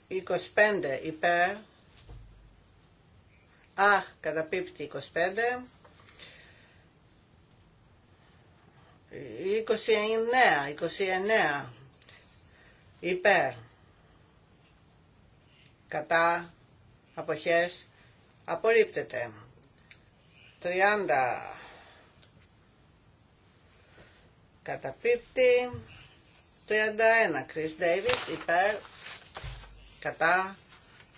25 υπέρ Α, καταπίπτει 25. 29, 29, υπέρ, κατά, αποχές, απορρίπτεται. 30 καταπίπτει. 31 Chris Davis υπέρ, κατά,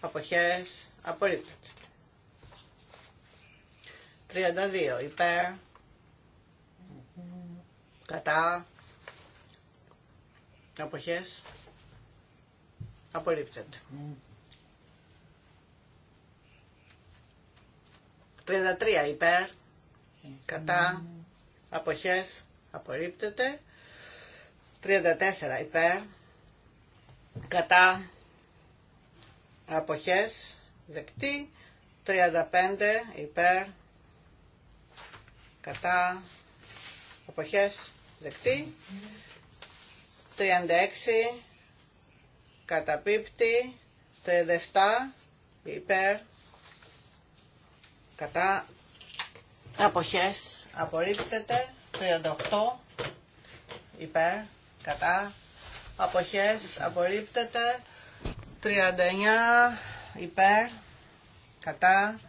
αποχές, απορρίπτεται. 32 υπέρ, κατά, αποχές, απορρίπτεται. 33 υπέρ, κατά, αποχές, απορρίπτεται. 34 υπέρ, κατά, αποχές, δεκτή. 35 υπέρ, κατά, αποχές, δεκτή. 36 καταπίπτει, 37 υπέρ, κατά αποχές απορρίπτεται 38 υπέρ κατά αποχές απορρίπτεται 39 υπέρ κατά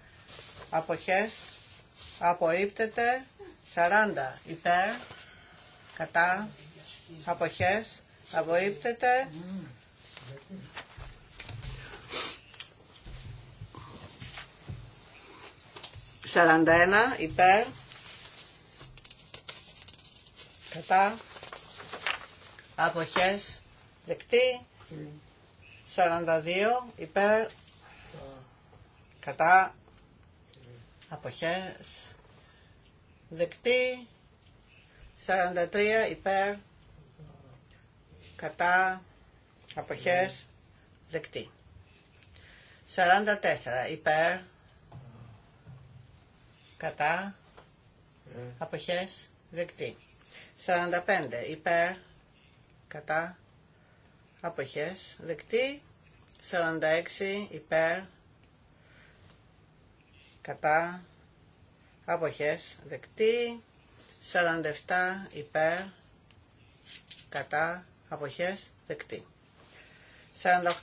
αποχές απορρίπτεται 40 υπέρ κατά αποχές απορρίπτεται 41 υπέρ κατά αποχές δεκτή 42 υπέρ κατά αποχές δεκτή 43 υπέρ κατά αποχές δεκτή 44 υπέρ κατά, αποχές, δεκτή. 45 υπέρ, κατά, αποχές, δεκτή. 46 υπέρ, κατά, αποχές, δεκτή. 47 υπέρ, κατά, αποχές, δεκτή.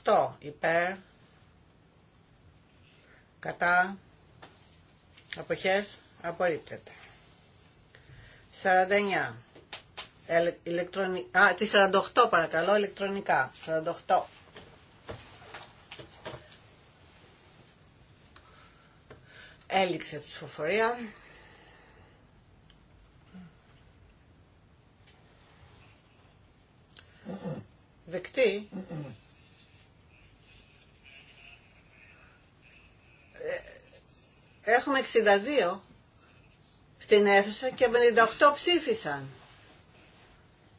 48 υπέρ, κατά, Αποχές απορρίπτεται. 49. Ε, ηλεκτρονι... Α, τη 48 παρακαλώ, ηλεκτρονικά. 48. Έληξε τη ψηφοφορία. Δεκτή. Ε, Έχουμε 62 στην αίθουσα και 58 ψήφισαν.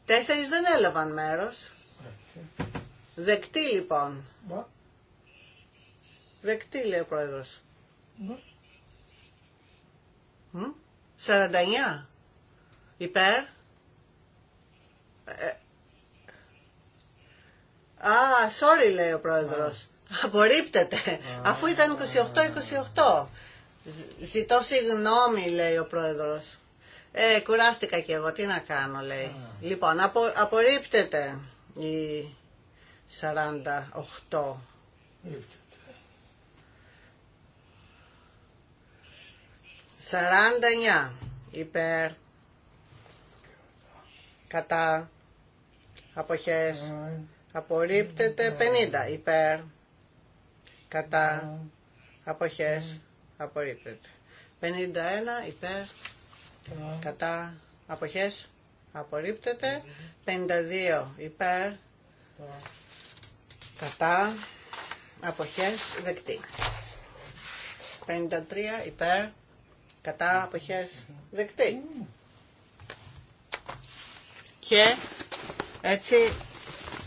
Τέσσερις δεν έλαβαν μέρος. Δεκτή λοιπόν. Δεκτή λέει ο πρόεδρος. 49. Υπέρ. Ε, ε. Α, sorry λέει ο πρόεδρος. Απορρίπτεται. Αφού ήταν 28-28. Ζητώ συγγνώμη, λέει ο πρόεδρο. Ε, κουράστηκα κι εγώ, τι να κάνω, λέει. Λοιπόν, απο, απορρίπτεται η 48. Σαράντα 49 υπέρ κατά αποχές απορρίπτεται 50 ναι. υπέρ κατά ναι. αποχές απορρίπτεται. 51 υπέρ κατά αποχές απορρίπτεται. 52 υπέρ κατά αποχές δεκτή. 53 υπέρ κατά αποχές δεκτή. Και έτσι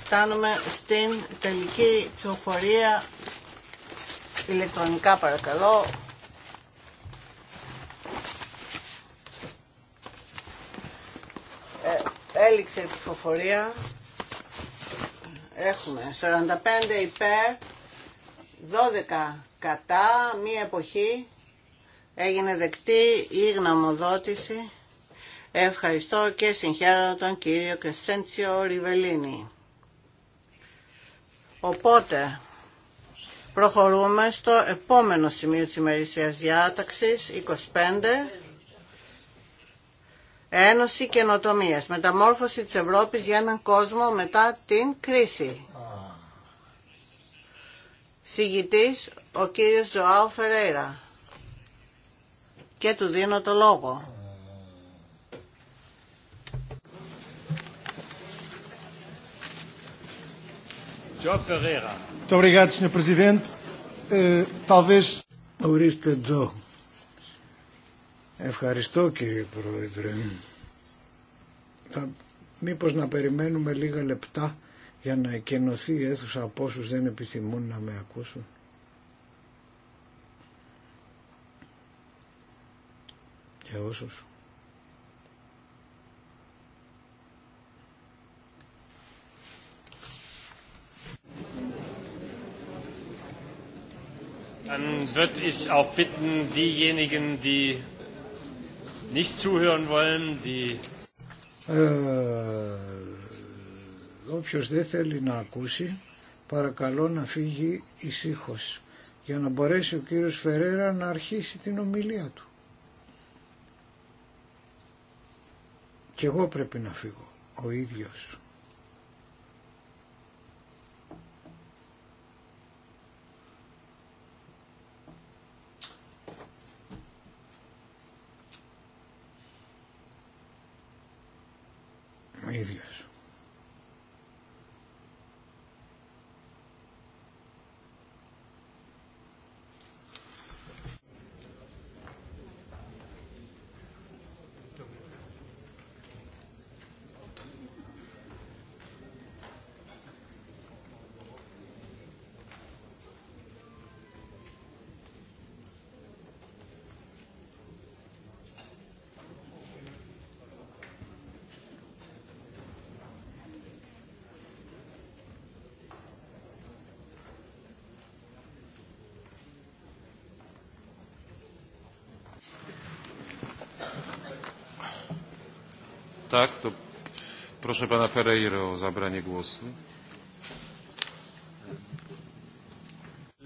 φτάνουμε στην τελική ψηφοφορία ηλεκτρονικά παρακαλώ Έληξε η ψηφοφορία. Έχουμε 45 υπέρ, 12 κατά, μία εποχή. Έγινε δεκτή η γνωμοδότηση. Ευχαριστώ και συγχαίρω τον κύριο Κρεσέντσιο Ριβελίνη. Οπότε, προχωρούμε στο επόμενο σημείο της ημερησίας διάταξης, 25. Ένωση Καινοτομίας. Μεταμόρφωση της Ευρώπης για έναν κόσμο μετά την κρίση. Συγητής ο κύριος Ζωάου Φερέιρα. Και του δίνω το λόγο. Obrigado, Sr. Presidente. Eh, talvez. Ορίστε, João. Ευχαριστώ κύριε Πρόεδρε. Θα, μήπως να περιμένουμε λίγα λεπτά για να εκενωθεί η αίθουσα από όσους δεν επιθυμούν να με ακούσουν. Και όσους. Dann würde ich auch bitten, diejenigen, die nicht zuhören wollen, die... Ε, όποιος δεν θέλει να ακούσει, παρακαλώ να φύγει ησύχως για να μπορέσει ο κύριος Φερέρα να αρχίσει την ομιλία του. Κι εγώ πρέπει να φύγω, ο ίδιος. ίδιος. tak, to proszę pana Ferreira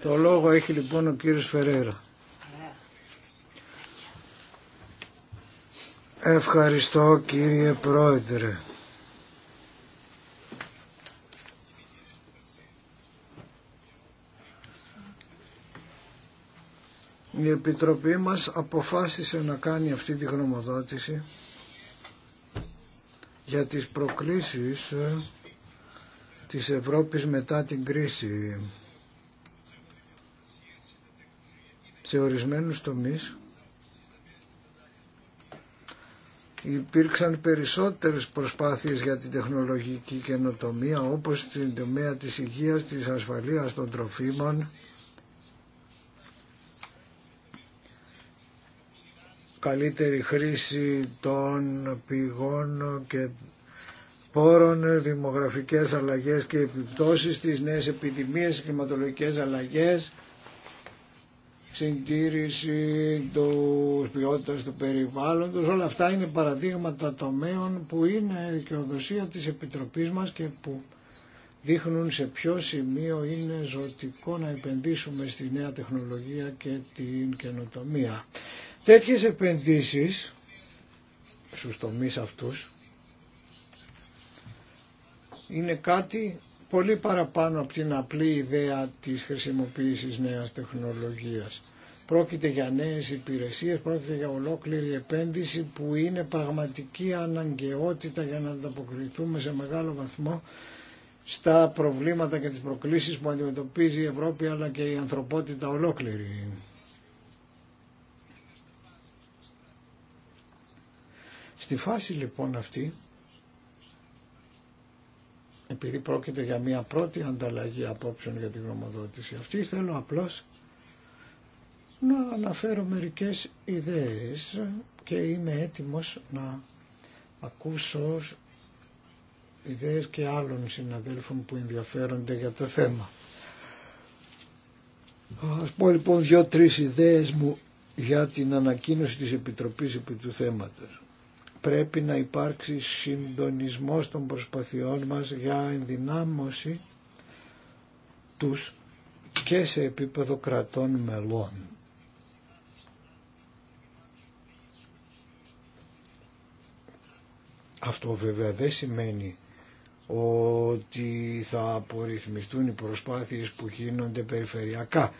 Το λόγο έχει λοιπόν ο κύριος Ferreira. Ευχαριστώ κύριε Πρόεδρε. Η Επιτροπή μας αποφάσισε να κάνει αυτή τη γνωμοδότηση για τις προκλήσεις ε, της Ευρώπης μετά την κρίση. Σε ορισμένους τομείς υπήρξαν περισσότερες προσπάθειες για την τεχνολογική καινοτομία όπως στην τομέα της υγείας, της ασφαλείας των τροφίμων καλύτερη χρήση των πηγών και πόρων, δημογραφικές αλλαγές και επιπτώσεις της νέες επιδημίες, κλιματολογικές αλλαγές, συντήρηση του ποιότητα του περιβάλλοντος. Όλα αυτά είναι παραδείγματα τομέων που είναι δικαιοδοσία της Επιτροπής μας και που δείχνουν σε ποιο σημείο είναι ζωτικό να επενδύσουμε στη νέα τεχνολογία και την καινοτομία. Τέτοιες επενδύσεις στους τομείς αυτούς είναι κάτι πολύ παραπάνω από την απλή ιδέα της χρησιμοποίησης νέας τεχνολογίας. Πρόκειται για νέες υπηρεσίες, πρόκειται για ολόκληρη επένδυση που είναι πραγματική αναγκαιότητα για να ανταποκριθούμε σε μεγάλο βαθμό στα προβλήματα και τις προκλήσεις που αντιμετωπίζει η Ευρώπη αλλά και η ανθρωπότητα ολόκληρη. Στη φάση λοιπόν αυτή, επειδή πρόκειται για μια πρώτη ανταλλαγή απόψεων για τη γνωμοδότηση αυτή, θέλω απλώς να αναφέρω μερικές ιδέες και είμαι έτοιμος να ακούσω ιδέες και άλλων συναδέλφων που ενδιαφέρονται για το θέμα. Ας πω λοιπόν δύο-τρεις ιδέες μου για την ανακοίνωση της Επιτροπής επί του θέματος πρέπει να υπάρξει συντονισμός των προσπαθειών μας για ενδυνάμωση τους και σε επίπεδο κρατών μελών. Αυτό βέβαια δεν σημαίνει ότι θα απορριθμιστούν οι προσπάθειες που γίνονται περιφερειακά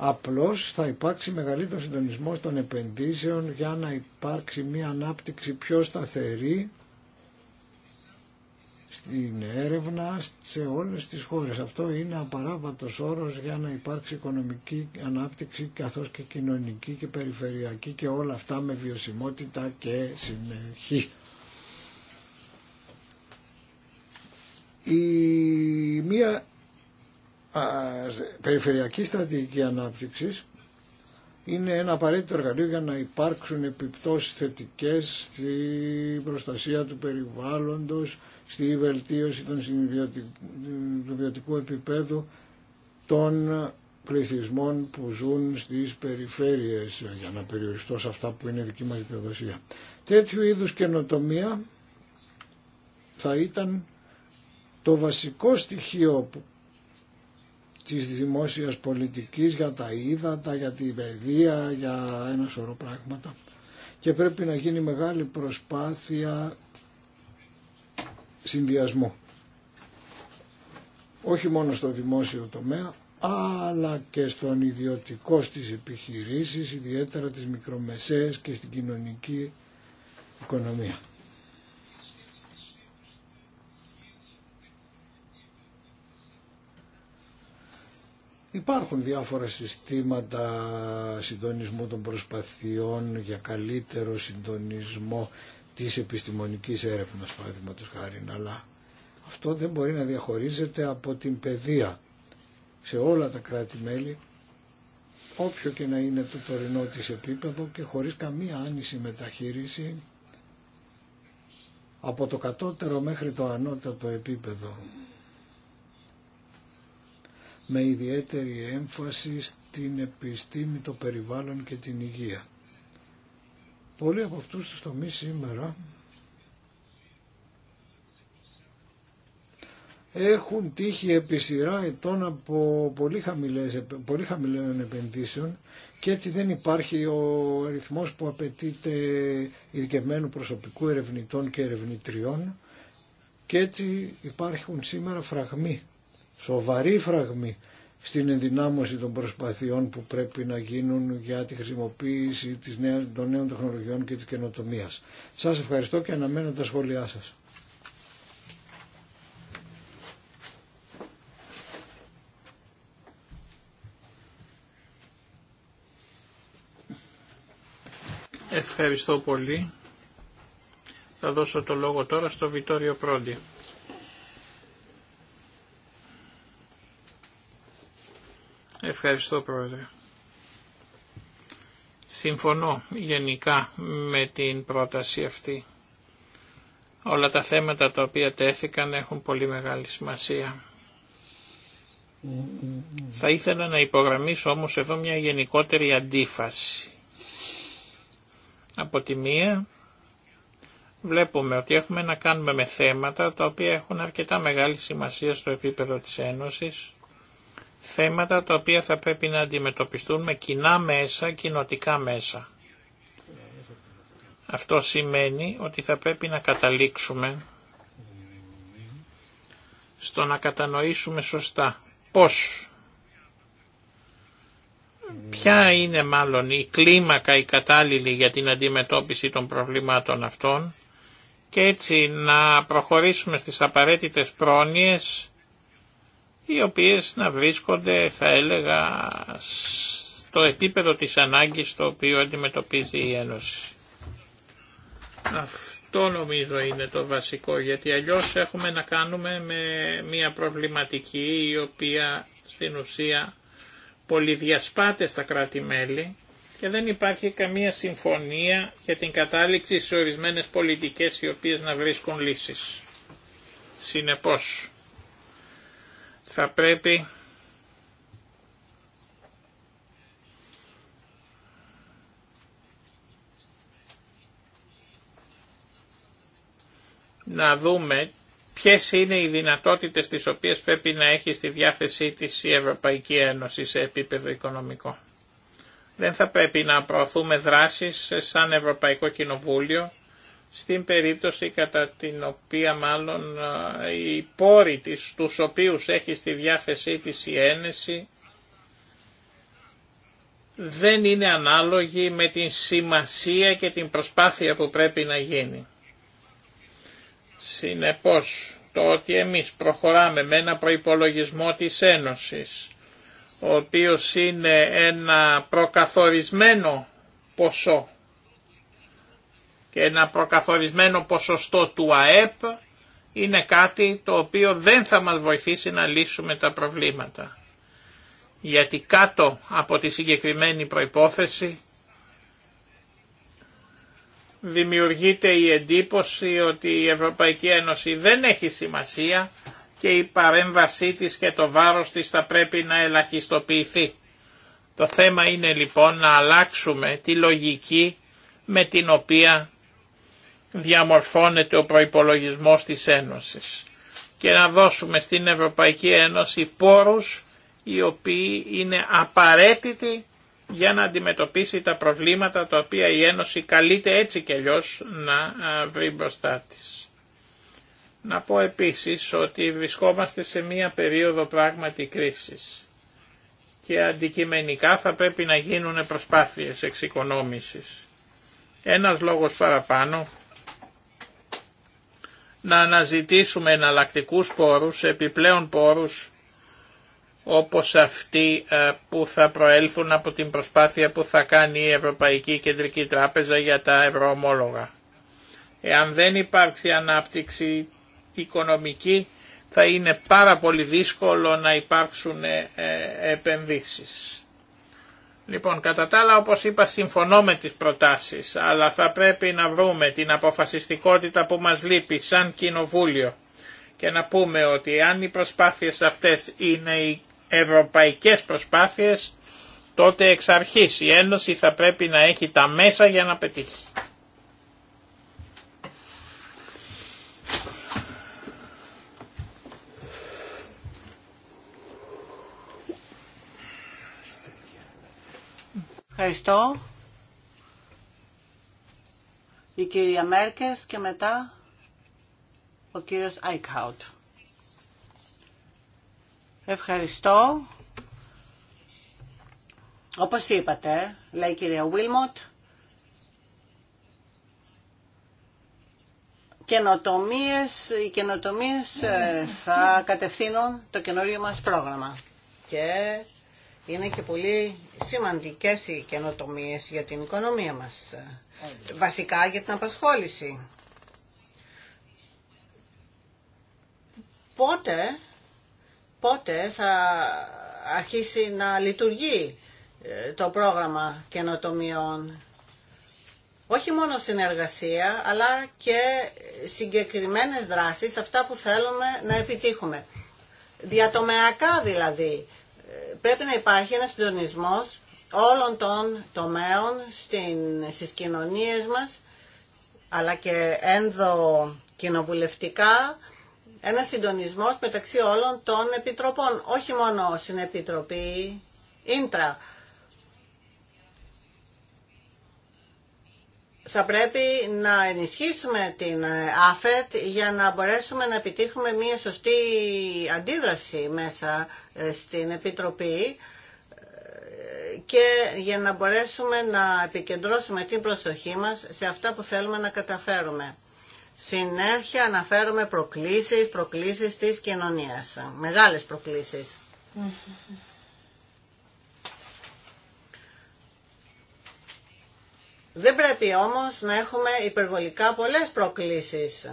Απλώς θα υπάρξει μεγαλύτερο συντονισμό των επενδύσεων για να υπάρξει μια ανάπτυξη πιο σταθερή στην έρευνα σε όλες τις χώρες. Αυτό είναι απαράβατος όρος για να υπάρξει οικονομική ανάπτυξη καθώς και κοινωνική και περιφερειακή και όλα αυτά με βιωσιμότητα και συνεχή. Η μία περιφερειακή στρατηγική ανάπτυξης είναι ένα απαραίτητο εργαλείο για να υπάρξουν επιπτώσεις θετικές στη προστασία του περιβάλλοντος, στη βελτίωση των του βιωτικού επίπεδου των πληθυσμών που ζουν στις περιφέρειες, για να περιοριστώ σε αυτά που είναι δική μας δικαιοδοσία. Τέτοιου είδους καινοτομία θα ήταν το βασικό στοιχείο που της δημόσιας πολιτικής, για τα ύδατα, για την παιδεία, για ένα σωρό πράγματα. Και πρέπει να γίνει μεγάλη προσπάθεια συνδυασμού. Όχι μόνο στο δημόσιο τομέα, αλλά και στον ιδιωτικό στις επιχειρήσεις, ιδιαίτερα τις μικρομεσαίες και στην κοινωνική οικονομία. Υπάρχουν διάφορα συστήματα συντονισμού των προσπαθειών για καλύτερο συντονισμό της επιστημονικής έρευνας, παραδείγματο χάρη, αλλά αυτό δεν μπορεί να διαχωρίζεται από την παιδεία σε όλα τα κράτη-μέλη, όποιο και να είναι το τωρινό της επίπεδο και χωρίς καμία άνηση μεταχείριση από το κατώτερο μέχρι το ανώτατο επίπεδο με ιδιαίτερη έμφαση στην επιστήμη, το περιβάλλον και την υγεία. Πολλοί από αυτούς τους τομείς σήμερα έχουν τύχει επί σειρά ετών από πολύ, χαμηλές, πολύ χαμηλών επενδύσεων και έτσι δεν υπάρχει ο αριθμός που απαιτείται ειδικευμένου προσωπικού ερευνητών και ερευνητριών και έτσι υπάρχουν σήμερα φραγμοί σοβαρή φραγμή στην ενδυνάμωση των προσπαθειών που πρέπει να γίνουν για τη χρησιμοποίηση της των νέων τεχνολογιών και της καινοτομίας. Σας ευχαριστώ και αναμένω τα σχόλιά σας. Ευχαριστώ πολύ. Θα δώσω το λόγο τώρα στο Βιτόριο Πρόντι. Ευχαριστώ Πρόεδρε. Συμφωνώ γενικά με την πρόταση αυτή. Όλα τα θέματα τα οποία τέθηκαν έχουν πολύ μεγάλη σημασία. Θα ήθελα να υπογραμμίσω όμως εδώ μια γενικότερη αντίφαση. Από τη μία βλέπουμε ότι έχουμε να κάνουμε με θέματα τα οποία έχουν αρκετά μεγάλη σημασία στο επίπεδο της Ένωσης θέματα τα οποία θα πρέπει να αντιμετωπιστούν με κοινά μέσα, κοινοτικά μέσα. Αυτό σημαίνει ότι θα πρέπει να καταλήξουμε στο να κατανοήσουμε σωστά πώς, ποια είναι μάλλον η κλίμακα η κατάλληλη για την αντιμετώπιση των προβλημάτων αυτών και έτσι να προχωρήσουμε στις απαραίτητες πρόνοιες οι οποίες να βρίσκονται θα έλεγα στο επίπεδο της ανάγκης το οποίο αντιμετωπίζει η Ένωση. Αυτό νομίζω είναι το βασικό γιατί αλλιώς έχουμε να κάνουμε με μια προβληματική η οποία στην ουσία πολυδιασπάται στα κράτη-μέλη και δεν υπάρχει καμία συμφωνία για την κατάληξη σε ορισμένες πολιτικές οι οποίες να βρίσκουν λύσεις. Συνεπώς, θα πρέπει να δούμε ποιες είναι οι δυνατότητες τις οποίες πρέπει να έχει στη διάθεσή της η Ευρωπαϊκή Ένωση σε επίπεδο οικονομικό. Δεν θα πρέπει να προωθούμε δράσεις σαν Ευρωπαϊκό Κοινοβούλιο στην περίπτωση κατά την οποία μάλλον οι πόροι της, τους οποίους έχει στη διάθεσή της η Ένεση δεν είναι ανάλογοι με την σημασία και την προσπάθεια που πρέπει να γίνει. Συνεπώς, το ότι εμείς προχωράμε με ένα προϋπολογισμό της Ένωσης, ο οποίος είναι ένα προκαθορισμένο ποσό και ένα προκαθορισμένο ποσοστό του ΑΕΠ είναι κάτι το οποίο δεν θα μας βοηθήσει να λύσουμε τα προβλήματα. Γιατί κάτω από τη συγκεκριμένη προϋπόθεση δημιουργείται η εντύπωση ότι η Ευρωπαϊκή Ένωση δεν έχει σημασία και η παρέμβασή της και το βάρος της θα πρέπει να ελαχιστοποιηθεί. Το θέμα είναι λοιπόν να αλλάξουμε τη λογική με την οποία διαμορφώνεται ο προϋπολογισμός της Ένωσης και να δώσουμε στην Ευρωπαϊκή Ένωση πόρους οι οποίοι είναι απαραίτητοι για να αντιμετωπίσει τα προβλήματα τα οποία η Ένωση καλείται έτσι και αλλιώ να βρει μπροστά τη. Να πω επίσης ότι βρισκόμαστε σε μία περίοδο πράγματι κρίσης και αντικειμενικά θα πρέπει να γίνουν προσπάθειες εξοικονόμησης. Ένας λόγος παραπάνω να αναζητήσουμε εναλλακτικού πόρους, επιπλέον πόρους όπως αυτοί ε, που θα προέλθουν από την προσπάθεια που θα κάνει η Ευρωπαϊκή Κεντρική Τράπεζα για τα ευρωομόλογα. Εάν δεν υπάρξει ανάπτυξη οικονομική θα είναι πάρα πολύ δύσκολο να υπάρξουν ε, ε, επενδύσεις. Λοιπόν, κατά τα άλλα, όπως είπα, συμφωνώ με τις προτάσεις, αλλά θα πρέπει να βρούμε την αποφασιστικότητα που μας λείπει σαν κοινοβούλιο και να πούμε ότι αν οι προσπάθειες αυτές είναι οι ευρωπαϊκές προσπάθειες, τότε εξ αρχής η Ένωση θα πρέπει να έχει τα μέσα για να πετύχει. Ευχαριστώ. Η κυρία Μέρκες και μετά ο κύριος Αϊκάουτ. Ευχαριστώ. Όπως είπατε, λέει η κυρία Βίλμοτ, καινοτομίες, οι καινοτομίες ε, θα κατευθύνουν το καινούριο μας πρόγραμμα. Και είναι και πολύ σημαντικές οι καινοτομίες για την οικονομία μας. Βασικά για την απασχόληση. Πότε, πότε θα αρχίσει να λειτουργεί ε, το πρόγραμμα καινοτομιών. Όχι μόνο συνεργασία, αλλά και συγκεκριμένες δράσεις, αυτά που θέλουμε να επιτύχουμε. Διατομεακά δηλαδή πρέπει να υπάρχει ένα συντονισμός όλων των τομέων στην, στις κοινωνίες μας, αλλά και ενδοκοινοβουλευτικά, ένα συντονισμός μεταξύ όλων των επιτροπών, όχι μόνο στην Επιτροπή Ίντρα, θα πρέπει να ενισχύσουμε την ε, ΑΦΕΤ για να μπορέσουμε να επιτύχουμε μια σωστή αντίδραση μέσα ε, στην Επιτροπή ε, και για να μπορέσουμε να επικεντρώσουμε την προσοχή μας σε αυτά που θέλουμε να καταφέρουμε. Συνέχεια αναφέρουμε προκλήσεις, προκλήσεις της κοινωνίας, μεγάλες προκλήσεις. Δεν πρέπει όμως να έχουμε υπερβολικά πολλές προκλήσεις.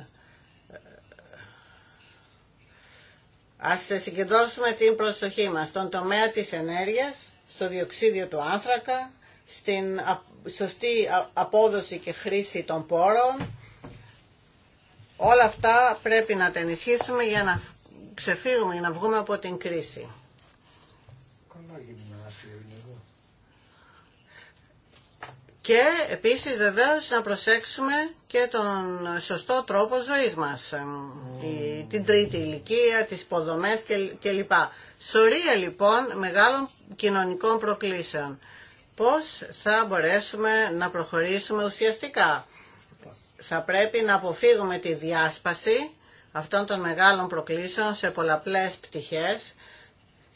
Ας συγκεντρώσουμε την προσοχή μας στον τομέα της ενέργειας, στο διοξίδιο του άνθρακα, στην σωστή απόδοση και χρήση των πόρων. Όλα αυτά πρέπει να τα ενισχύσουμε για να ξεφύγουμε, για να βγούμε από την κρίση. και επίσης βεβαίως να προσέξουμε και τον σωστό τρόπο ζωής μας, την τρίτη ηλικία, τις ποδομές κλπ. Σορία λοιπόν μεγάλων κοινωνικών προκλήσεων. Πώς θα μπορέσουμε να προχωρήσουμε ουσιαστικά. Θα πρέπει να αποφύγουμε τη διάσπαση αυτών των μεγάλων προκλήσεων σε πολλαπλές πτυχές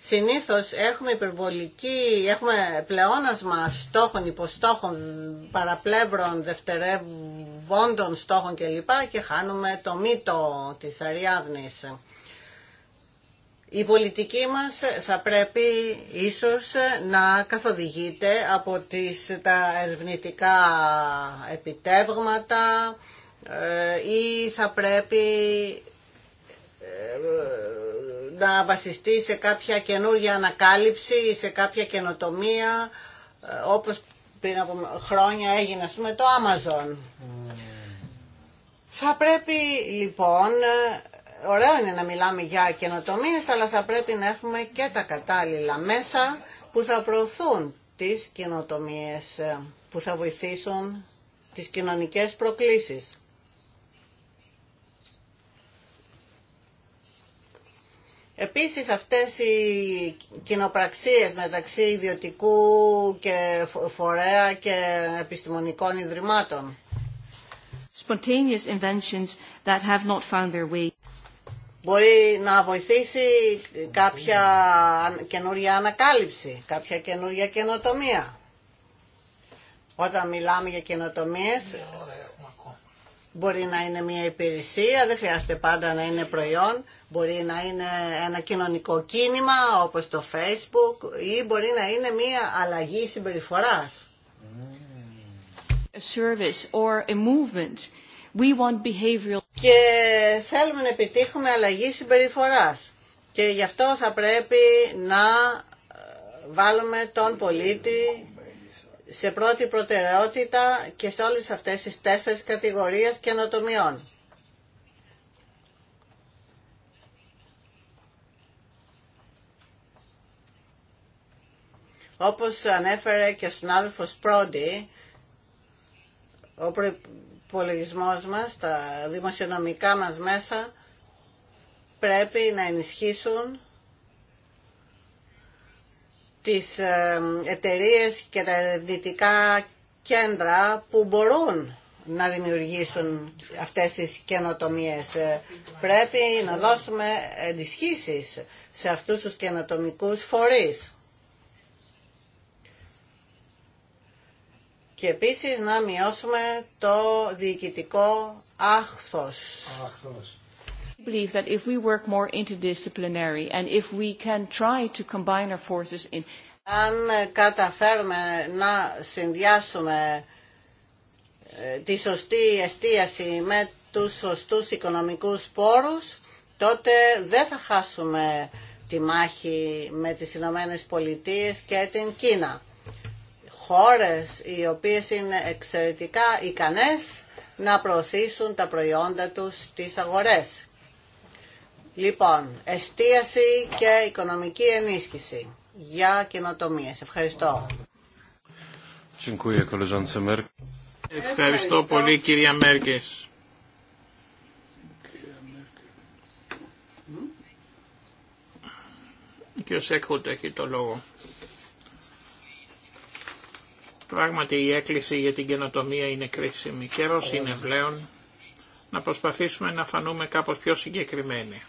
Συνήθως έχουμε υπερβολική, έχουμε πλεόνασμα στόχων, υποστόχων, παραπλεύρων, δευτερεύοντων στόχων κλπ. και χάνουμε το μύτο της Αριάδνης. Η πολιτική μας θα πρέπει ίσως να καθοδηγείται από τις, τα ερευνητικά επιτεύγματα ε, ή θα πρέπει ε, να βασιστεί σε κάποια καινούργια ανακάλυψη ή σε κάποια καινοτομία ε, όπως πριν από χρόνια έγινε ας πούμε το Amazon. Mm. Θα πρέπει λοιπόν, ε, ωραίο είναι να μιλάμε για καινοτομίες αλλά θα πρέπει να έχουμε και τα κατάλληλα μέσα που θα προωθούν τις καινοτομίες, ε, που θα βοηθήσουν τις κοινωνικές προκλήσεις. Επίσης αυτές οι κοινοπραξίες μεταξύ ιδιωτικού και φορέα και επιστημονικών ιδρυμάτων. Spontaneous inventions that have not found Μπορεί να βοηθήσει κάποια καινούρια ανακάλυψη, κάποια καινούρια καινοτομία. Όταν μιλάμε για καινοτομίες, ναι, Μπορεί να είναι μια υπηρεσία, δεν χρειάζεται πάντα να είναι προϊόν. Μπορεί να είναι ένα κοινωνικό κίνημα όπως το Facebook ή μπορεί να είναι μια αλλαγή συμπεριφοράς. service We want Και θέλουμε να επιτύχουμε αλλαγή συμπεριφοράς. Και γι' αυτό θα πρέπει να ε, βάλουμε τον πολίτη σε πρώτη προτεραιότητα και σε όλες αυτές τις τέσσερις κατηγορίες καινοτομιών. Όπως ανέφερε και ο συνάδελφος Πρόντι, ο προϋπολογισμός μας, τα δημοσιονομικά μας μέσα πρέπει να ενισχύσουν τις ε, εταιρείες και τα ερευνητικά κέντρα που μπορούν να δημιουργήσουν αυτές τις καινοτομίες. Ε, πρέπει να δώσουμε ενισχύσεις σε αυτούς τους καινοτομικούς φορείς. Και επίσης να μειώσουμε το διοικητικό άχθος. άχθος αν καταφέρουμε να συνδυάσουμε ε, τη σωστή εστίαση με τους σωστούς οικονομικούς πόρους, τότε δεν θα χάσουμε τη μάχη με τις Ηνωμένε Πολιτείε και την Κίνα. Χώρες οι οποίες είναι εξαιρετικά ικανές να προωθήσουν τα προϊόντα τους στις αγορές. Λοιπόν, εστίαση και οικονομική ενίσχυση για καινοτομίε. Ευχαριστώ. Ευχαριστώ πολύ κυρία Μέρκες. Κύριο Σέκχουτ έχει το λόγο. Πράγματι η έκκληση για την καινοτομία είναι κρίσιμη. Καιρός είναι πλέον να προσπαθήσουμε να φανούμε κάπως πιο συγκεκριμένοι.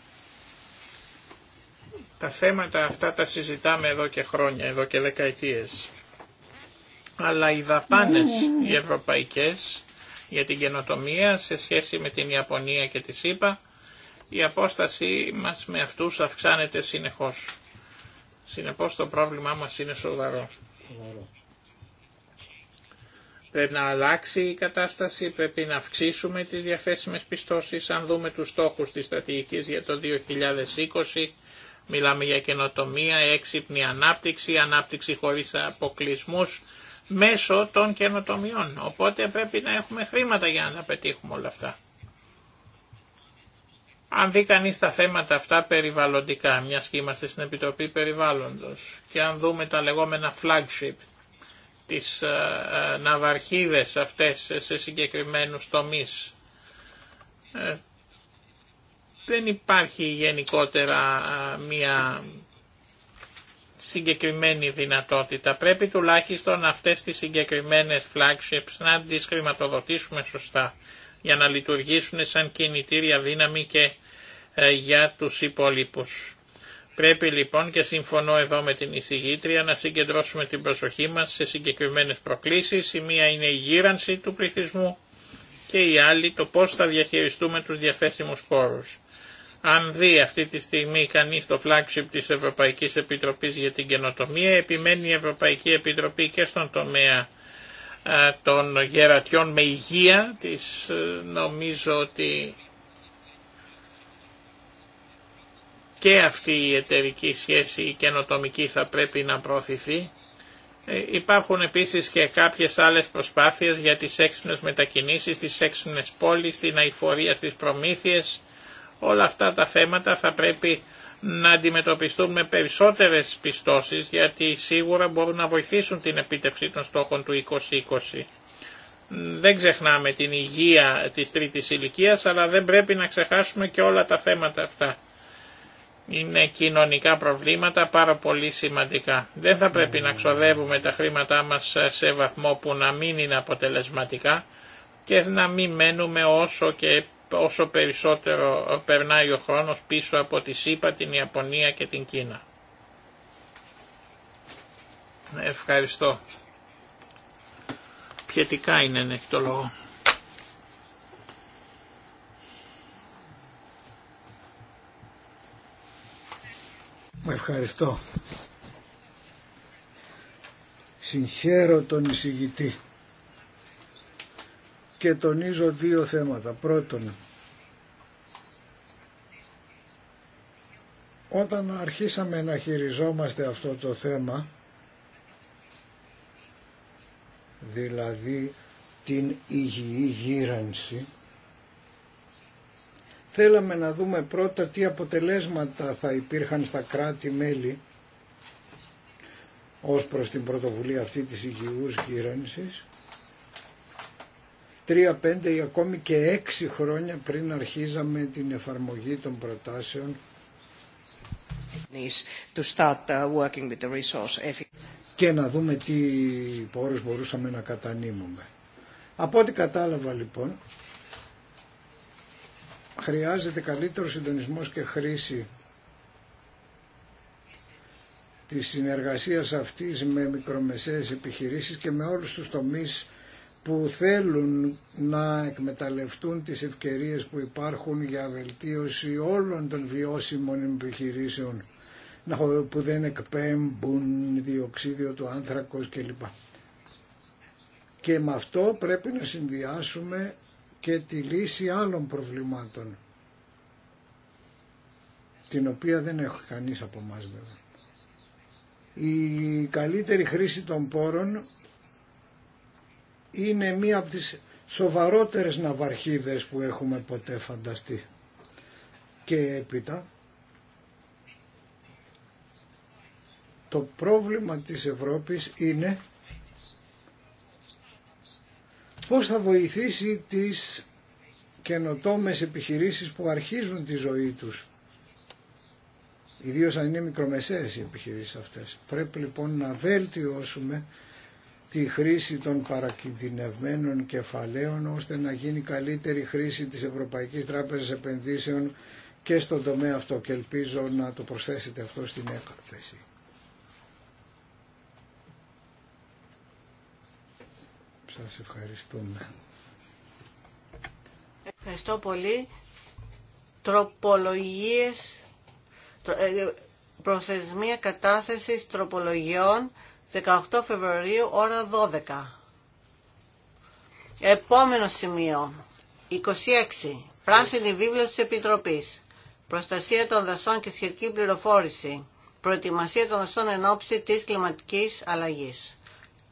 Τα θέματα αυτά τα συζητάμε εδώ και χρόνια, εδώ και δεκαετίες. Αλλά οι δαπάνες οι ευρωπαϊκές για την καινοτομία σε σχέση με την Ιαπωνία και τη ΣΥΠΑ, η απόσταση μας με αυτούς αυξάνεται συνεχώς. Συνεπώς το πρόβλημά μας είναι σοβαρό. Πρέπει να αλλάξει η κατάσταση, πρέπει να αυξήσουμε τις διαθέσιμες πιστώσεις. Αν δούμε τους στόχους της στρατηγικής για το 2020, Μιλάμε για καινοτομία, έξυπνη ανάπτυξη, ανάπτυξη χωρίς αποκλεισμούς μέσω των καινοτομιών. Οπότε πρέπει να έχουμε χρήματα για να τα πετύχουμε όλα αυτά. Αν δει κανείς τα θέματα αυτά περιβαλλοντικά, μια και είμαστε στην Επιτροπή Περιβάλλοντος και αν δούμε τα λεγόμενα flagship, της ε, ε, ναυαρχίδες αυτές σε συγκεκριμένου τομείς, ε, δεν υπάρχει γενικότερα μια συγκεκριμένη δυνατότητα. Πρέπει τουλάχιστον αυτές τις συγκεκριμένες flagships να τις χρηματοδοτήσουμε σωστά για να λειτουργήσουν σαν κινητήρια δύναμη και ε, για τους υπόλοιπους. Πρέπει λοιπόν και συμφωνώ εδώ με την εισηγήτρια να συγκεντρώσουμε την προσοχή μας σε συγκεκριμένες προκλήσεις. Η μία είναι η γύρανση του πληθυσμού και η άλλη το πώς θα διαχειριστούμε τους διαθέσιμους πόρους. Αν δει αυτή τη στιγμή κανείς το flagship της Ευρωπαϊκής Επιτροπής για την καινοτομία, επιμένει η Ευρωπαϊκή Επιτροπή και στον τομέα των γερατιών με υγεία της ε, νομίζω ότι και αυτή η εταιρική σχέση η καινοτομική θα πρέπει να προωθηθεί. Ε, υπάρχουν επίσης και κάποιες άλλες προσπάθειες για τις έξυπνες μετακινήσεις, τις έξυπνες πόλεις, την αηφορία στις προμήθειες, Όλα αυτά τα θέματα θα πρέπει να αντιμετωπιστούν με περισσότερες πιστώσεις γιατί σίγουρα μπορούν να βοηθήσουν την επίτευξη των στόχων του 2020. Δεν ξεχνάμε την υγεία της τρίτης ηλικίας αλλά δεν πρέπει να ξεχάσουμε και όλα τα θέματα αυτά. Είναι κοινωνικά προβλήματα πάρα πολύ σημαντικά. Δεν θα πρέπει να ξοδεύουμε τα χρήματά μας σε βαθμό που να μην είναι αποτελεσματικά και να μην μένουμε όσο και όσο περισσότερο περνάει ο χρόνος πίσω από τη ΣΥΠΑ, την Ιαπωνία και την Κίνα. Ευχαριστώ. Πιετικά είναι, έχει ναι, το λόγο. Ευχαριστώ. Συγχαίρω τον εισηγητή και τονίζω δύο θέματα. Πρώτον, όταν αρχίσαμε να χειριζόμαστε αυτό το θέμα, δηλαδή την υγιή γύρανση, θέλαμε να δούμε πρώτα τι αποτελέσματα θα υπήρχαν στα κράτη-μέλη ως προς την πρωτοβουλία αυτή της υγιούς γύρανσης τρία, πέντε ή ακόμη και έξι χρόνια πριν αρχίζαμε την εφαρμογή των προτάσεων to start uh, working with the resource. και να δούμε τι πόρους μπορούσαμε να κατανείμουμε. Από ό,τι κατάλαβα λοιπόν, χρειάζεται καλύτερο συντονισμός και χρήση της συνεργασίας αυτής με μικρομεσαίες επιχειρήσεις και με όλους τους τομείς που θέλουν να εκμεταλλευτούν τις ευκαιρίες που υπάρχουν για βελτίωση όλων των βιώσιμων επιχειρήσεων που δεν εκπέμπουν διοξίδιο του άνθρακος κλπ. Και με αυτό πρέπει να συνδυάσουμε και τη λύση άλλων προβλημάτων, την οποία δεν έχει κανείς από εμάς βέβαια. Η καλύτερη χρήση των πόρων είναι μία από τις σοβαρότερες ναυαρχίδες που έχουμε ποτέ φανταστεί. Και έπειτα το πρόβλημα της Ευρώπης είναι πώς θα βοηθήσει τις καινοτόμες επιχειρήσεις που αρχίζουν τη ζωή τους. Ιδίως αν είναι μικρομεσαίες οι επιχειρήσεις αυτές. Πρέπει λοιπόν να βέλτιώσουμε τη χρήση των παρακινδυνευμένων κεφαλαίων ώστε να γίνει καλύτερη χρήση της Ευρωπαϊκής Τράπεζας Επενδύσεων και στον τομέα αυτό και ελπίζω να το προσθέσετε αυτό στην έκθεση. Σας ευχαριστούμε. Ευχαριστώ πολύ. Τροπολογίες, ε, προθεσμία κατάθεσης τροπολογιών 18 Φεβρουαρίου, ώρα 12. Επόμενο σημείο, 26. Πράσινη βίβλος της Επιτροπής. Προστασία των δασών και σχετική πληροφόρηση. Προετοιμασία των δασών εν ώψη της κλιματικής αλλαγής.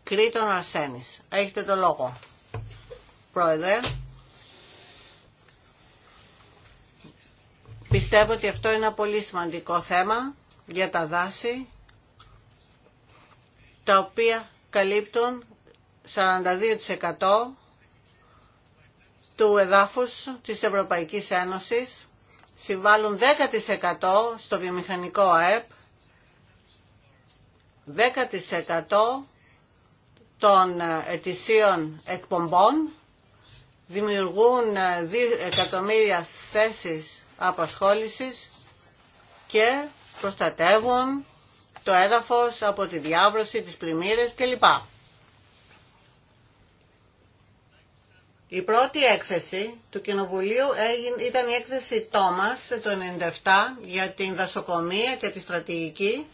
Κρήτον Αρσένης. Έχετε το λόγο. Πρόεδρε. Πιστεύω ότι αυτό είναι ένα πολύ σημαντικό θέμα για τα δάση τα οποία καλύπτουν 42% του εδάφους της Ευρωπαϊκής Ένωσης, συμβάλλουν 10% στο βιομηχανικό ΑΕΠ, 10% των ετησίων εκπομπών, δημιουργούν 2 εκατομμύρια θέσεις απασχόλησης και προστατεύουν το έδαφος, από τη διάβρωση, τις πλημμύρες κλπ. Η πρώτη έκθεση του Κοινοβουλίου ήταν η έκθεση Τόμας το 1997 για την δασοκομεία και τη στρατηγική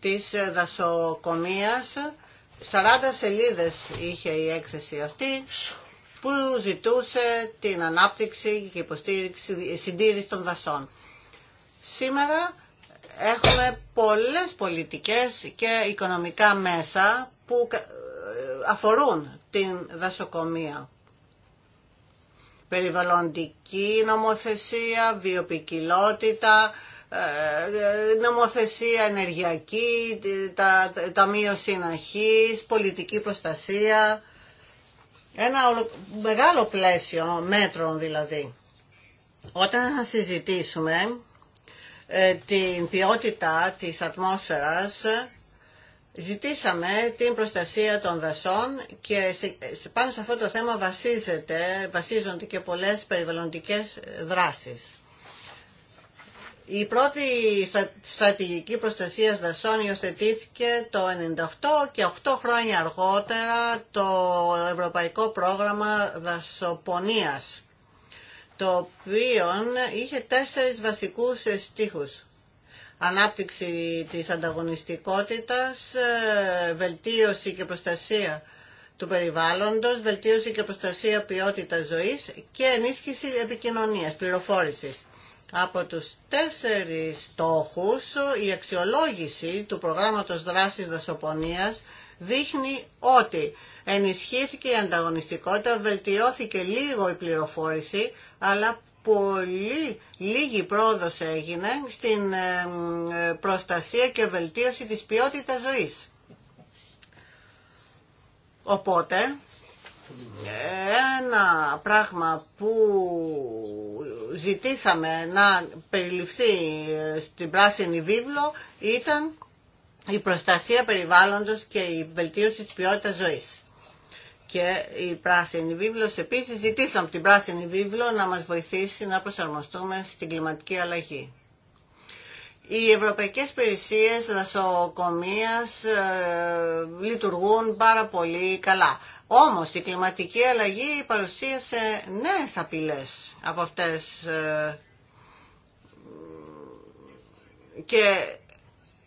της δασοκομείας. 40 σελίδες είχε η έκθεση αυτή που ζητούσε την ανάπτυξη και υποστήριξη συντήρηση των δασών. Σήμερα έχουμε πολλές πολιτικές και οικονομικά μέσα που αφορούν την δασοκομεία. Περιβαλλοντική νομοθεσία, βιοπικιλότητα, ε, νομοθεσία ενεργειακή, τα, ταμείο συναχής, πολιτική προστασία. Ένα μεγάλο πλαίσιο μέτρων δηλαδή. Όταν συζητήσουμε ε, την ποιότητα της ατμόσφαιρας Ζητήσαμε την προστασία των δασών και σε, πάνω σε αυτό το θέμα βασίζεται, βασίζονται και πολλές περιβαλλοντικές δράσεις. Η πρώτη στρατηγική προστασία δασών υιοθετήθηκε το 1998 και 8 χρόνια αργότερα το Ευρωπαϊκό Πρόγραμμα Δασοπονίας το οποίο είχε τέσσερις βασικούς στίχους. Ανάπτυξη της ανταγωνιστικότητας, ε, βελτίωση και προστασία του περιβάλλοντος, βελτίωση και προστασία ποιότητας ζωής και ενίσχυση επικοινωνίας, πληροφόρησης. Από τους τέσσερις στόχους, η αξιολόγηση του προγράμματος δράσης δασοπονίας δείχνει ότι ενισχύθηκε η ανταγωνιστικότητα, βελτιώθηκε λίγο η πληροφόρηση, αλλά πολύ λίγη πρόοδος έγινε στην ε, προστασία και βελτίωση της ποιότητας ζωής. Οπότε, ένα πράγμα που ζητήσαμε να περιληφθεί στην πράσινη βίβλο ήταν η προστασία περιβάλλοντος και η βελτίωση της ποιότητας ζωής. Και η Πράσινη Βίβλος επίσης ζητήσαμε από την Πράσινη Βίβλο να μας βοηθήσει να προσαρμοστούμε στην κλιματική αλλαγή. Οι ευρωπαϊκές υπηρεσίες δασοκομείας ε, λειτουργούν πάρα πολύ καλά. Όμως η κλιματική αλλαγή παρουσίασε νέες απειλές από αυτές ε, και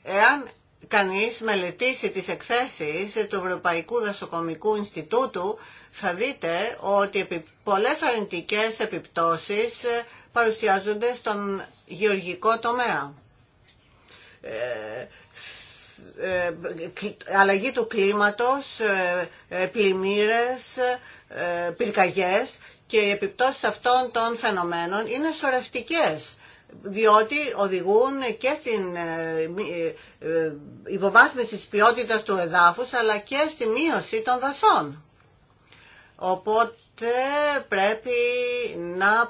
εάν κανείς μελετήσει τις εκθέσεις του Ευρωπαϊκού Δασοκομικού Ινστιτούτου θα δείτε ότι πολλές αρνητικές επιπτώσεις ε, παρουσιάζονται στον γεωργικό τομέα. Ε, ε, αλλαγή του κλίματος, πλημμύρες, πυρκαγιές και οι επιπτώσεις αυτών των φαινομένων είναι σωρευτικές διότι οδηγούν και στην ε, ε, ε, υποβάθμιση της ποιότητας του εδάφους αλλά και στη μείωση των δασών. Οπότε πρέπει να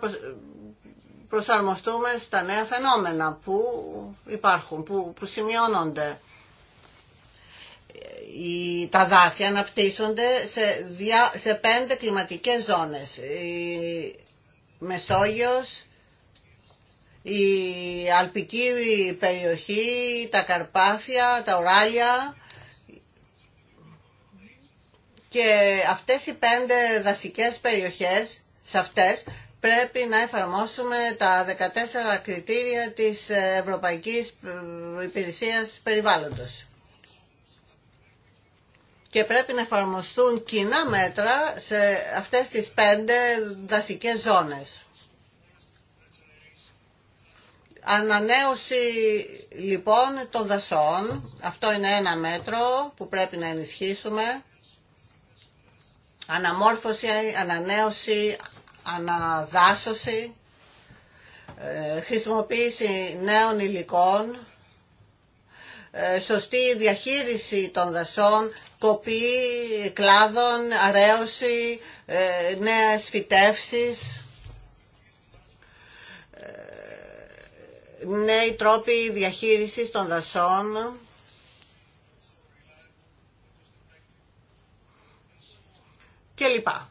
προσαρμοστούμε στα νέα φαινόμενα που υπάρχουν, που, που σημειώνονται. Οι, τα δάση αναπτύσσονται σε, σε πέντε κλιματικές ζώνες. Η Μεσόγειος, η αλπική περιοχή, τα Καρπάσια, τα οράλια και αυτές οι πέντε δασικές περιοχές, σε αυτές πρέπει να εφαρμόσουμε τα 14 κριτήρια της Ευρωπαϊκής Υπηρεσίας Περιβάλλοντος. Και πρέπει να εφαρμοστούν κοινά μέτρα σε αυτές τις πέντε δασικές ζώνες. Ανανέωση λοιπόν των δασών, αυτό είναι ένα μέτρο που πρέπει να ενισχύσουμε. Αναμόρφωση, ανανέωση, αναδάσωση, ε, χρησιμοποίηση νέων υλικών, ε, σωστή διαχείριση των δασών, κοπή κλάδων, αρέωση, ε, νέες φυτεύσεις νέοι τρόποι διαχείρισης των δασών, και λοιπά.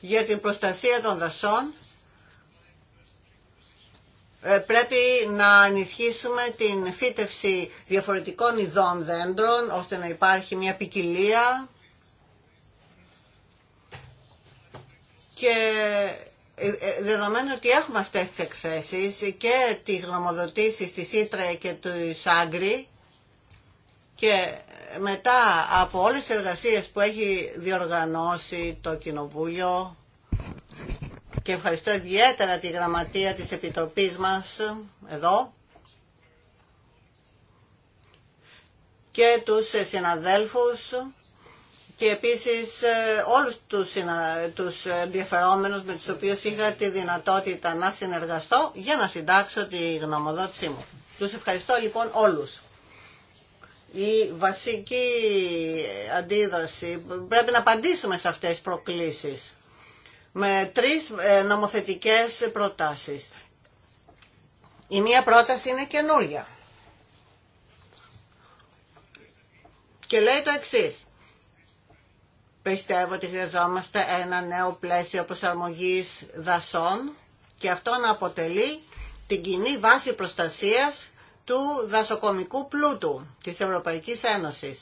Για την προστασία των δασών ε, πρέπει να ενισχύσουμε την φύτευση διαφορετικών ειδών δέντρων ώστε να υπάρχει μια ποικιλία και ε, ε, δεδομένου ότι έχουμε αυτές τις εκθέσεις και τις γνωμοδοτήσεις της Ήτρε και του Σάγκρη και μετά από όλες τις εργασίες που έχει διοργανώσει το Κοινοβούλιο και ευχαριστώ ιδιαίτερα τη γραμματεία της Επιτροπής μας εδώ και τους συναδέλφους και επίσης ε, όλους τους, τους ενδιαφερόμενους με τους οποίους είχα τη δυνατότητα να συνεργαστώ για να συντάξω τη γνωμοδότησή μου. Τους ευχαριστώ λοιπόν όλους. Η βασική αντίδραση, πρέπει να απαντήσουμε σε αυτές τις προκλήσεις με τρεις ε, νομοθετικές προτάσεις. Η μία πρόταση είναι καινούρια. Και λέει το εξής. Πιστεύω ότι χρειαζόμαστε ένα νέο πλαίσιο προσαρμογής δασών και αυτό να αποτελεί την κοινή βάση προστασίας του δασοκομικού πλούτου της Ευρωπαϊκής Ένωσης.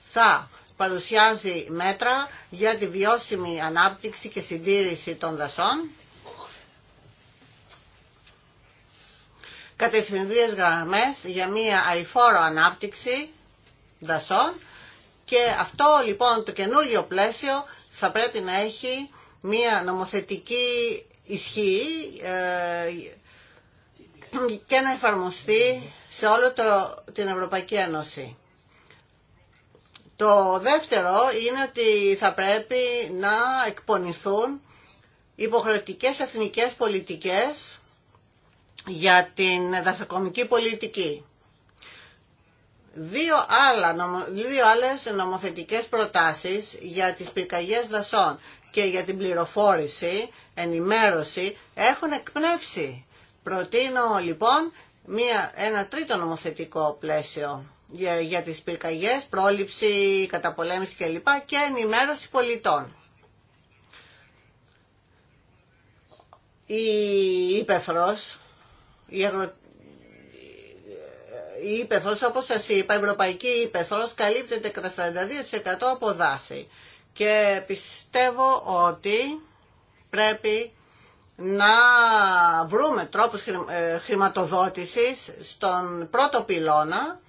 Θα παρουσιάζει μέτρα για τη βιώσιμη ανάπτυξη και συντήρηση των δασών, κατευθυντήριες γραμμές για μία αριφόρο ανάπτυξη δασών και αυτό λοιπόν το καινούργιο πλαίσιο θα πρέπει να έχει μία νομοθετική ισχύ ε, και να εφαρμοστεί σε όλο το, την Ευρωπαϊκή Ένωση. Το δεύτερο είναι ότι θα πρέπει να εκπονηθούν υποχρεωτικές εθνικές πολιτικές για την δασοκομική πολιτική δύο, άλλα, δύο άλλες νομοθετικές προτάσεις για τις πυρκαγιές δασών και για την πληροφόρηση, ενημέρωση, έχουν εκπνεύσει. Προτείνω λοιπόν μία, ένα τρίτο νομοθετικό πλαίσιο για, για τις πυρκαγιές, πρόληψη, καταπολέμηση κλπ. και ενημέρωση πολιτών. Η ύπεθρος, η, η ύπεθρος, όπως σας είπα, η ευρωπαϊκή ύπεθρος καλύπτεται κατά 42% από δάση. Και πιστεύω ότι πρέπει να βρούμε τρόπους ε, χρηματοδότησης στον πρώτο πυλώνα,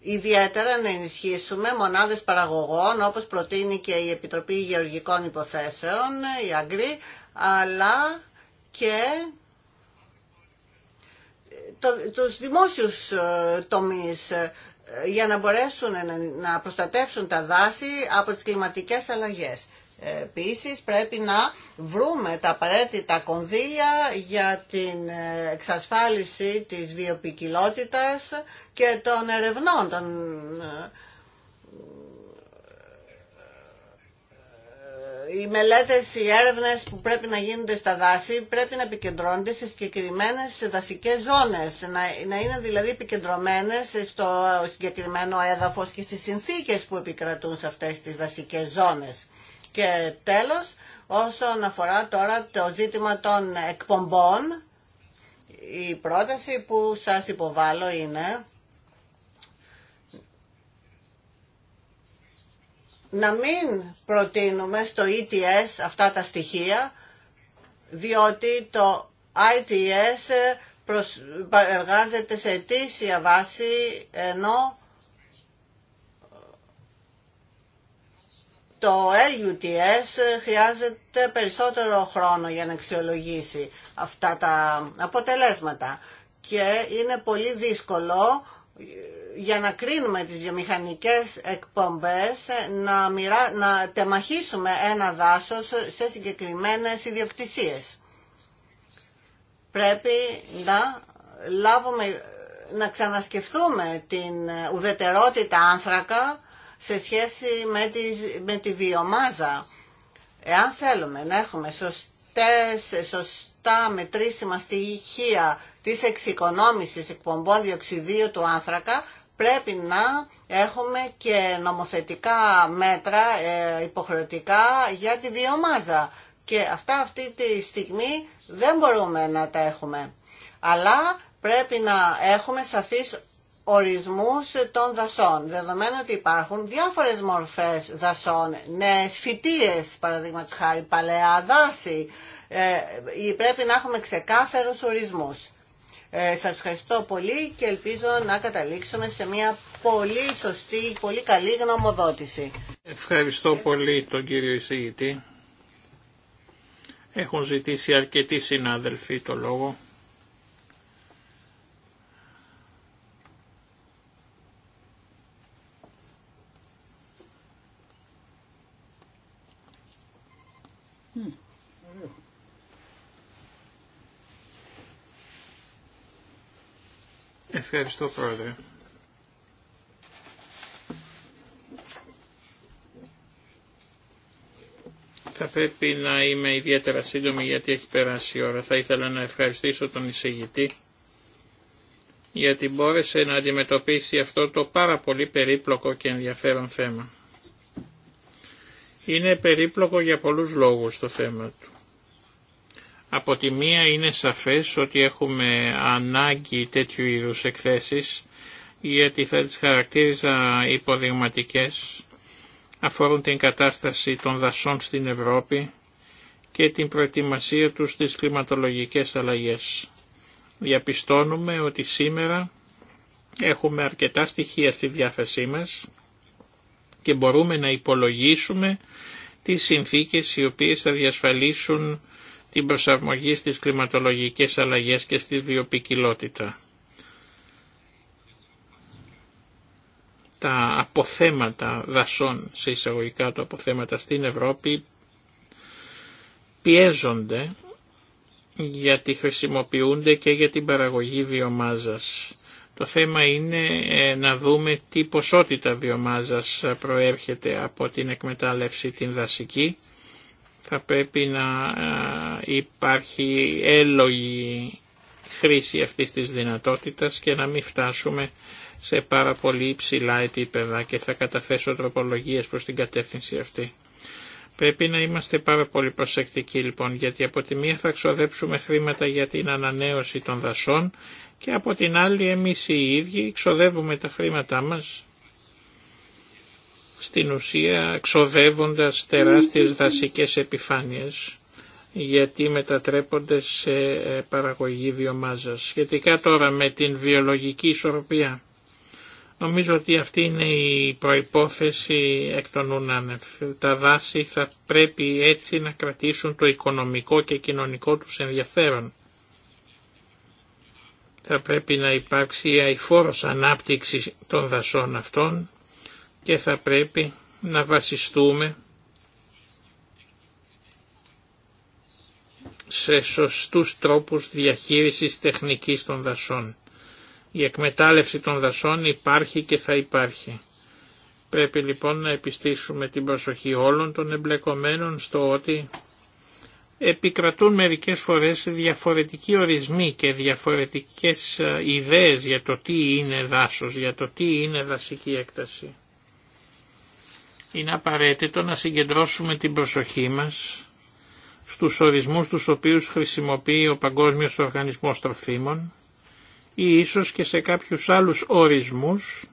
ιδιαίτερα να ενισχύσουμε μονάδες παραγωγών, όπως προτείνει και η Επιτροπή Γεωργικών Υποθέσεων, η Αγκρή, αλλά και το, τους δημόσιους ε, τομείς ε, για να μπορέσουν να προστατεύσουν τα δάση από τις κλιματικές αλλαγές. Ε, Επίση, πρέπει να βρούμε τα απαραίτητα κονδύλια για την εξασφάλιση της βιοπικιλότητας και των ερευνών των οι μελέτες, οι έρευνες που πρέπει να γίνονται στα δάση πρέπει να επικεντρώνονται σε συγκεκριμένε δασικές ζώνες, να, να είναι δηλαδή επικεντρωμένες στο συγκεκριμένο έδαφος και στις συνθήκες που επικρατούν σε αυτές τις δασικές ζώνες. Και τέλος, όσον αφορά τώρα το ζήτημα των εκπομπών, η πρόταση που σας υποβάλλω είναι να μην προτείνουμε στο ETS αυτά τα στοιχεία, διότι το ITS ε, εργάζεται σε αιτήσια βάση, ενώ το LUTS ε, χρειάζεται περισσότερο χρόνο για να αξιολογήσει αυτά τα αποτελέσματα και είναι πολύ δύσκολο ε, για να κρίνουμε τις βιομηχανικές εκπομπές, να, να τεμαχίσουμε ένα δάσος σε συγκεκριμένες ιδιοκτησίες. Πρέπει να λάβουμε, να ξανασκεφτούμε την ουδετερότητα άνθρακα σε σχέση με τη, με τη βιομάζα. Εάν θέλουμε να έχουμε σωστές, σωστά μετρήσιμα στοιχεία της εξοικονόμησης εκπομπών διοξιδίου του άνθρακα, πρέπει να έχουμε και νομοθετικά μέτρα ε, υποχρεωτικά για τη βιομάζα. Και αυτά αυτή τη στιγμή δεν μπορούμε να τα έχουμε. Αλλά πρέπει να έχουμε σαφείς ορισμούς των δασών, δεδομένου ότι υπάρχουν διάφορες μορφές δασών, νέες φυτίες, παραδείγματος χάρη, παλαιά δάση, ε, πρέπει να έχουμε ξεκάθαρους ορισμούς. Ε, σας ευχαριστώ πολύ και ελπίζω να καταλήξουμε σε μια πολύ σωστή, πολύ καλή γνωμοδότηση. Ευχαριστώ πολύ τον κύριο εισηγητή. Έχουν ζητήσει αρκετοί συνάδελφοι το λόγο. Ευχαριστώ πρόεδρε. Θα πρέπει να είμαι ιδιαίτερα σύντομη γιατί έχει περάσει η ώρα. Θα ήθελα να ευχαριστήσω τον εισηγητή γιατί μπόρεσε να αντιμετωπίσει αυτό το πάρα πολύ περίπλοκο και ενδιαφέρον θέμα. Είναι περίπλοκο για πολλούς λόγους το θέμα του. Από τη μία είναι σαφές ότι έχουμε ανάγκη τέτοιου είδους εκθέσεις γιατί θα τις χαρακτήριζα υποδειγματικές αφορούν την κατάσταση των δασών στην Ευρώπη και την προετοιμασία τους στις κλιματολογικές αλλαγές. Διαπιστώνουμε ότι σήμερα έχουμε αρκετά στοιχεία στη διάθεσή μας και μπορούμε να υπολογίσουμε τις συνθήκες οι οποίες θα διασφαλίσουν την προσαρμογή στις κλιματολογικές αλλαγές και στη βιοπικιλότητα. Τα αποθέματα δασών, σε εισαγωγικά τα αποθέματα στην Ευρώπη, πιέζονται γιατί χρησιμοποιούνται και για την παραγωγή βιομάζας. Το θέμα είναι ε, να δούμε τι ποσότητα βιομάζας προέρχεται από την εκμετάλλευση την δασική θα πρέπει να ε, υπάρχει έλογη χρήση αυτής της δυνατότητας και να μην φτάσουμε σε πάρα πολύ υψηλά επίπεδα και θα καταθέσω τροπολογίες προς την κατεύθυνση αυτή. Πρέπει να είμαστε πάρα πολύ προσεκτικοί λοιπόν γιατί από τη μία θα ξοδέψουμε χρήματα για την ανανέωση των δασών και από την άλλη εμείς οι ίδιοι ξοδεύουμε τα χρήματά μας στην ουσία εξοδεύοντας τεράστιες δασικές επιφάνειες γιατί μετατρέπονται σε ε, παραγωγή βιομάζας. Σχετικά τώρα με την βιολογική ισορροπία. Νομίζω ότι αυτή είναι η προϋπόθεση εκ των ουνάνευ. Τα δάση θα πρέπει έτσι να κρατήσουν το οικονομικό και κοινωνικό τους ενδιαφέρον. Θα πρέπει να υπάρξει αηφόρος ανάπτυξη των δασών αυτών και θα πρέπει να βασιστούμε σε σωστούς τρόπους διαχείρισης τεχνικής των δασών. Η εκμετάλλευση των δασών υπάρχει και θα υπάρχει. Πρέπει λοιπόν να επιστήσουμε την προσοχή όλων των εμπλεκομένων στο ότι επικρατούν μερικές φορές διαφορετικοί ορισμοί και διαφορετικές ε, ιδέες για το τι είναι δάσος, για το τι είναι δασική έκταση είναι απαραίτητο να συγκεντρώσουμε την προσοχή μας στους ορισμούς τους οποίους χρησιμοποιεί ο Παγκόσμιος Οργανισμός Τροφίμων ή ίσως και σε κάποιους άλλους ορισμούς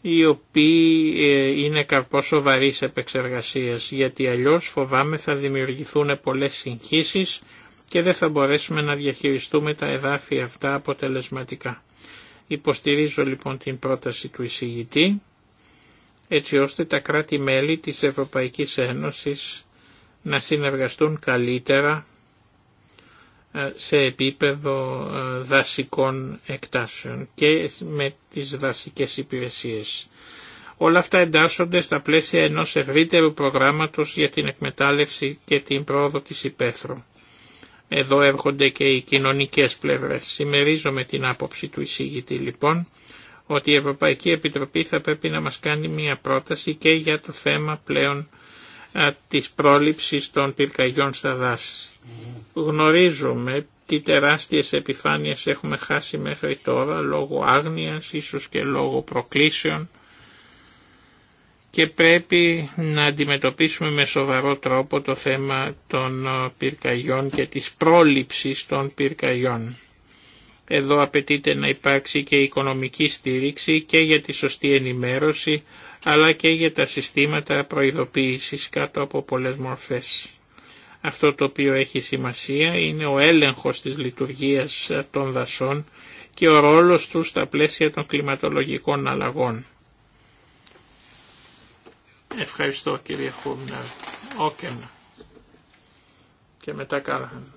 οι οποίοι ε, είναι καρπό σοβαρή επεξεργασίας, γιατί αλλιώς φοβάμαι θα δημιουργηθούν πολλές συγχύσεις και δεν θα μπορέσουμε να διαχειριστούμε τα εδάφια αυτά αποτελεσματικά. Υποστηρίζω λοιπόν την πρόταση του εισηγητή έτσι ώστε τα κράτη-μέλη της Ευρωπαϊκής Ένωσης να συνεργαστούν καλύτερα ε, σε επίπεδο ε, δασικών εκτάσεων και με τις δασικές υπηρεσίες. Όλα αυτά εντάσσονται στα πλαίσια ενός ευρύτερου προγράμματος για την εκμετάλλευση και την πρόοδο της υπαίθρου. Εδώ έρχονται και οι κοινωνικές πλευρές. με την άποψη του εισηγητή λοιπόν ότι η Ευρωπαϊκή Επιτροπή θα πρέπει να μας κάνει μια πρόταση και για το θέμα πλέον της πρόληψης των πυρκαγιών στα δάση. Γνωρίζουμε τι τεράστιες επιφάνειες έχουμε χάσει μέχρι τώρα λόγω άγνοιας, ίσως και λόγω προκλήσεων και πρέπει να αντιμετωπίσουμε με σοβαρό τρόπο το θέμα των πυρκαγιών και της πρόληψης των πυρκαγιών. Εδώ απαιτείται να υπάρξει και οικονομική στήριξη και για τη σωστή ενημέρωση αλλά και για τα συστήματα προειδοποίησης κάτω από πολλές μορφές. Αυτό το οποίο έχει σημασία είναι ο έλεγχος της λειτουργίας των δασών και ο ρόλος τους στα πλαίσια των κλιματολογικών αλλαγών. Ευχαριστώ κύριε Χούμναρ. Όκεν. Και μετά Κάλαχαν.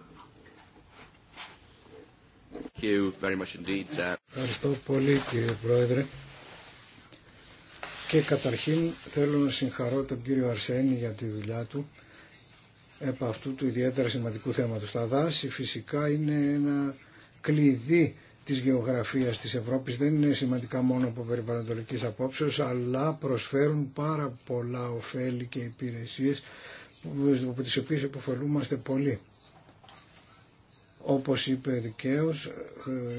Uh, Ευχαριστώ πολύ κύριε Πρόεδρε. Και καταρχήν θέλω να συγχαρώ τον κύριο Αρσένη για τη δουλειά του επ' αυτού του ιδιαίτερα σημαντικού θέματος. Τα δάση φυσικά είναι ένα κλειδί της γεωγραφίας της Ευρώπης. Δεν είναι σημαντικά μόνο από περιβαλλοντολικής απόψεως, αλλά προσφέρουν πάρα πολλά ωφέλη και υπηρεσίες από τις οποίες υποφελούμαστε πολύ όπως είπε δικαίως,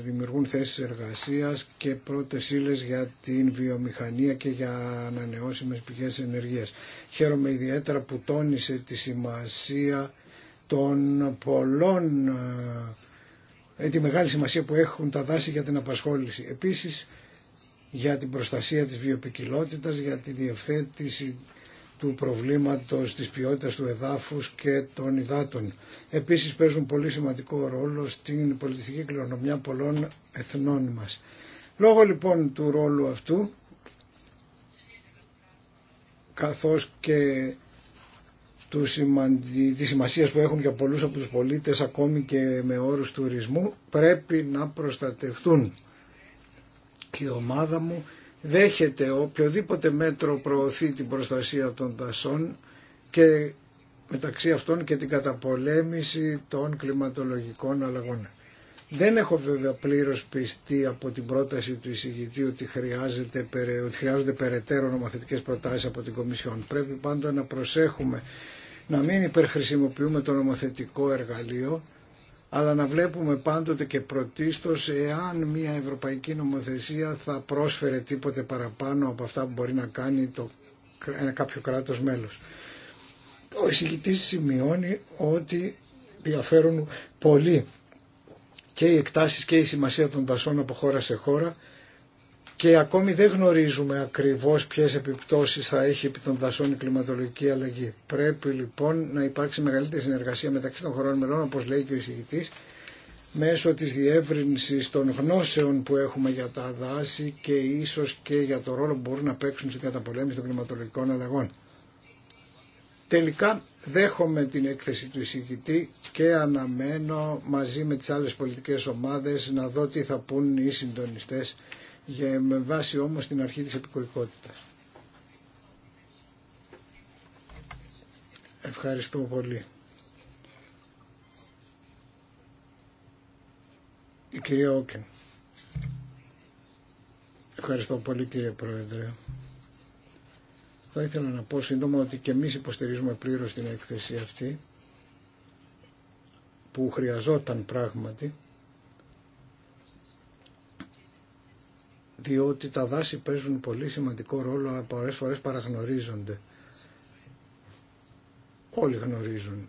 δημιουργούν θέσεις εργασίας και πρώτες ύλες για την βιομηχανία και για ανανεώσιμες πηγές ενεργείας. Χαίρομαι ιδιαίτερα που τόνισε τη σημασία των πολλών, ε, τη μεγάλη σημασία που έχουν τα δάση για την απασχόληση. Επίσης, για την προστασία της βιοπικιλότητας, για τη διευθέτηση του προβλήματος της ποιότητας του εδάφους και των υδάτων. Επίσης παίζουν πολύ σημαντικό ρόλο στην πολιτιστική κληρονομιά πολλών εθνών μας. Λόγω λοιπόν του ρόλου αυτού, καθώς και του της σημασίας που έχουν για πολλούς από τους πολίτες ακόμη και με όρους τουρισμού πρέπει να προστατευτούν. η ομάδα μου δέχεται οποιοδήποτε μέτρο προωθεί την προστασία των δασών και μεταξύ αυτών και την καταπολέμηση των κλιματολογικών αλλαγών. Δεν έχω βέβαια πλήρως πιστεί από την πρόταση του εισηγητή ότι, χρειάζεται, ότι χρειάζονται περαιτέρω νομοθετικές προτάσεις από την Κομισιόν. Πρέπει πάντοτε να προσέχουμε να μην υπερχρησιμοποιούμε το νομοθετικό εργαλείο αλλά να βλέπουμε πάντοτε και πρωτίστως εάν μια ευρωπαϊκή νομοθεσία θα πρόσφερε τίποτε παραπάνω από αυτά που μπορεί να κάνει το, ένα κάποιο κράτος μέλος. Ο εισηγητής σημειώνει ότι διαφέρουν πολύ και οι εκτάσεις και η σημασία των δασών από χώρα σε χώρα και ακόμη δεν γνωρίζουμε ακριβώς ποιες επιπτώσεις θα έχει επί των δασών η κλιματολογική αλλαγή. Πρέπει λοιπόν να υπάρξει μεγαλύτερη συνεργασία μεταξύ των χωρών μελών, όπως λέει και ο εισηγητής, μέσω της διεύρυνσης των γνώσεων που έχουμε για τα δάση και ίσως και για το ρόλο που μπορούν να παίξουν στην καταπολέμηση των κλιματολογικών αλλαγών. Τελικά δέχομαι την έκθεση του εισηγητή και αναμένω μαζί με τις άλλες πολιτικές ομάδες να δω τι θα πούν οι συντονιστές για, με βάση όμως την αρχή της επικουρικότητας. Ευχαριστώ πολύ. Η κυρία Όκεν. Ευχαριστώ πολύ κύριε Πρόεδρε. Θα ήθελα να πω σύντομα ότι και εμείς υποστηρίζουμε πλήρως την έκθεση αυτή που χρειαζόταν πράγματι διότι τα δάση παίζουν πολύ σημαντικό ρόλο, πολλές φορές παραγνωρίζονται. Όλοι γνωρίζουν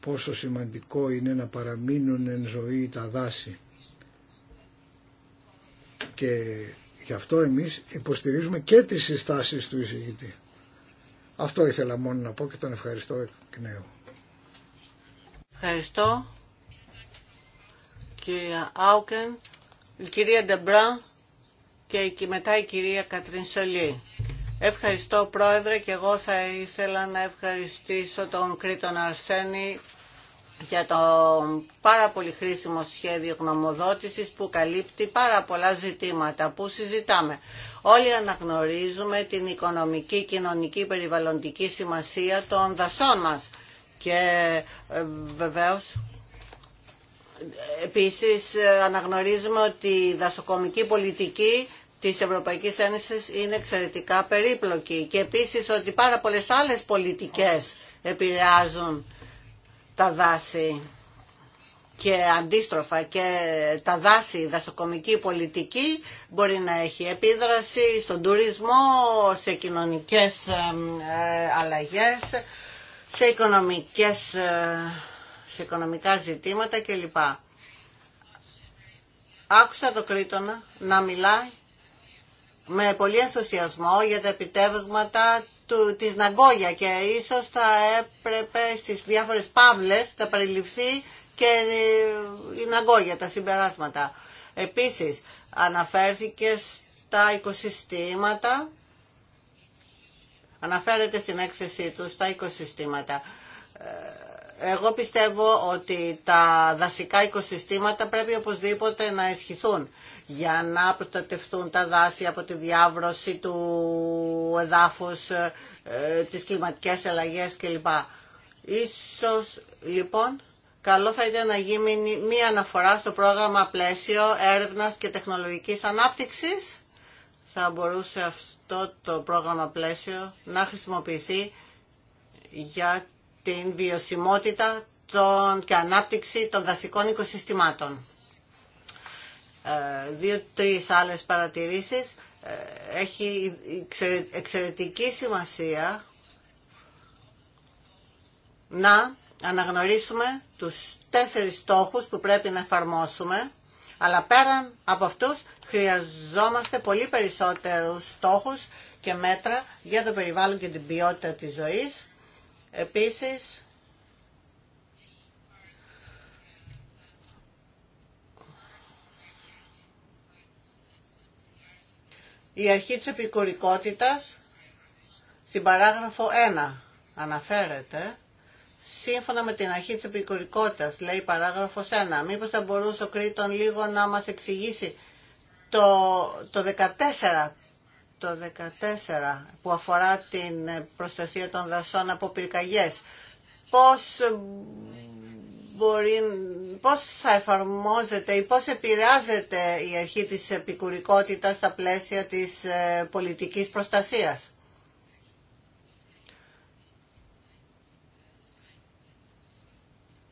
πόσο σημαντικό είναι να παραμείνουν εν ζωή τα δάση. Και γι' αυτό εμείς υποστηρίζουμε και τις συστάσεις του εισηγητή. Αυτό ήθελα μόνο να πω και τον ευχαριστώ εκ νέου. Ευχαριστώ κυρία Άουκεν η κυρία Ντεμπρά και μετά η κυρία Κατρίν Σολή. Ευχαριστώ Πρόεδρε και εγώ θα ήθελα να ευχαριστήσω τον Κρήτον Αρσένη για το πάρα πολύ χρήσιμο σχέδιο γνωμοδότησης που καλύπτει πάρα πολλά ζητήματα που συζητάμε. Όλοι αναγνωρίζουμε την οικονομική, κοινωνική, περιβαλλοντική σημασία των δασών μας και ε, βεβαίως Επίσης ε, αναγνωρίζουμε ότι η δασοκομική πολιτική της Ευρωπαϊκής Ένωσης είναι εξαιρετικά περίπλοκη και επίσης ότι πάρα πολλές άλλες πολιτικές επηρεάζουν τα δάση και αντίστροφα και τα δάση, η δασοκομική πολιτική μπορεί να έχει επίδραση στον τουρισμό, σε κοινωνικές ε, αλλαγές, σε οικονομικές ε, σε οικονομικά ζητήματα κλπ. Άκουσα το Κρήτονα να μιλάει με πολύ ενθουσιασμό για τα επιτεύγματα του, της Ναγκόγια και ίσως θα έπρεπε στις διάφορες παύλες να περιληφθεί και η Ναγκόγια, τα συμπεράσματα. Επίσης, αναφέρθηκε στα οικοσυστήματα, αναφέρεται στην έκθεσή του στα οικοσυστήματα. Ε, εγώ πιστεύω ότι τα δασικά οικοσυστήματα πρέπει οπωσδήποτε να ισχυθούν για να προστατευτούν τα δάση από τη διάβρωση του εδάφους, ε, τις κλιματικές αλλαγές κλπ. Ίσως λοιπόν καλό θα ήταν να γίνει μία αναφορά στο πρόγραμμα πλαίσιο έρευνας και τεχνολογικής ανάπτυξης. Θα μπορούσε αυτό το πρόγραμμα πλαίσιο να χρησιμοποιηθεί για την βιωσιμότητα των και ανάπτυξη των δασικών οικοσυστημάτων. Ε, Δύο-τρεις άλλες παρατηρήσεις. Ε, έχει εξαιρετική σημασία να αναγνωρίσουμε τους τέσσερις στόχους που πρέπει να εφαρμόσουμε, αλλά πέραν από αυτούς χρειαζόμαστε πολύ περισσότερους στόχους και μέτρα για το περιβάλλον και την ποιότητα της ζωής Επίσης, η αρχή της επικουρικότητας στην παράγραφο 1 αναφέρεται σύμφωνα με την αρχή της επικουρικότητας, λέει παράγραφος 1. Μήπως θα μπορούσε ο Κρήτον λίγο να μας εξηγήσει το, το 14 το 14 που αφορά την προστασία των δασών από πυρκαγιές. Πώς, μπορεί, πώς θα εφαρμόζεται ή πώς επηρεάζεται η αρχή της επικουρικότητας στα πλαίσια της ε, πολιτικής προστασίας.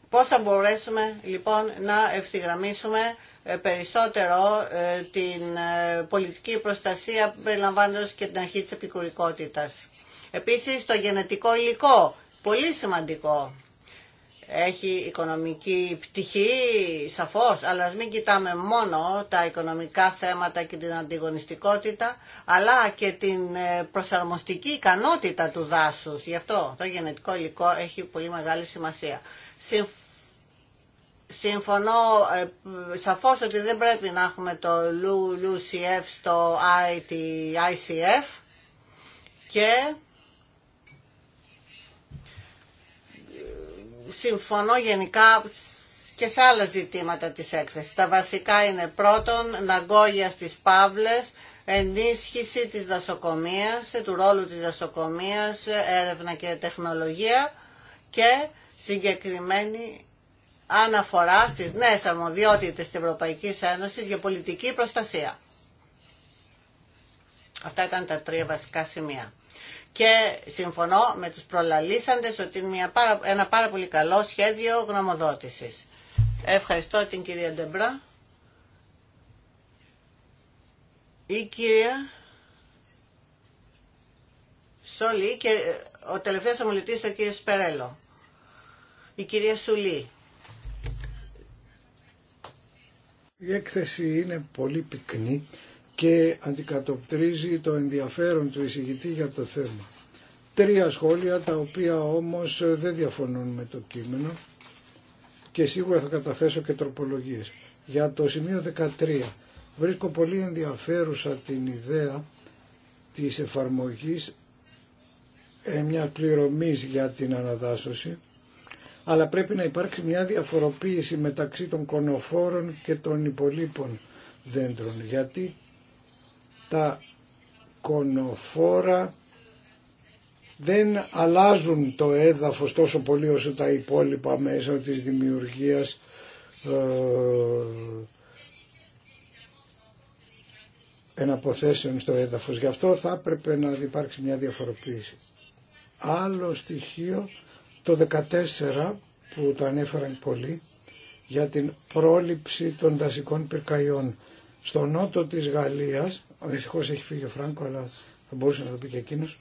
Πώς θα μπορέσουμε λοιπόν να ευθυγραμμίσουμε ε, περισσότερο ε, την ε, πολιτική προστασία περιλαμβάνοντας και την αρχή της επικουρικότητας. Επίσης το γενετικό υλικό, πολύ σημαντικό. Έχει οικονομική πτυχή, σαφώς, αλλά μην κοιτάμε μόνο τα οικονομικά θέματα και την αντιγωνιστικότητα, αλλά και την προσαρμοστική ικανότητα του δάσους. Γι' αυτό το γενετικό υλικό έχει πολύ μεγάλη σημασία. Συμφωνώ ε, σαφώς ότι δεν πρέπει να έχουμε το LULUCF στο ICF και ε, συμφωνώ γενικά και σε άλλα ζητήματα της έκθεσης. Τα βασικά είναι πρώτον, ναγκόγια στις Παύλες, ενίσχυση της δασοκομείας, του ρόλου της δασοκομείας, έρευνα και τεχνολογία και συγκεκριμένη αναφορά στις νέες αρμοδιότητες της Ευρωπαϊκής Ένωσης για πολιτική προστασία. Αυτά ήταν τα τρία βασικά σημεία. Και συμφωνώ με τους προλαλήσαντες ότι είναι μια ένα πάρα πολύ καλό σχέδιο γνωμοδότησης. Ευχαριστώ την κυρία Ντεμπρά. Η κυρία Σόλη και ο τελευταίος ομιλητής ο κύριος Σπερέλο. Η κυρία Σουλή. Η έκθεση είναι πολύ πυκνή και αντικατοπτρίζει το ενδιαφέρον του εισηγητή για το θέμα. Τρία σχόλια τα οποία όμως δεν διαφωνούν με το κείμενο και σίγουρα θα καταθέσω και τροπολογίες. Για το σημείο 13 βρίσκω πολύ ενδιαφέρουσα την ιδέα της εφαρμογής ε, μια πληρωμής για την αναδάσωση αλλά πρέπει να υπάρξει μια διαφοροποίηση μεταξύ των κονοφόρων και των υπολείπων δέντρων, γιατί τα κονοφόρα δεν αλλάζουν το έδαφος τόσο πολύ όσο τα υπόλοιπα μέσα της δημιουργίας ε, εναποθέσεων στο έδαφος. Γι' αυτό θα έπρεπε να υπάρξει μια διαφοροποίηση. Άλλο στοιχείο το 14 που το ανέφεραν πολύ για την πρόληψη των δασικών πυρκαγιών. Στο νότο της Γαλλίας, δυστυχώ έχει φύγει ο Φράγκο αλλά θα μπορούσε να το πει και εκείνος,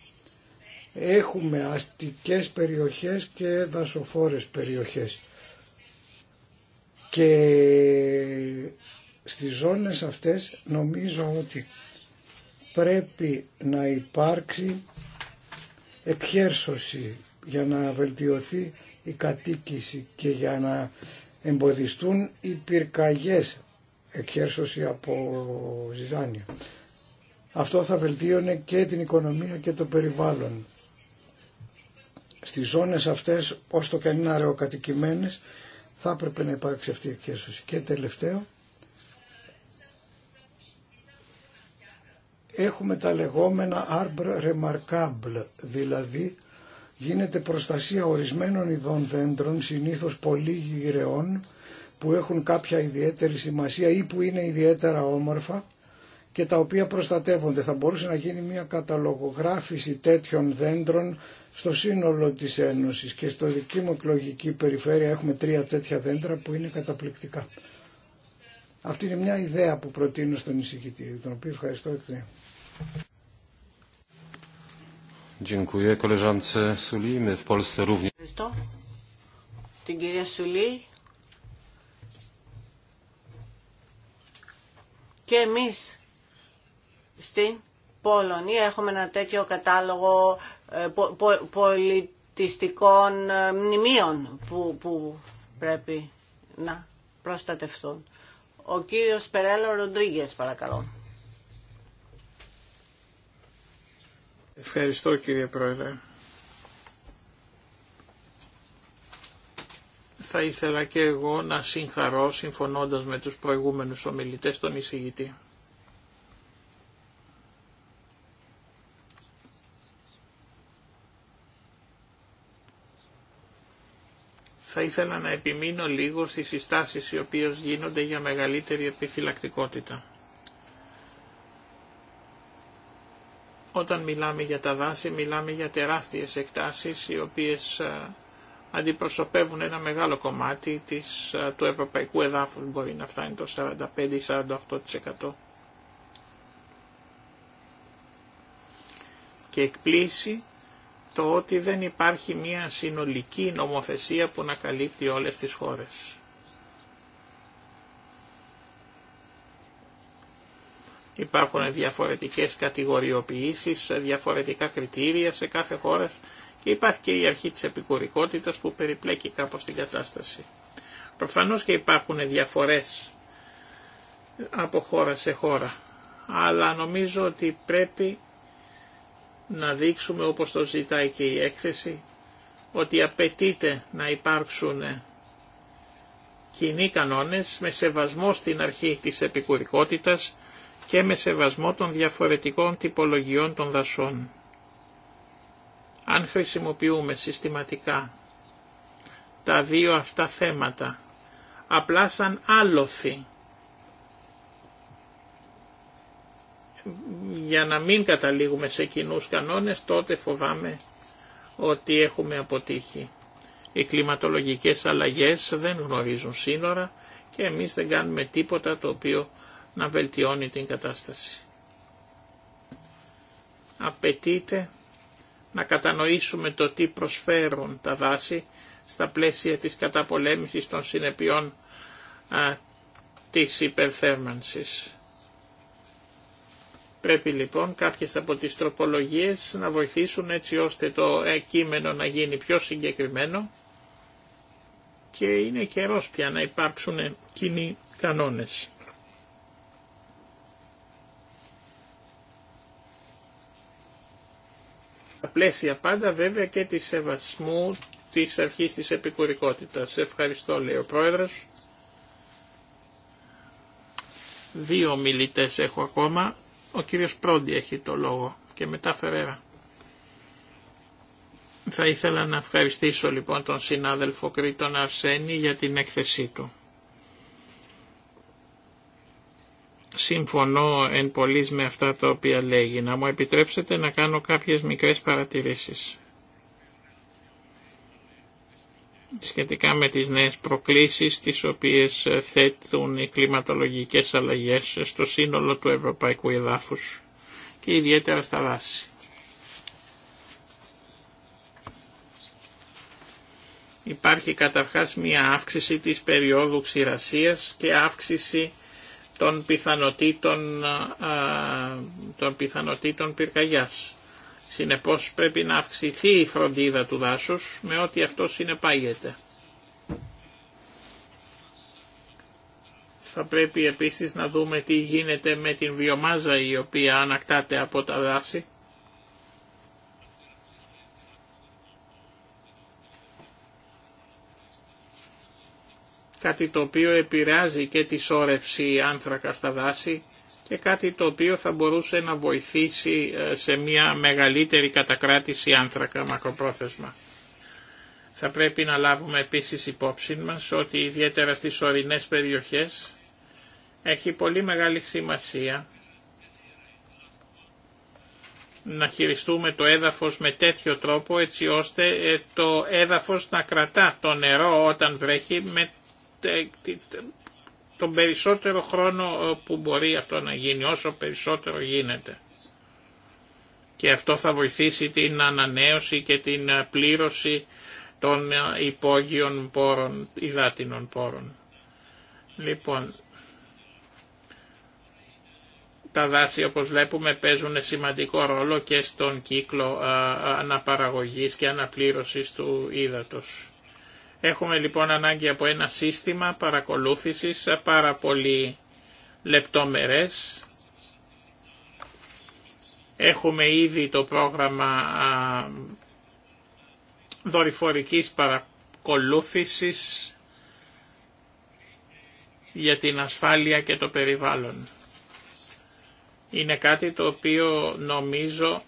έχουμε αστικές περιοχές και δασοφόρες περιοχές. Και στις ζώνες αυτές νομίζω ότι πρέπει να υπάρξει εκχέρσωση για να βελτιωθεί η κατοίκηση και για να εμποδιστούν οι πυρκαγιές εκχέρσωση από ζυζάνια. Αυτό θα βελτίωνε και την οικονομία και το περιβάλλον. Στις ζώνες αυτές, όσο και αν είναι αραιοκατοικημένες, θα έπρεπε να υπάρξει αυτή η εκχέρσωση. Και τελευταίο, έχουμε τα λεγόμενα arbre remarkable, δηλαδή γίνεται προστασία ορισμένων ειδών δέντρων, συνήθως πολύ γυρεών, που έχουν κάποια ιδιαίτερη σημασία ή που είναι ιδιαίτερα όμορφα και τα οποία προστατεύονται. Θα μπορούσε να γίνει μια καταλογογράφηση τέτοιων δέντρων στο σύνολο της Ένωσης και στο δική μου εκλογική περιφέρεια έχουμε τρία τέτοια δέντρα που είναι καταπληκτικά. Αυτή είναι μια ιδέα που προτείνω στον εισηγητή, τον οποίο ευχαριστώ εκ Ευχαριστώ. Την κυρία Σουλή. Και εμεί στην Πολωνία έχουμε ένα τέτοιο κατάλογο ε, πολιτιστικών ε, μνημείων που, πρέπει να προστατευτούν. Ο κύριος Περέλο Ροντρίγκες παρακαλώ. Ευχαριστώ κύριε Πρόεδρε. Θα ήθελα και εγώ να συγχαρώ συμφωνώντας με τους προηγούμενους ομιλητές τον εισηγητή. θα ήθελα να επιμείνω λίγο στις συστάσεις οι οποίες γίνονται για μεγαλύτερη επιφυλακτικότητα. Όταν μιλάμε για τα δάση μιλάμε για τεράστιες εκτάσεις οι οποίες ε, αντιπροσωπεύουν ένα μεγάλο κομμάτι της, ε, του ευρωπαϊκού εδάφους, μπορεί να φτάνει το 45-48%. Και εκπλήσει το ότι δεν υπάρχει μια συνολική νομοθεσία που να καλύπτει όλες τις χώρες. Υπάρχουν διαφορετικές κατηγοριοποιήσεις, διαφορετικά κριτήρια σε κάθε χώρα και υπάρχει και η αρχή της επικουρικότητας που περιπλέκει κάπως την κατάσταση. Προφανώς και υπάρχουν διαφορές από χώρα σε χώρα, αλλά νομίζω ότι πρέπει να δείξουμε όπως το ζητάει και η έκθεση ότι απαιτείται να υπάρξουν κοινοί κανόνες με σεβασμό στην αρχή της επικουρικότητας και με σεβασμό των διαφορετικών τυπολογιών των δασών. Αν χρησιμοποιούμε συστηματικά τα δύο αυτά θέματα απλά σαν άλοθη για να μην καταλήγουμε σε κοινού κανόνες τότε φοβάμαι ότι έχουμε αποτύχει. Οι κλιματολογικές αλλαγές δεν γνωρίζουν σύνορα και εμείς δεν κάνουμε τίποτα το οποίο να βελτιώνει την κατάσταση. Απαιτείται να κατανοήσουμε το τι προσφέρουν τα δάση στα πλαίσια της καταπολέμησης των συνεπειών α, της υπερθέρμανσης. Πρέπει λοιπόν κάποιες από τις τροπολογίες να βοηθήσουν έτσι ώστε το ε, κείμενο να γίνει πιο συγκεκριμένο και είναι καιρός πια να υπάρξουν κοινοί κανόνες. Τα πλαίσια πάντα βέβαια και τη σεβασμού της αρχής της επικουρικότητας. Ευχαριστώ λέει ο Πρόεδρος. Δύο μιλητές έχω ακόμα. Ο κύριος Πρόντι έχει το λόγο και μετά Φερέρα. Θα ήθελα να ευχαριστήσω λοιπόν τον συνάδελφο Κρήτον Αρσένη για την έκθεσή του. Συμφωνώ εν πολλής με αυτά τα οποία λέγει. Να μου επιτρέψετε να κάνω κάποιες μικρές παρατηρήσεις. σχετικά με τις νέες προκλήσεις τις οποίες θέτουν οι κλιματολογικές αλλαγές στο σύνολο του ευρωπαϊκού εδάφους και ιδιαίτερα στα δάση. Υπάρχει καταρχάς μία αύξηση της περίοδου ξηρασίας και αύξηση των πιθανοτήτων, των πιθανοτήτων πυρκαγιάς. Συνεπώς πρέπει να αυξηθεί η φροντίδα του δάσους με ό,τι αυτό συνεπάγεται. Θα πρέπει επίσης να δούμε τι γίνεται με την βιομάζα η οποία ανακτάται από τα δάση κάτι το οποίο επηρεάζει και τη σώρευση άνθρακα στα δάση και κάτι το οποίο θα μπορούσε να βοηθήσει ε, σε μια μεγαλύτερη κατακράτηση άνθρακα μακροπρόθεσμα. Θα πρέπει να λάβουμε επίσης υπόψη μας ότι ιδιαίτερα στις ορεινές περιοχές έχει πολύ μεγάλη σημασία να χειριστούμε το έδαφος με τέτοιο τρόπο έτσι ώστε ε, το έδαφος να κρατά το νερό όταν βρέχει με τον περισσότερο χρόνο ε, που μπορεί αυτό να γίνει, όσο περισσότερο γίνεται. Και αυτό θα βοηθήσει την ανανέωση και την ε, πλήρωση των ε, υπόγειων πόρων, υδάτινων πόρων. Λοιπόν, τα δάση όπως βλέπουμε παίζουν σημαντικό ρόλο και στον κύκλο αναπαραγωγής και αναπλήρωσης του ύδατος. Έχουμε λοιπόν ανάγκη από ένα σύστημα παρακολούθησης ε, πάρα πολύ λεπτόμερες. Έχουμε ήδη το πρόγραμμα δορυφορικής παρακολούθησης για την ασφάλεια και το περιβάλλον. Είναι κάτι το οποίο νομίζω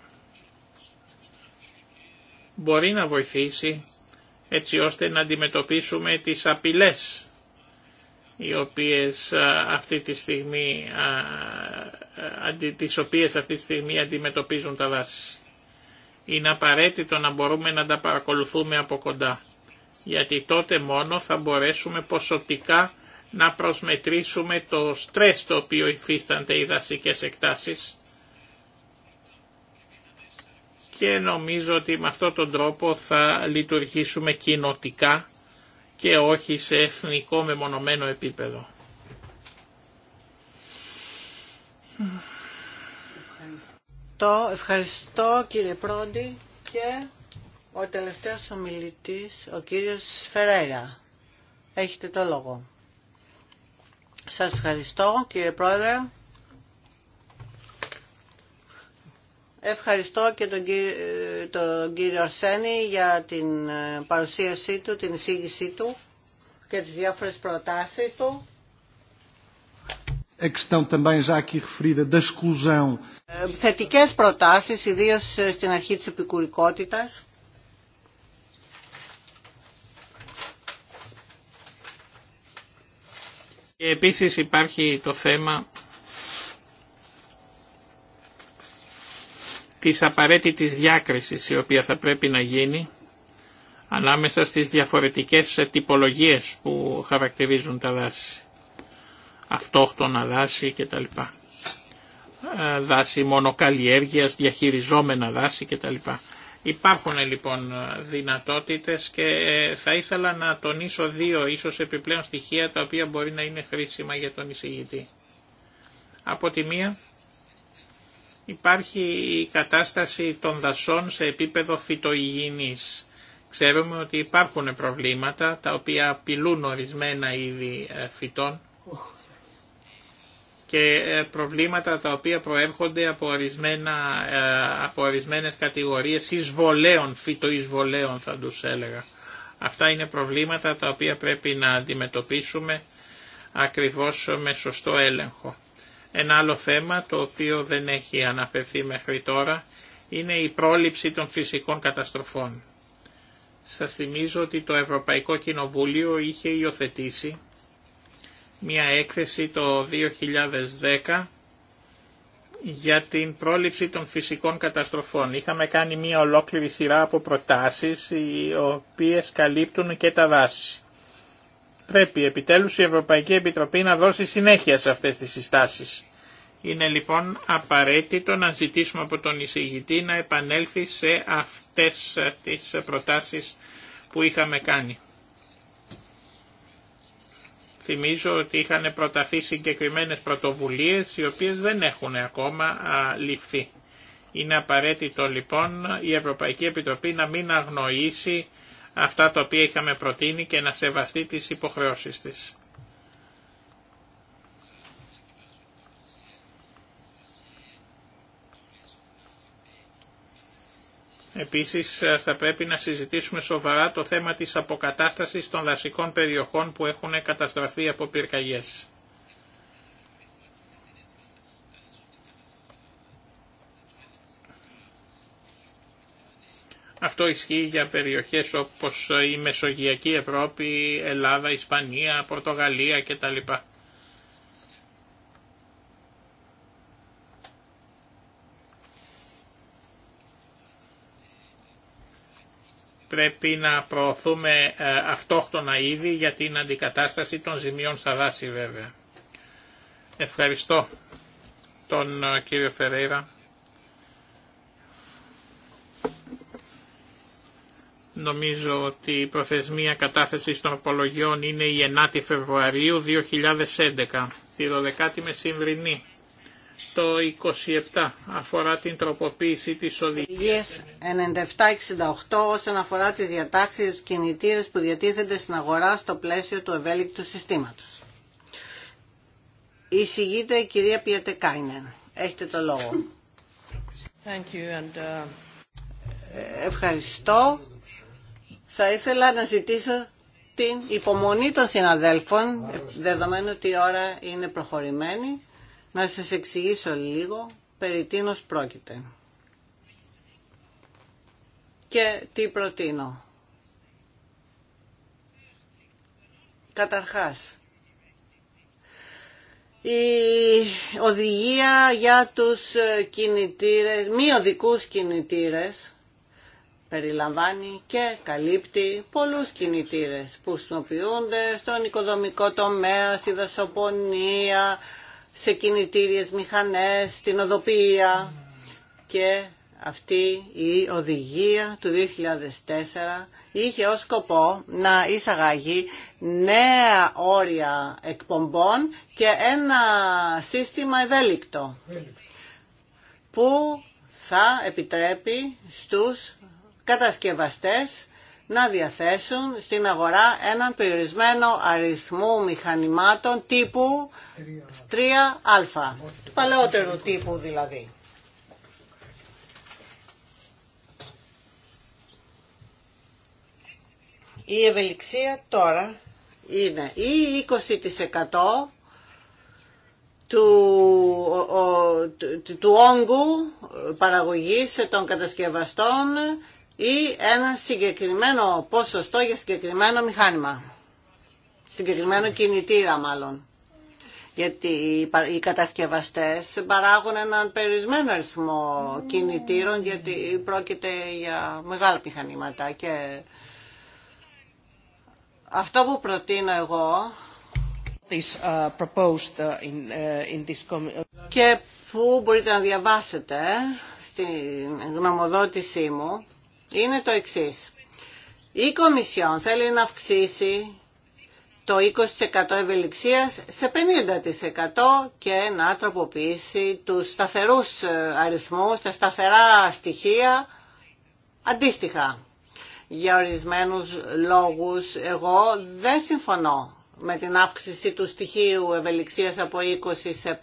μπορεί να βοηθήσει έτσι ώστε να αντιμετωπίσουμε τις απειλές οι οποίες αυτή τη στιγμή, τις οποίες αυτή τη στιγμή αντιμετωπίζουν τα δάση. Είναι απαραίτητο να μπορούμε να τα παρακολουθούμε από κοντά, γιατί τότε μόνο θα μπορέσουμε ποσοτικά να προσμετρήσουμε το στρες το οποίο υφίστανται οι δασικές εκτάσεις και νομίζω ότι με αυτόν τον τρόπο θα λειτουργήσουμε κοινοτικά και όχι σε εθνικό μεμονωμένο επίπεδο. Το ευχαριστώ κύριε Πρόντι και ο τελευταίος ομιλητής, ο κύριος Φεραίρα. Έχετε το λόγο. Σας ευχαριστώ κύριε Πρόεδρε. Ευχαριστώ και τον κύριο, τον Αρσένη για την ε, παρουσίασή του, την εισήγησή του και τις διάφορες προτάσεις του. Ε, θετικές προτάσεις, ιδίως ε, στην αρχή της επικουρικότητας. Και επίσης υπάρχει το θέμα της απαραίτητης διάκρισης η οποία θα πρέπει να γίνει ανάμεσα στις διαφορετικές τυπολογίες που χαρακτηρίζουν τα δάση. Αυτόχτονα δάση κτλ. Ε, δάση μονοκαλλιέργειας, διαχειριζόμενα δάση κτλ. Υπάρχουν λοιπόν δυνατότητες και ε, θα ήθελα να τονίσω δύο ίσως επιπλέον στοιχεία τα οποία μπορεί να είναι χρήσιμα για τον εισηγητή. Από τη μία Υπάρχει η κατάσταση των δασών σε επίπεδο φυτοϊγιεινής. Ξέρουμε ότι υπάρχουν προβλήματα τα οποία απειλούν ορισμένα είδη ε, φυτών και ε, προβλήματα τα οποία προέρχονται από, ορισμένα, ε, από ορισμένες κατηγορίες εισβολέων, φυτοεισβολέων θα τους έλεγα. Αυτά είναι προβλήματα τα οποία πρέπει να αντιμετωπίσουμε ακριβώς με σωστό έλεγχο. Ένα άλλο θέμα το οποίο δεν έχει αναφερθεί μέχρι τώρα είναι η πρόληψη των φυσικών καταστροφών. Σας θυμίζω ότι το Ευρωπαϊκό Κοινοβούλιο είχε υιοθετήσει μια έκθεση το 2010 για την πρόληψη των φυσικών καταστροφών. Είχαμε κάνει μια ολόκληρη σειρά από προτάσεις οι οποίες καλύπτουν και τα δάση. Πρέπει επιτέλους η Ευρωπαϊκή Επιτροπή να δώσει συνέχεια σε αυτές τις συστάσεις. Είναι λοιπόν απαραίτητο να ζητήσουμε από τον εισηγητή να επανέλθει σε αυτές τις προτάσεις που είχαμε κάνει. Θυμίζω ότι είχαν προταθεί συγκεκριμένες πρωτοβουλίες οι οποίες δεν έχουν ακόμα ληφθεί. Είναι απαραίτητο λοιπόν η Ευρωπαϊκή Επιτροπή να μην αγνοήσει αυτά τα οποία είχαμε προτείνει και να σεβαστεί τις υποχρεώσεις της. Επίσης θα πρέπει να συζητήσουμε σοβαρά το θέμα της αποκατάστασης των δασικών περιοχών που έχουν καταστραφεί από πυρκαγιές. Αυτό ισχύει για περιοχές όπως η Μεσογειακή Ευρώπη, Ελλάδα, Ισπανία, Πορτογαλία κτλ. Πρέπει να προωθούμε ε, αυτόχτονα ήδη για την αντικατάσταση των ζημιών στα δάση βέβαια. Ευχαριστώ τον ε, κύριο Φερέιρα Νομίζω ότι η προθεσμία κατάθεσης των απολογιών είναι η 9η Φεβρουαρίου 2011, τη 12η μεσημβρινή. Το 27 αφορά την τροποποίηση της οδηγίας 97-68 όσον αφορά τις διατάξεις τους κινητήρες που διατίθενται στην αγορά στο πλαίσιο του ευέλικτου συστήματος. Εισηγείται η κυρία Πιατεκάινεν. Έχετε το λόγο. Uh, ε, ευχαριστώ. Θα ήθελα να ζητήσω την υπομονή των συναδέλφων, δεδομένου ότι η ώρα είναι προχωρημένη, να σας εξηγήσω λίγο περί τίνος πρόκειται. Και τι προτείνω. Καταρχάς, η οδηγία για τους κινητήρες, μη οδικούς κινητήρες, περιλαμβάνει και καλύπτει πολλούς κινητήρες που χρησιμοποιούνται στον οικοδομικό τομέα, στη δασοπονία, σε κινητήριες μηχανές, στην οδοπία και αυτή η οδηγία του 2004 είχε ως σκοπό να εισαγάγει νέα όρια εκπομπών και ένα σύστημα ευέλικτο που θα επιτρέπει στους κατασκευαστές να διαθέσουν στην αγορά έναν περιορισμένο αριθμό μηχανημάτων τύπου 3α, παλαιότερου τύπου δηλαδή. Η ευελιξία τώρα είναι ή 20% του, του, του όγκου παραγωγής των κατασκευαστών ή ένα συγκεκριμένο ποσοστό για συγκεκριμένο μηχάνημα. Συγκεκριμένο κινητήρα μάλλον. Γιατί οι κατασκευαστές παράγουν έναν περισμένο αριθμό κινητήρων γιατί πρόκειται για μεγάλα μηχανήματα και αυτό που προτείνω εγώ uh, uh, uh, και που μπορείτε να διαβάσετε στην γνωμοδότησή μου είναι το εξής. Η Κομισιόν θέλει να αυξήσει το 20% ευελιξίας σε 50% και να τροποποιήσει τους σταθερούς ε, αριθμούς, τα σταθερά στοιχεία αντίστοιχα. Για ορισμένους λόγους εγώ δεν συμφωνώ με την αύξηση του στοιχείου ευελιξίας από 20% σε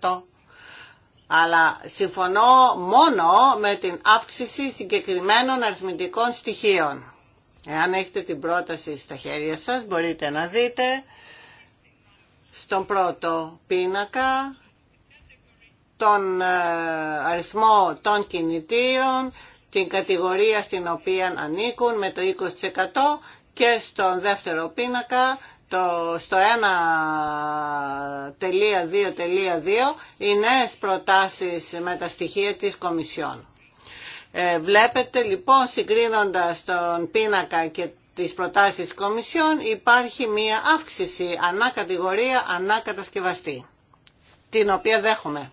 50% αλλά συμφωνώ μόνο με την αύξηση συγκεκριμένων αριθμητικών στοιχείων. Εάν έχετε την πρόταση στα χέρια σας, μπορείτε να δείτε στον πρώτο πίνακα τον ε, αριθμό των κινητήρων, την κατηγορία στην οποία ανήκουν με το 20% και στον δεύτερο πίνακα το, στο 1.2.2 οι νέες προτάσεις με τα στοιχεία της Κομισιόν. Ε, βλέπετε λοιπόν συγκρίνοντας τον πίνακα και τις προτάσεις Κομισιόν υπάρχει μία αύξηση ανά κατηγορία, ανά κατασκευαστή, την οποία δέχομαι.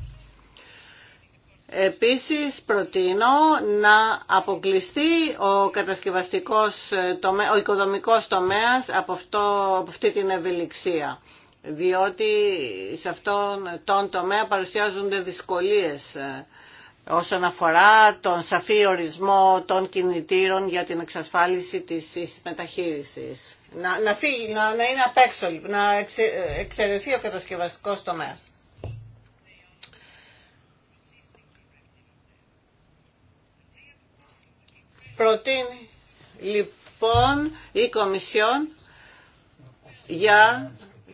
Επίσης προτείνω να αποκλειστεί ο κατασκευαστικός, ο οικοδομικός τομέας από, αυτό, από αυτή την ευελιξία διότι σε αυτόν τον τομέα παρουσιάζονται δυσκολίες ε, όσον αφορά τον σαφή ορισμό των κινητήρων για την εξασφάλιση της μεταχείρισης. Να, να, να, να είναι απ' να ε, εξαιρεθεί ο κατασκευαστικός τομέας. Προτείνει λοιπόν η Κομισιόν για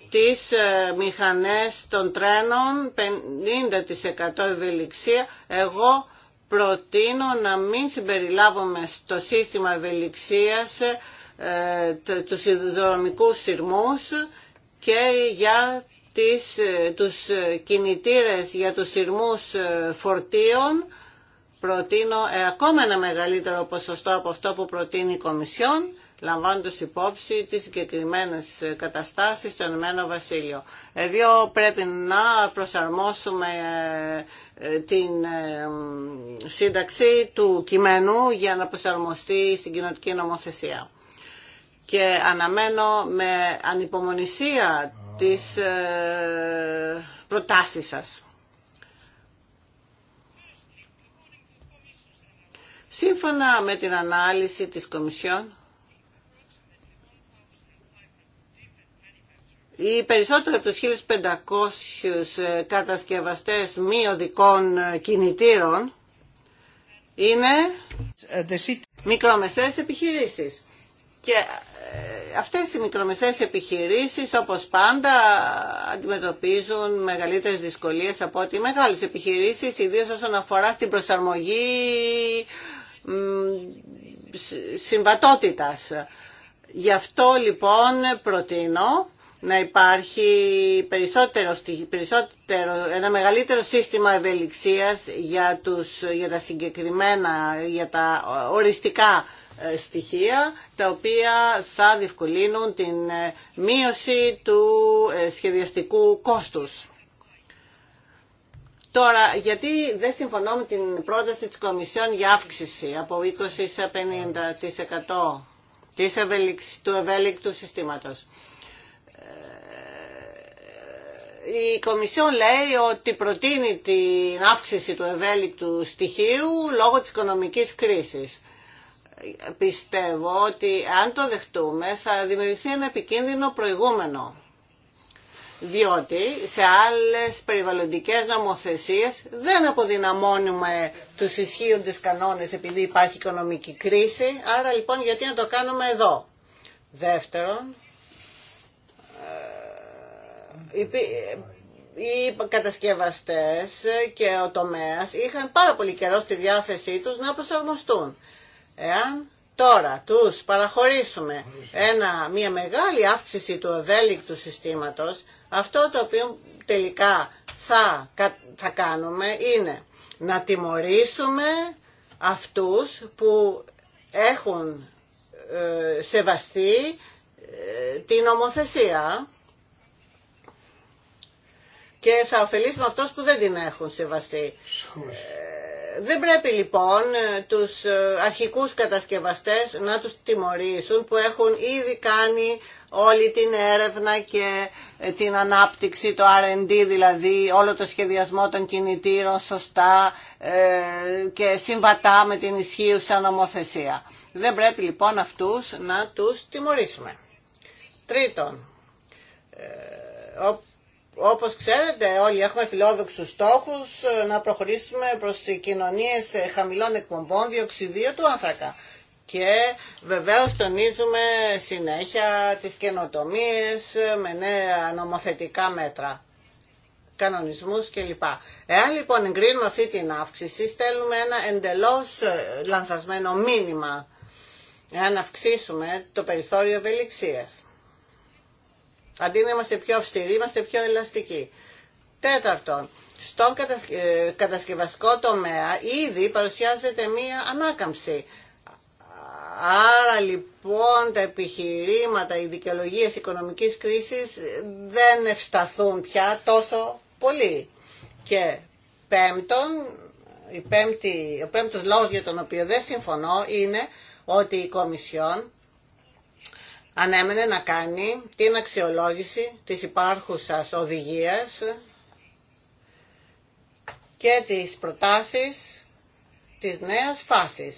τις ε, μηχανές των τρένων 50% ευελιξία. Εγώ προτείνω να μην συμπεριλάβουμε στο σύστημα ευελιξίας ε, τους ιδρομικούς σειρμούς και για τις, ε, τους ε, κινητήρες για τους σειρμούς φορτίων προτείνω ε, ακόμα ένα μεγαλύτερο ποσοστό από αυτό που προτείνει η Κομισιόν, λαμβάνοντας υπόψη τις συγκεκριμένε ε, καταστάσεις στο Ενωμένο Βασίλειο. Εδώ πρέπει να προσαρμόσουμε ε, την σύνταξη του κειμένου για να προσαρμοστεί στην κοινωτική νομοθεσία. Και αναμένω με ανυπομονησία τις προτάσεις σας. Σύμφωνα με την ανάλυση της Κομισιόν, Οι περισσότεροι από τους 1.500 κατασκευαστές μη οδικών κινητήρων είναι μικρομεσαίες επιχειρήσεις. Και ε, αυτές οι μικρομεσαίες επιχειρήσεις όπως πάντα αντιμετωπίζουν μεγαλύτερες δυσκολίες από ότι οι μεγάλες επιχειρήσεις ιδίως όσον αφορά στην προσαρμογή συμβατότητας. Γι' αυτό λοιπόν προτείνω να υπάρχει περισσότερο, περισσότερο, ένα μεγαλύτερο σύστημα ευελιξίας για, τους, για τα συγκεκριμένα, για τα οριστικά ε, στοιχεία τα οποία θα διευκολύνουν την ε, μείωση του ε, σχεδιαστικού κόστους. Τώρα, γιατί δεν συμφωνώ με την πρόταση της Κομισιόν για αύξηση από 20% σε 50% του ευέλικτου συστήματος. Ε, η Κομισιόν λέει ότι προτείνει την αύξηση του ευέλικτου στοιχείου λόγω της οικονομικής κρίσης. Πιστεύω ότι αν το δεχτούμε θα δημιουργηθεί ένα επικίνδυνο προηγούμενο διότι σε άλλες περιβαλλοντικές νομοθεσίες δεν αποδυναμώνουμε τους ισχύοντες κανόνες επειδή υπάρχει οικονομική κρίση, άρα λοιπόν γιατί να το κάνουμε εδώ. Δεύτερον, ε, οι κατασκευαστές και ο τομέας είχαν πάρα πολύ καιρό στη διάθεσή τους να προσαρμοστούν. Εάν τώρα τους παραχωρήσουμε ένα, μια μεγάλη αύξηση του ευέλικτου συστήματος, αυτό το οποίο τελικά θα, θα κάνουμε είναι να τιμωρήσουμε αυτούς που έχουν ε, σεβαστεί ε, την νομοθεσία και θα ωφελήσουμε αυτούς που δεν την έχουν σεβαστεί. Ε, δεν πρέπει λοιπόν τους αρχικούς κατασκευαστές να τους τιμωρήσουν που έχουν ήδη κάνει όλη την έρευνα και ε, την ανάπτυξη, το R&D δηλαδή, όλο το σχεδιασμό των κινητήρων σωστά ε, και συμβατά με την ισχύουσα νομοθεσία. Δεν πρέπει λοιπόν αυτούς να τους τιμωρήσουμε. Τρίτον, ε, όπως ξέρετε όλοι έχουμε φιλόδοξους στόχους να προχωρήσουμε προς κοινωνίες χαμηλών εκπομπών διοξιδίου του άνθρακα. Και βεβαίως τονίζουμε συνέχεια τις καινοτομίες με νέα νομοθετικά μέτρα κανονισμούς κλπ. Εάν λοιπόν εγκρίνουμε αυτή την αύξηση, στέλνουμε ένα εντελώς ε, λανθασμένο μήνυμα, εάν αυξήσουμε το περιθώριο ευελιξίας. Αντί να είμαστε πιο αυστηροί, είμαστε πιο ελαστικοί. Τέταρτον, στον ε, κατασκευαστικό τομέα ήδη παρουσιάζεται μία ανάκαμψη. Άρα λοιπόν τα επιχειρήματα, οι δικαιολογίες οικονομικής κρίσης δεν ευσταθούν πια τόσο πολύ. Και πέμπτον, η πέμπτη, ο πέμπτος λόγος για τον οποίο δεν συμφωνώ είναι ότι η Κομισιόν ανέμενε να κάνει την αξιολόγηση της υπάρχουσας οδηγίας και τις προτάσεις της νέας φάσης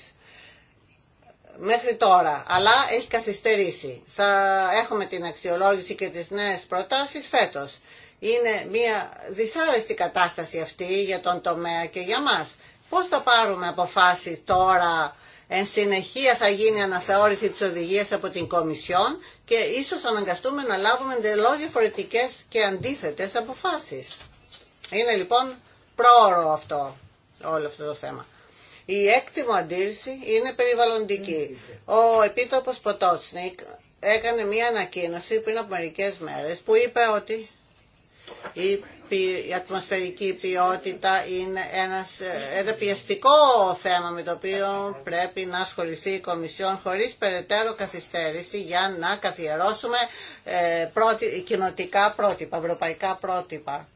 μέχρι τώρα, αλλά έχει καθυστερήσει. Θα έχουμε την αξιολόγηση και τις νέες προτάσεις φέτος. Είναι μια δυσάρεστη κατάσταση αυτή για τον τομέα και για μας. Πώς θα πάρουμε αποφάσει τώρα, εν συνεχεία θα γίνει αναθεώρηση της οδηγίας από την Κομισιόν και ίσως αναγκαστούμε να λάβουμε εντελώ διαφορετικέ και αντίθετες αποφάσεις. Είναι λοιπόν πρόωρο αυτό, όλο αυτό το θέμα. Η έκτη μου είναι περιβαλλοντική. Ο Επίτροπος Ποτότσνικ έκανε μία ανακοίνωση πριν από μερικές μέρες που είπε ότι η ατμοσφαιρική ποιότητα είναι ένας, ένα πιεστικό θέμα με το οποίο πρέπει να ασχοληθεί η Κομισιόν χωρίς περαιτέρω καθυστέρηση για να καθιερώσουμε ε, κοινοτικά πρότυπα, ευρωπαϊκά πρότυπα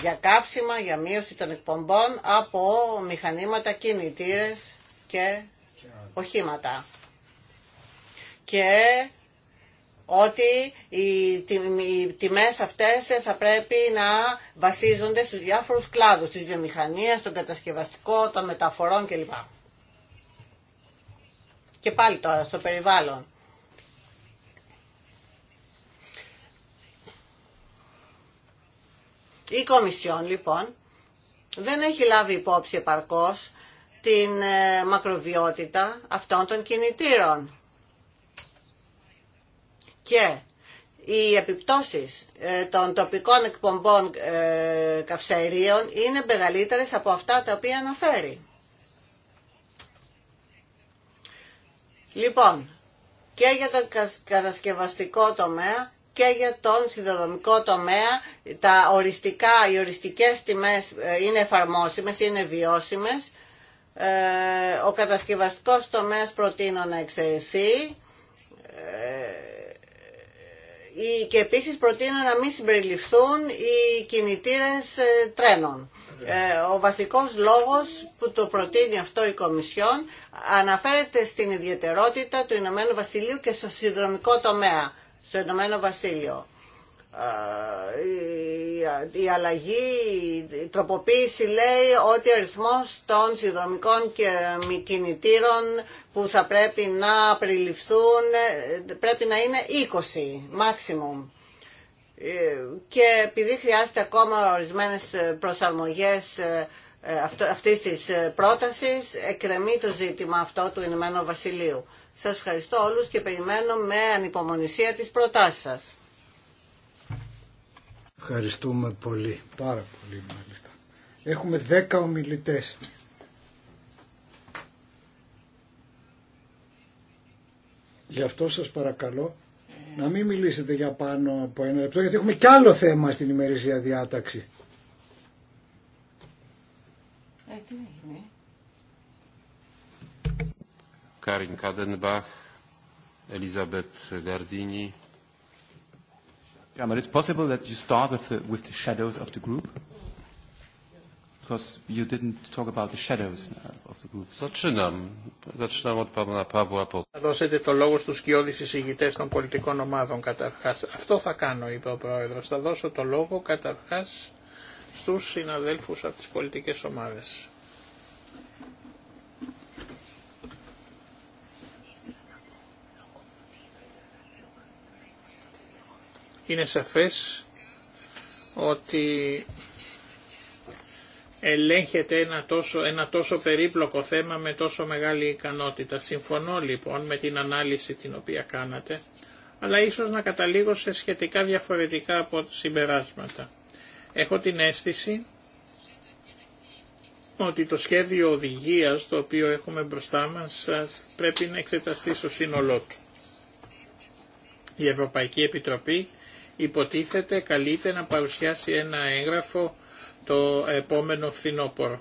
για καύσιμα, για μείωση των εκπομπών από μηχανήματα, κινητήρες και οχήματα. Και ότι οι τιμές αυτές θα πρέπει να βασίζονται στους διάφορους κλάδους της βιομηχανία, των κατασκευαστικό, των μεταφορών κλπ. Και πάλι τώρα στο περιβάλλον. Η Κομισιόν λοιπόν δεν έχει λάβει υπόψη επαρκώς την ε, μακροβιότητα αυτών των κινητήρων. Και οι επιπτώσεις ε, των τοπικών εκπομπών ε, καυσαερίων είναι μεγαλύτερες από αυτά τα οποία αναφέρει. Λοιπόν, και για το κατασκευαστικό τομέα και για τον συνδρομικό τομέα τα οριστικά, οι οριστικές τιμές ε, είναι εφαρμόσιμες, είναι βιώσιμες. Ε, ο κατασκευαστικός τομέας προτείνω να εξαιρεθεί ε, και επίσης προτείνω να μην συμπεριληφθούν οι κινητήρες τρένων. ο βασικός λόγος που το προτείνει αυτό η Κομισιόν αναφέρεται στην ιδιαιτερότητα του Ηνωμένου Βασιλείου και στο συνδρομικό τομέα στο Ηνωμένο Βασίλειο. Η αλλαγή, η τροποποίηση λέει ότι ο αριθμός των συνδρομικών και μη κινητήρων που θα πρέπει να περιληφθούν ε, πρέπει να είναι 20 maximum. Ε, και επειδή χρειάζεται ακόμα ορισμένες προσαρμογές ε, αυτής της πρότασης, εκκρεμεί το ζήτημα αυτό του Ηνωμένου Βασιλείου. Σας ευχαριστώ όλους και περιμένω με ανυπομονησία τις προτάσεις σας. Ευχαριστούμε πολύ, πάρα πολύ μάλιστα. Έχουμε 10 ομιλητές. Γι' αυτό σας παρακαλώ να μην μιλήσετε για πάνω από ένα λεπτό γιατί έχουμε κι άλλο θέμα στην ημερήσια διάταξη. Ε, είναι. Karin Kadenbach, Elisabeth Gardini. Yeah, but it's possible that you start with the, with the shadows of the group. Because you didn't talk about the shadows of the groups. Zaczynam. Zaczynam od pana Pawła po Θα δώσετε το λόγο στους σκιώδεις εισηγητές των πολιτικών ομάδων καταρχάς. Αυτό θα κάνω, είπε ο Πρόεδρος. Θα δώσω το λόγο καταρχάς στους συναδέλφους από τις πολιτικές ομάδες. Είναι σαφές ότι ελέγχεται ένα τόσο, ένα τόσο περίπλοκο θέμα με τόσο μεγάλη ικανότητα. Συμφωνώ λοιπόν με την ανάλυση την οποία κάνατε, αλλά ίσως να καταλήγω σε σχετικά διαφορετικά από συμπεράσματα. Έχω την αίσθηση ότι το σχέδιο οδηγίας το οποίο έχουμε μπροστά μας πρέπει να εξεταστεί στο σύνολό του. Η Ευρωπαϊκή Επιτροπή υποτίθεται καλείται να παρουσιάσει ένα έγγραφο το επόμενο φθινόπωρο.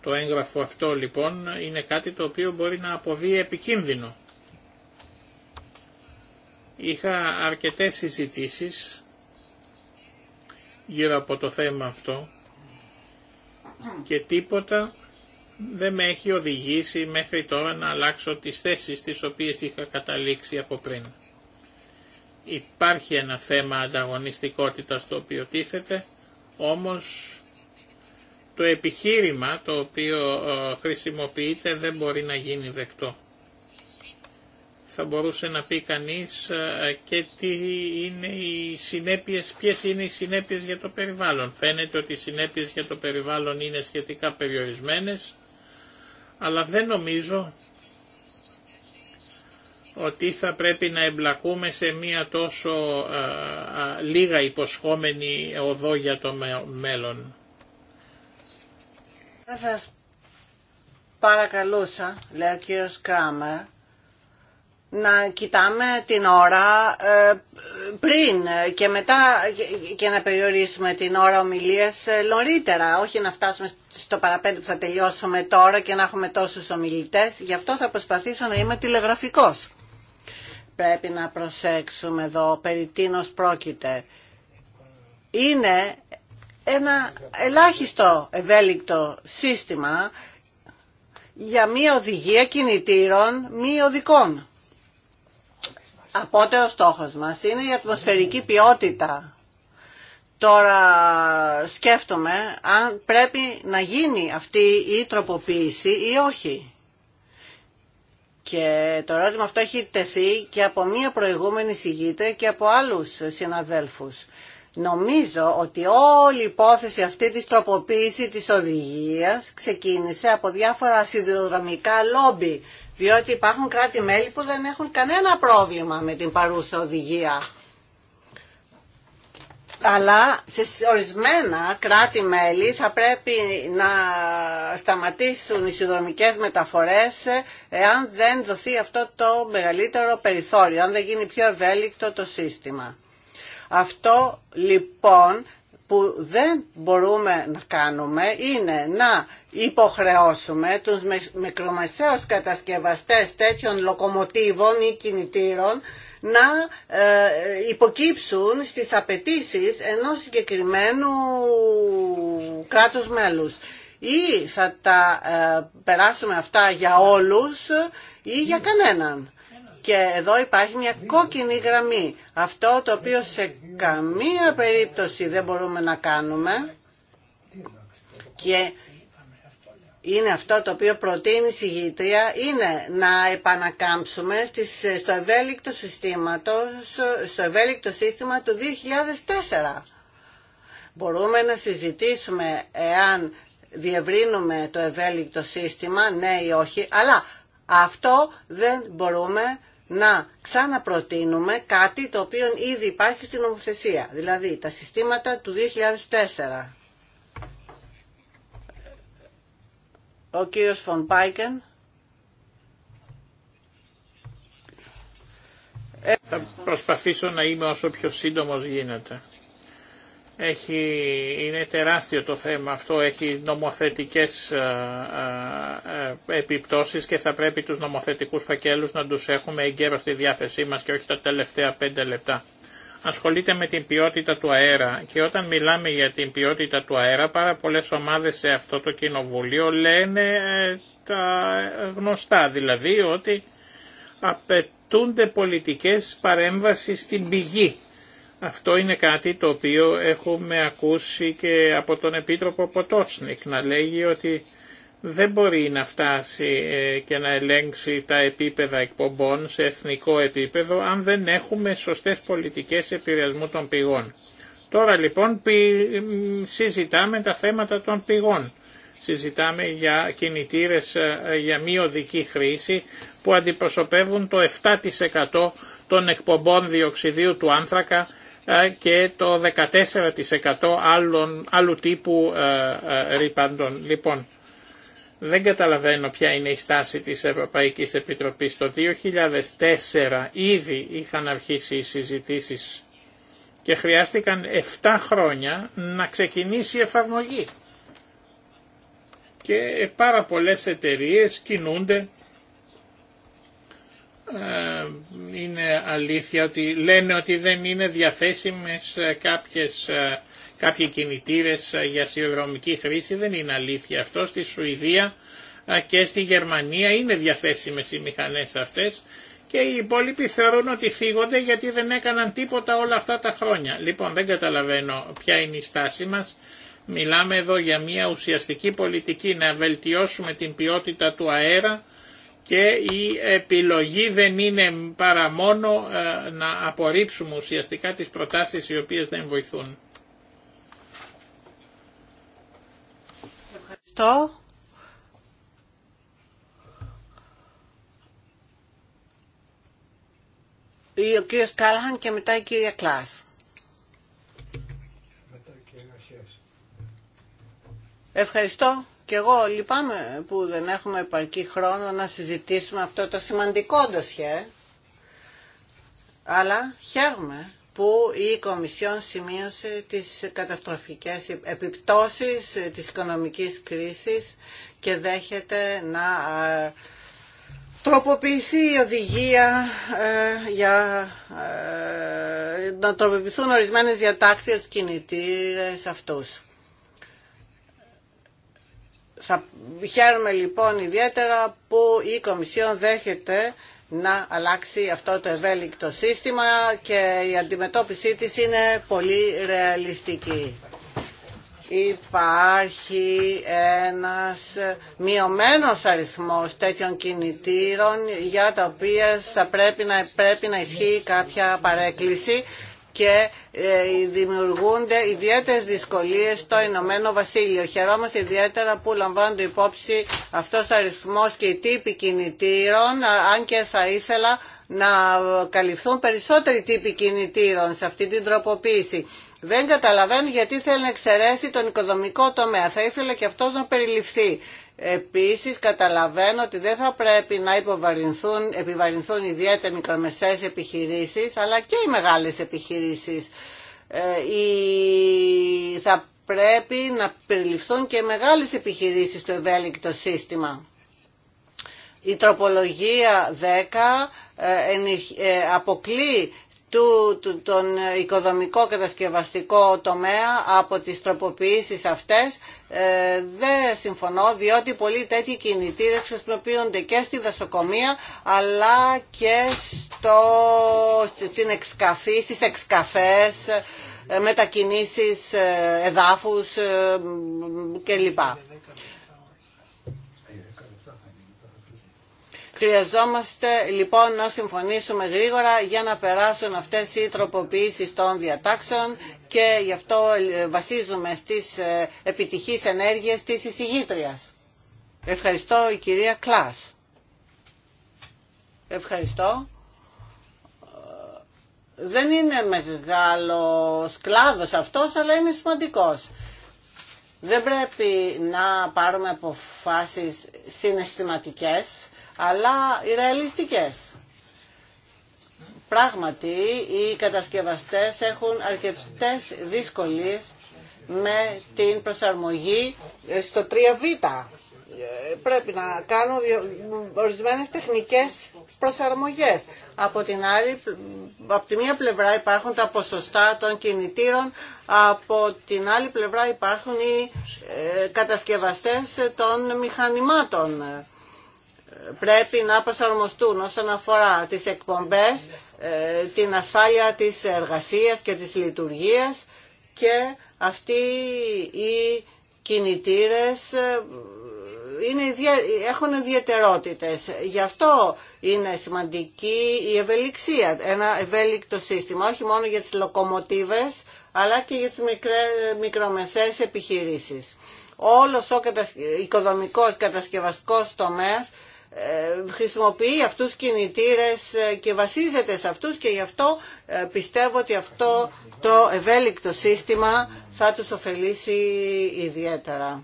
Το έγγραφο αυτό λοιπόν είναι κάτι το οποίο μπορεί να αποβεί επικίνδυνο. Είχα αρκετές συζητήσεις γύρω από το θέμα αυτό και τίποτα δεν με έχει οδηγήσει μέχρι τώρα να αλλάξω τις θέσεις τις οποίες είχα καταλήξει από πριν. Υπάρχει ένα θέμα ανταγωνιστικότητας το οποίο τίθεται, όμως το επιχείρημα το οποίο ε, χρησιμοποιείται δεν μπορεί να γίνει δεκτό. Θα μπορούσε να πει κανείς ε, και τι είναι οι συνέπειες, ποιες είναι οι συνέπειες για το περιβάλλον. Φαίνεται ότι οι συνέπειες για το περιβάλλον είναι σχετικά περιορισμένες, αλλά δεν νομίζω ότι θα πρέπει να εμπλακούμε σε μία τόσο λίγα υποσχόμενη οδό για το μέλλον. Θα σας παρακαλούσα, λέει ο κύριος Κράμερ, να κοιτάμε την ώρα ε, πριν και μετά και να περιορίσουμε την ώρα ομιλίας ε, νωρίτερα, όχι να φτάσουμε στο παραπέντε που θα τελειώσουμε τώρα και να έχουμε τόσους ομιλητές. Γι' αυτό θα προσπαθήσω να είμαι τηλεγραφικός πρέπει να προσέξουμε εδώ περί τίνος πρόκειται. Είναι ένα ελάχιστο ευέλικτο σύστημα για μία οδηγία κινητήρων μη οδικών. Απότερο στόχος μας είναι η ατμοσφαιρική ποιότητα. Τώρα σκέφτομαι αν πρέπει να γίνει αυτή η τροποποίηση ή όχι. Και το ερώτημα αυτό έχει τεθεί και από μία προηγούμενη συγγήτρια και από άλλους συναδέλφους. Νομίζω ότι όλη η υπόθεση αυτή της τροποποίηση της οδηγίας ξεκίνησε από διάφορα σιδηροδρομικά λόμπι, διότι υπάρχουν κράτη-μέλη που δεν έχουν κανένα πρόβλημα με την παρούσα οδηγία αλλά σε ορισμένα κράτη-μέλη θα πρέπει να σταματήσουν οι συνδρομικές μεταφορές εάν δεν δοθεί αυτό το μεγαλύτερο περιθώριο, αν δεν γίνει πιο ευέλικτο το σύστημα. Αυτό λοιπόν που δεν μπορούμε να κάνουμε είναι να υποχρεώσουμε τους μικρομεσαίους κατασκευαστές τέτοιων λοκομοτίβων ή κινητήρων να ε, υποκύψουν στις απαιτήσει ενός συγκεκριμένου κράτους μέλους. Ή θα τα ε, περάσουμε αυτά για όλους ή για κανέναν. Και εδώ υπάρχει μια κόκκινη γραμμή. Αυτό το οποίο σε καμία περίπτωση δεν μπορούμε να κάνουμε και είναι αυτό το οποίο προτείνει η συγγήτρια, είναι να επανακάμψουμε στις, στο, ευέλικτο στο ευέλικτο σύστημα του 2004. Μπορούμε να συζητήσουμε εάν διευρύνουμε το ευέλικτο σύστημα, ναι ή όχι, αλλά αυτό δεν μπορούμε να ξαναπροτείνουμε κάτι το οποίο ήδη υπάρχει στην νομοθεσία, δηλαδή τα συστήματα του 2004. Ο κύριος Φον Πάικεν. Θα προσπαθήσω να είμαι όσο πιο σύντομος γίνεται. Έχει, είναι τεράστιο το θέμα αυτό, έχει νομοθετικές α, ε, ε, επιπτώσεις και θα πρέπει τους νομοθετικούς φακέλους να τους έχουμε εγκαίρως στη διάθεσή μας και όχι τα τελευταία πέντε λεπτά ασχολείται με την ποιότητα του αέρα και όταν μιλάμε για την ποιότητα του αέρα πάρα πολλές ομάδες σε αυτό το κοινοβουλίο λένε ε, τα γνωστά, δηλαδή ότι απαιτούνται πολιτικές παρέμβαση στην πηγή. Αυτό είναι κάτι το οποίο έχουμε ακούσει και από τον Επίτροπο Ποτόσνικ να λέγει ότι δεν μπορεί να φτάσει ε, και να ελέγξει τα επίπεδα εκπομπών σε εθνικό επίπεδο αν δεν έχουμε σωστές πολιτικές επηρεασμού των πηγών. Τώρα λοιπόν συζητάμε τα θέματα των πηγών. Συζητάμε για κινητήρες ε, για μη οδική χρήση που αντιπροσωπεύουν το 7% των εκπομπών διοξιδίου του άνθρακα ε, και το 14% άλλων, άλλου τύπου ρήπαντων. Λοιπόν, δεν καταλαβαίνω ποια είναι η στάση της Ευρωπαϊκής Επιτροπής. Το 2004 ήδη είχαν αρχίσει οι συζητήσεις και χρειάστηκαν 7 χρόνια να ξεκινήσει η εφαρμογή. Και πάρα πολλές εταιρείες κινούνται ε, είναι αλήθεια ότι λένε ότι δεν είναι διαθέσιμες κάποιες ε, κάποιοι κινητήρες ε, για σιδηροδρομική χρήση δεν είναι αλήθεια αυτό. Στη Σουηδία ε, και στη Γερμανία είναι διαθέσιμες οι μηχανές αυτές και οι υπόλοιποι θεωρούν ότι φύγονται γιατί δεν έκαναν τίποτα όλα αυτά τα χρόνια. Λοιπόν δεν καταλαβαίνω ποια είναι η στάση μας. Μιλάμε εδώ για μια ουσιαστική πολιτική να βελτιώσουμε την ποιότητα του αέρα και η επιλογή δεν είναι παρά μόνο ε, να απορρίψουμε ουσιαστικά τις προτάσεις οι οποίες δεν βοηθούν. το ο κύριος Κάλαχαν και μετά η κυρία Κλάς. Ευχαριστώ και εγώ λυπάμαι που δεν έχουμε επαρκή χρόνο να συζητήσουμε αυτό το σημαντικό ντοσιέ, αλλά χαίρομαι που η Κομισιόν σημείωσε τις καταστροφικές επιπτώσεις της οικονομικής κρίσης και δέχεται να ε, τροποποιηθεί η οδηγία ε, για ε, να τροποποιηθούν ορισμένες διατάξεις του κινητήρες αυτούς. Θα χαίρομαι λοιπόν ιδιαίτερα που η Κομισιόν δέχεται να αλλάξει αυτό το ευέλικτο σύστημα και η αντιμετώπιση της είναι πολύ ρεαλιστική. Υπάρχει ένας μειωμένος αριθμός τέτοιων κινητήρων για τα οποία θα πρέπει να, πρέπει να ισχύει κάποια παρέκκληση και ε, δημιουργούνται ιδιαίτερες δυσκολίες στο Ηνωμένο Βασίλειο. Χαιρόμαστε ιδιαίτερα που λαμβάνονται υπόψη αυτός ο αριθμός και οι τύποι κινητήρων, αν και θα ήθελα να καλυφθούν περισσότεροι τύποι κινητήρων σε αυτή την τροποποίηση. Δεν καταλαβαίνω γιατί θέλει να εξαιρέσει τον οικοδομικό τομέα. Θα ήθελα και αυτός να περιληφθεί. Επίσης καταλαβαίνω ότι δεν θα πρέπει να υποβαρυνθούν, επιβαρυνθούν ιδιαίτερα μικρομεσαίες επιχειρήσεις αλλά και οι μεγάλες επιχειρήσεις. Ε, θα πρέπει να περιληφθούν και οι μεγάλες επιχειρήσεις στο ευέλικτο σύστημα. Η τροπολογία 10 ε, ε, αποκλεί του, τον οικοδομικό κατασκευαστικό τομέα από τις τροποποιήσεις αυτές ε, δεν συμφωνώ διότι πολλοί τέτοιοι κινητήρες χρησιμοποιούνται και στη δασοκομεία αλλά και στο, στην εξκαφή, στις εξκαφές, ε, μετακινήσεις ε, εδάφους ε, κλπ. Χρειαζόμαστε λοιπόν να συμφωνήσουμε γρήγορα για να περάσουν αυτές οι τροποποιήσεις των διατάξεων και γι' αυτό ε, βασίζουμε στις ε, επιτυχείς ενέργειες της εισηγήτριας. Ευχαριστώ η κυρία Κλάς. Ευχαριστώ. Ε, δεν είναι μεγάλο κλάδος αυτός, αλλά είναι σημαντικός. Δεν πρέπει να πάρουμε αποφάσεις συναισθηματικές αλλά ρεαλιστικές. Πράγματι, οι κατασκευαστές έχουν αρκετές δύσκολες με την προσαρμογή στο 3β. Πρέπει να κάνουν ορισμένες τεχνικές προσαρμογές. Από την άλλη, από τη μία πλευρά υπάρχουν τα ποσοστά των κινητήρων, από την άλλη πλευρά υπάρχουν οι ε, κατασκευαστές των μηχανημάτων πρέπει να προσαρμοστούν όσον αφορά τις εκπομπές, ε, την ασφάλεια της εργασίας και της λειτουργίας και αυτοί οι κινητήρες ε, είναι, έχουν ιδιαιτερότητες. Γι' αυτό είναι σημαντική η ευελιξία, ένα ευέλικτο σύστημα, όχι μόνο για τις λοκομοτίβες, αλλά και για τις μικρομεσαίες επιχειρήσεις. Όλος ο οικοδομικός κατασκευαστικός τομέας ε, χρησιμοποιεί αυτούς κινητήρες ε, και βασίζεται σε αυτούς και γι' αυτό ε, πιστεύω ότι αυτό το ευέλικτο σύστημα θα τους ωφελήσει ιδιαίτερα.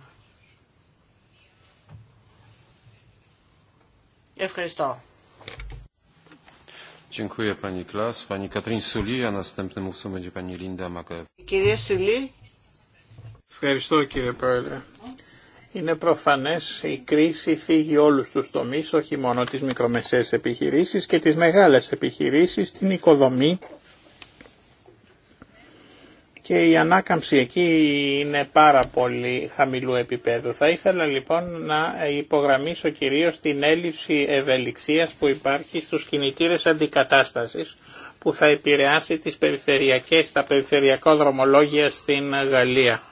Ευχαριστώ. Dziękuję pani Klas. Pani Katrin Suli, a następnym mówcą będzie pani Linda Makew. Κυρία Suli. Ευχαριστώ κύριε Πρόεδρε. Είναι προφανές η κρίση θίγει όλους τους τομείς, όχι μόνο τις μικρομεσαίες επιχειρήσεις και τις μεγάλες επιχειρήσεις, την οικοδομή και η ανάκαμψη εκεί είναι πάρα πολύ χαμηλού επίπεδου. Θα ήθελα λοιπόν να υπογραμμίσω κυρίως την έλλειψη ευελιξίας που υπάρχει στους κινητήρες αντικατάστασης που θα επηρεάσει τις περιφερειακές, τα περιφερειακό δρομολόγια στην Γαλλία.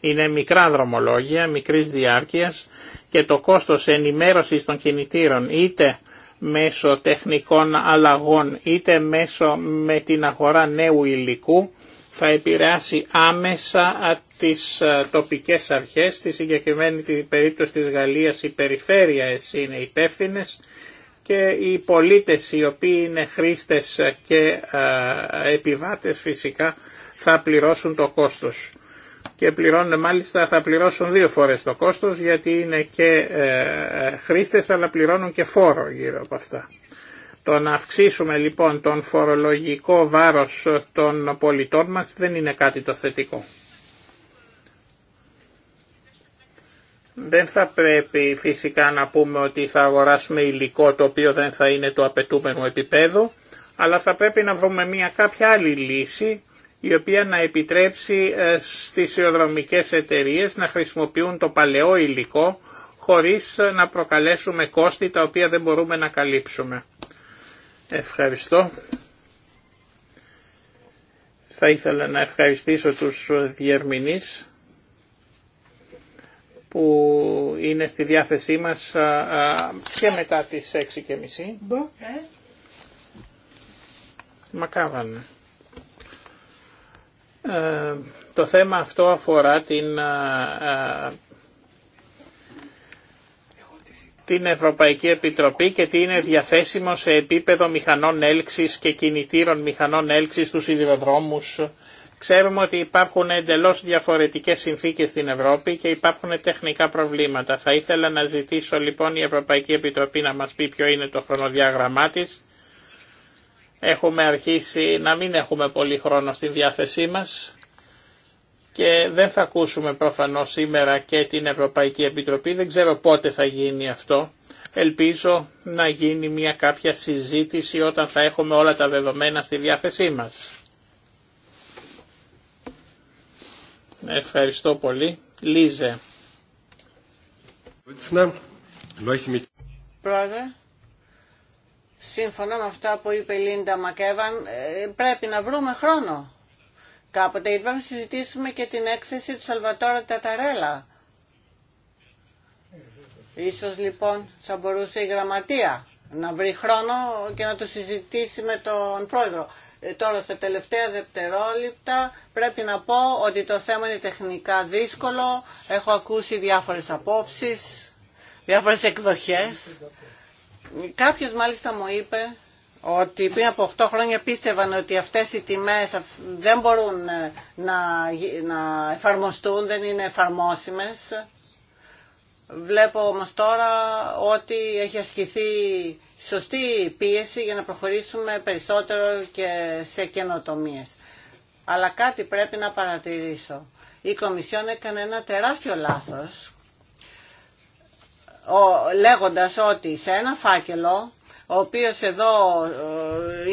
Είναι μικρά δρομολόγια, μικρής διάρκειας και το κόστος ενημέρωσης των κινητήρων είτε μέσω τεχνικών αλλαγών είτε μέσω με την αγορά νέου υλικού θα επηρεάσει άμεσα τις τοπικές αρχές, στη συγκεκριμένη την περίπτωση της Γαλλίας οι περιφέρειες είναι υπεύθυνε και οι πολίτες οι οποίοι είναι χρήστες και επιβάτες φυσικά θα πληρώσουν το κόστος και πληρώνουν μάλιστα θα πληρώσουν δύο φορές το κόστος γιατί είναι και ε, χρήστες αλλά πληρώνουν και φόρο γύρω από αυτά. Το να αυξήσουμε λοιπόν τον φορολογικό βάρος των πολιτών μας δεν είναι κάτι το θετικό. Δεν θα πρέπει φυσικά να πούμε ότι θα αγοράσουμε υλικό το οποίο δεν θα είναι το απαιτούμενο επίπεδο, αλλά θα πρέπει να βρούμε μια κάποια άλλη λύση η οποία να επιτρέψει ε, στις ιοδρομικές εταιρείες να χρησιμοποιούν το παλαιό υλικό χωρίς ε, να προκαλέσουμε κόστη τα οποία δεν μπορούμε να καλύψουμε. Ευχαριστώ. Θα ήθελα να ευχαριστήσω τους διερμηνείς που είναι στη διάθεσή μας ε, και μετά τις 6.30. Μακάβανε. Ε, το θέμα αυτό αφορά την, ε, ε, την Ευρωπαϊκή Επιτροπή και τι είναι διαθέσιμο σε επίπεδο μηχανών έλξης και κινητήρων μηχανών έλξης στους ιδιοδρόμους. Ξέρουμε ότι υπάρχουν εντελώς διαφορετικές συνθήκες στην Ευρώπη και υπάρχουν τεχνικά προβλήματα. Θα ήθελα να ζητήσω λοιπόν η Ευρωπαϊκή Επιτροπή να μας πει ποιο είναι το χρονοδιάγραμμά της Έχουμε αρχίσει να μην έχουμε πολύ χρόνο στη διάθεσή μας και δεν θα ακούσουμε προφανώς σήμερα και την Ευρωπαϊκή Επιτροπή. Δεν ξέρω πότε θα γίνει αυτό. Ελπίζω να γίνει μια κάποια συζήτηση όταν θα έχουμε όλα τα δεδομένα στη διάθεσή μας. Ευχαριστώ πολύ. Λίζε. Πρόεδρε, Σύμφωνα με αυτά που είπε η Λίντα Μακέβαν, ε, πρέπει να βρούμε χρόνο. Κάποτε είπαμε να συζητήσουμε και την έξεση του Σαλβατόρα Ταταρέλα. Ίσως λοιπόν θα μπορούσε η γραμματεία να βρει χρόνο και να το συζητήσει με τον πρόεδρο. Ε, τώρα στα τελευταία δευτερόλεπτα πρέπει να πω ότι το θέμα είναι τεχνικά δύσκολο. Έχω ακούσει διάφορες απόψεις, διάφορες εκδοχές. Κάποιος μάλιστα μου είπε ότι πριν από 8 χρόνια πίστευαν ότι αυτές οι τιμές δεν μπορούν ε, να, να εφαρμοστούν, δεν είναι εφαρμόσιμες. Βλέπω όμως τώρα ότι έχει ασκηθεί σωστή πίεση για να προχωρήσουμε περισσότερο και σε καινοτομίες. Αλλά κάτι πρέπει να παρατηρήσω. Η Κομισιόν έκανε ένα τεράστιο λάθος λέγοντας ότι σε ένα φάκελο ο οποίος εδώ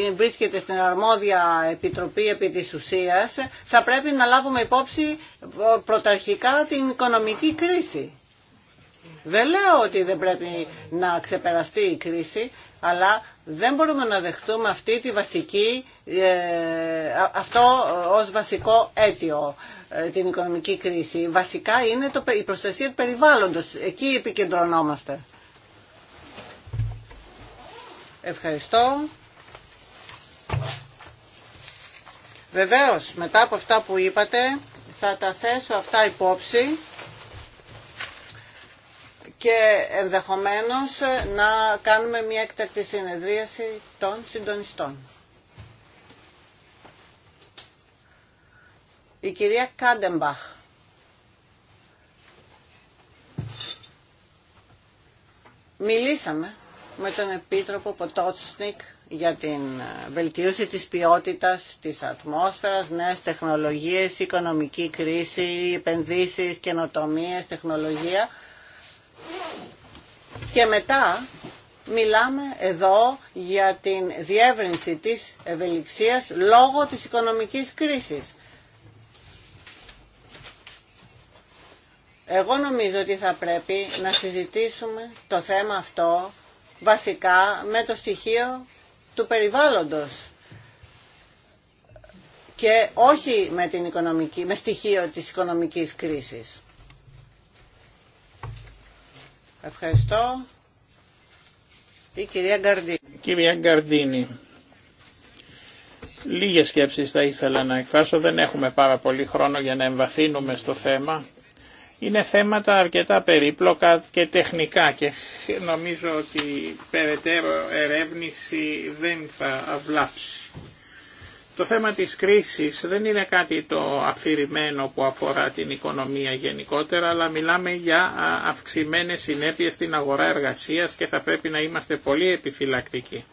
ε, βρίσκεται στην αρμόδια επιτροπή επί της ουσίας, θα πρέπει να λάβουμε υπόψη ε, πρωταρχικά την οικονομική κρίση. Δεν λέω ότι δεν πρέπει να ξεπεραστεί η κρίση, αλλά δεν μπορούμε να δεχτούμε αυτή τη βασική, ε, αυτό ως βασικό αίτιο. Ε, την οικονομική κρίση. Βασικά είναι το, η προστασία του περιβάλλοντος. Εκεί επικεντρωνόμαστε. Ευχαριστώ. Βεβαίως, μετά από αυτά που είπατε, θα τα θέσω αυτά υπόψη και ενδεχομένως να κάνουμε μια εκτακτή συνεδρίαση των συντονιστών. Η κυρία Κάντεμπαχ. Μιλήσαμε με τον Επίτροπο Ποτότσνικ για την ε, βελτίωση της ποιότητας της ατμόσφαιρας, νέες τεχνολογίες, οικονομική κρίση, επενδύσεις, καινοτομίες, τεχνολογία. Και μετά μιλάμε εδώ για την διεύρυνση της ευελιξίας λόγω της οικονομικής κρίσης. Εγώ νομίζω ότι θα πρέπει να συζητήσουμε το θέμα αυτό βασικά με το στοιχείο του περιβάλλοντος και όχι με, την οικονομική, με στοιχείο της οικονομικής κρίσης. Ευχαριστώ. Η κυρία Γκαρδίνη. Κυρία Γκαρδίνη, λίγες σκέψεις θα ήθελα να εκφράσω. Δεν έχουμε πάρα πολύ χρόνο για να εμβαθύνουμε στο θέμα είναι θέματα αρκετά περίπλοκα και τεχνικά και νομίζω ότι περαιτέρω ερεύνηση δεν θα αυλάψει. Το θέμα της κρίσης δεν είναι κάτι το αφηρημένο που αφορά την οικονομία γενικότερα, αλλά μιλάμε για αυξημένες συνέπειες στην αγορά εργασίας και θα πρέπει να είμαστε πολύ επιφυλακτικοί.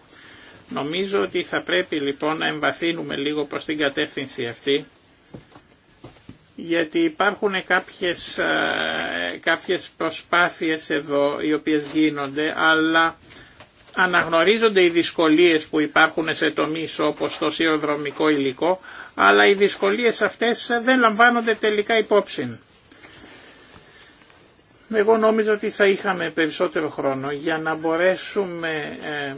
Νομίζω ότι θα πρέπει λοιπόν να εμβαθύνουμε λίγο προς την κατεύθυνση αυτή γιατί υπάρχουν κάποιες, ε, κάποιες προσπάθειες εδώ οι οποίες γίνονται, αλλά αναγνωρίζονται οι δυσκολίες που υπάρχουν σε τομείς όπως το σιροδρομικό υλικό, αλλά οι δυσκολίες αυτές δεν λαμβάνονται τελικά υπόψη. Εγώ νόμιζα ότι θα είχαμε περισσότερο χρόνο για να μπορέσουμε ε,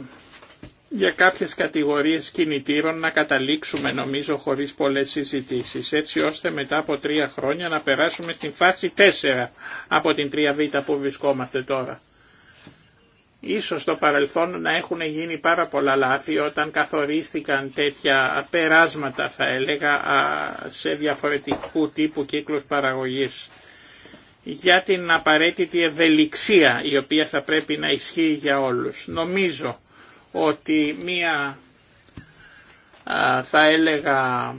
για κάποιες κατηγορίες κινητήρων να καταλήξουμε νομίζω χωρίς πολλές συζητήσεις έτσι ώστε μετά από τρία χρόνια να περάσουμε στην φάση 4 από την 3β που βρισκόμαστε τώρα. Ίσως στο παρελθόν να έχουν γίνει πάρα πολλά λάθη όταν καθορίστηκαν τέτοια περάσματα θα έλεγα σε διαφορετικού τύπου κύκλους παραγωγής για την απαραίτητη ευελιξία η οποία θα πρέπει να ισχύει για όλους. Νομίζω ότι μία θα έλεγα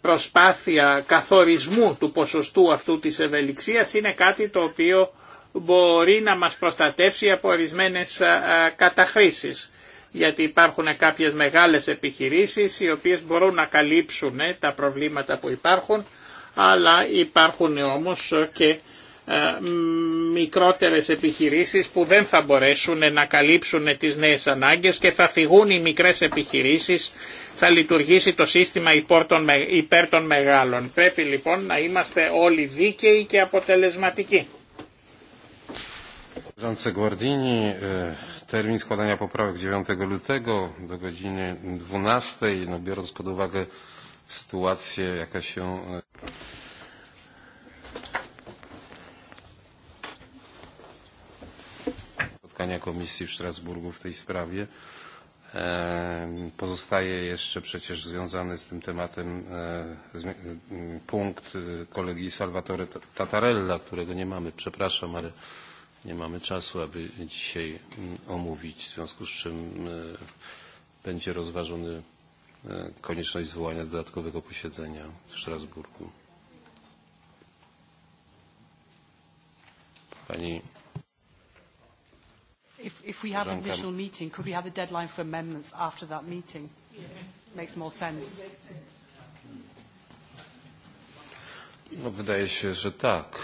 προσπάθεια καθορισμού του ποσοστού αυτού της ευελιξίας είναι κάτι το οποίο μπορεί να μας προστατεύσει από ορισμένε καταχρήσεις γιατί υπάρχουν κάποιες μεγάλες επιχειρήσεις οι οποίες μπορούν να καλύψουν ε, τα προβλήματα που υπάρχουν αλλά υπάρχουν όμως και ε, μικρότερες επιχειρήσεις που δεν θα μπορέσουν να καλύψουν τις νέες ανάγκες και θα φυγούν οι μικρές επιχειρήσεις, θα λειτουργήσει το σύστημα υπέρ των μεγάλων. Πρέπει λοιπόν να είμαστε όλοι δίκαιοι και αποτελεσματικοί. E, termin składania poprawek 9 lutego do godziny 12, no biorąc pod uwagę sytuację, jaka się... E, spotkania komisji w Strasburgu w tej sprawie. Pozostaje jeszcze przecież związany z tym tematem punkt kolegi Salvatore Tatarella, którego nie mamy, przepraszam, ale nie mamy czasu, aby dzisiaj omówić, w związku z czym będzie rozważony konieczność zwołania dodatkowego posiedzenia w Strasburgu. Pani If we have an initial meeting, could we have a deadline for amendments after that meeting? Makes more sense. No, wydaje się, że tak.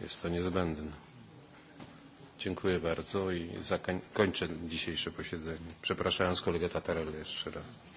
Jest to niezbędne. Dziękuję bardzo i zakończę dzisiejsze posiedzenie. Przepraszając kolegę Tatarelli jeszcze raz.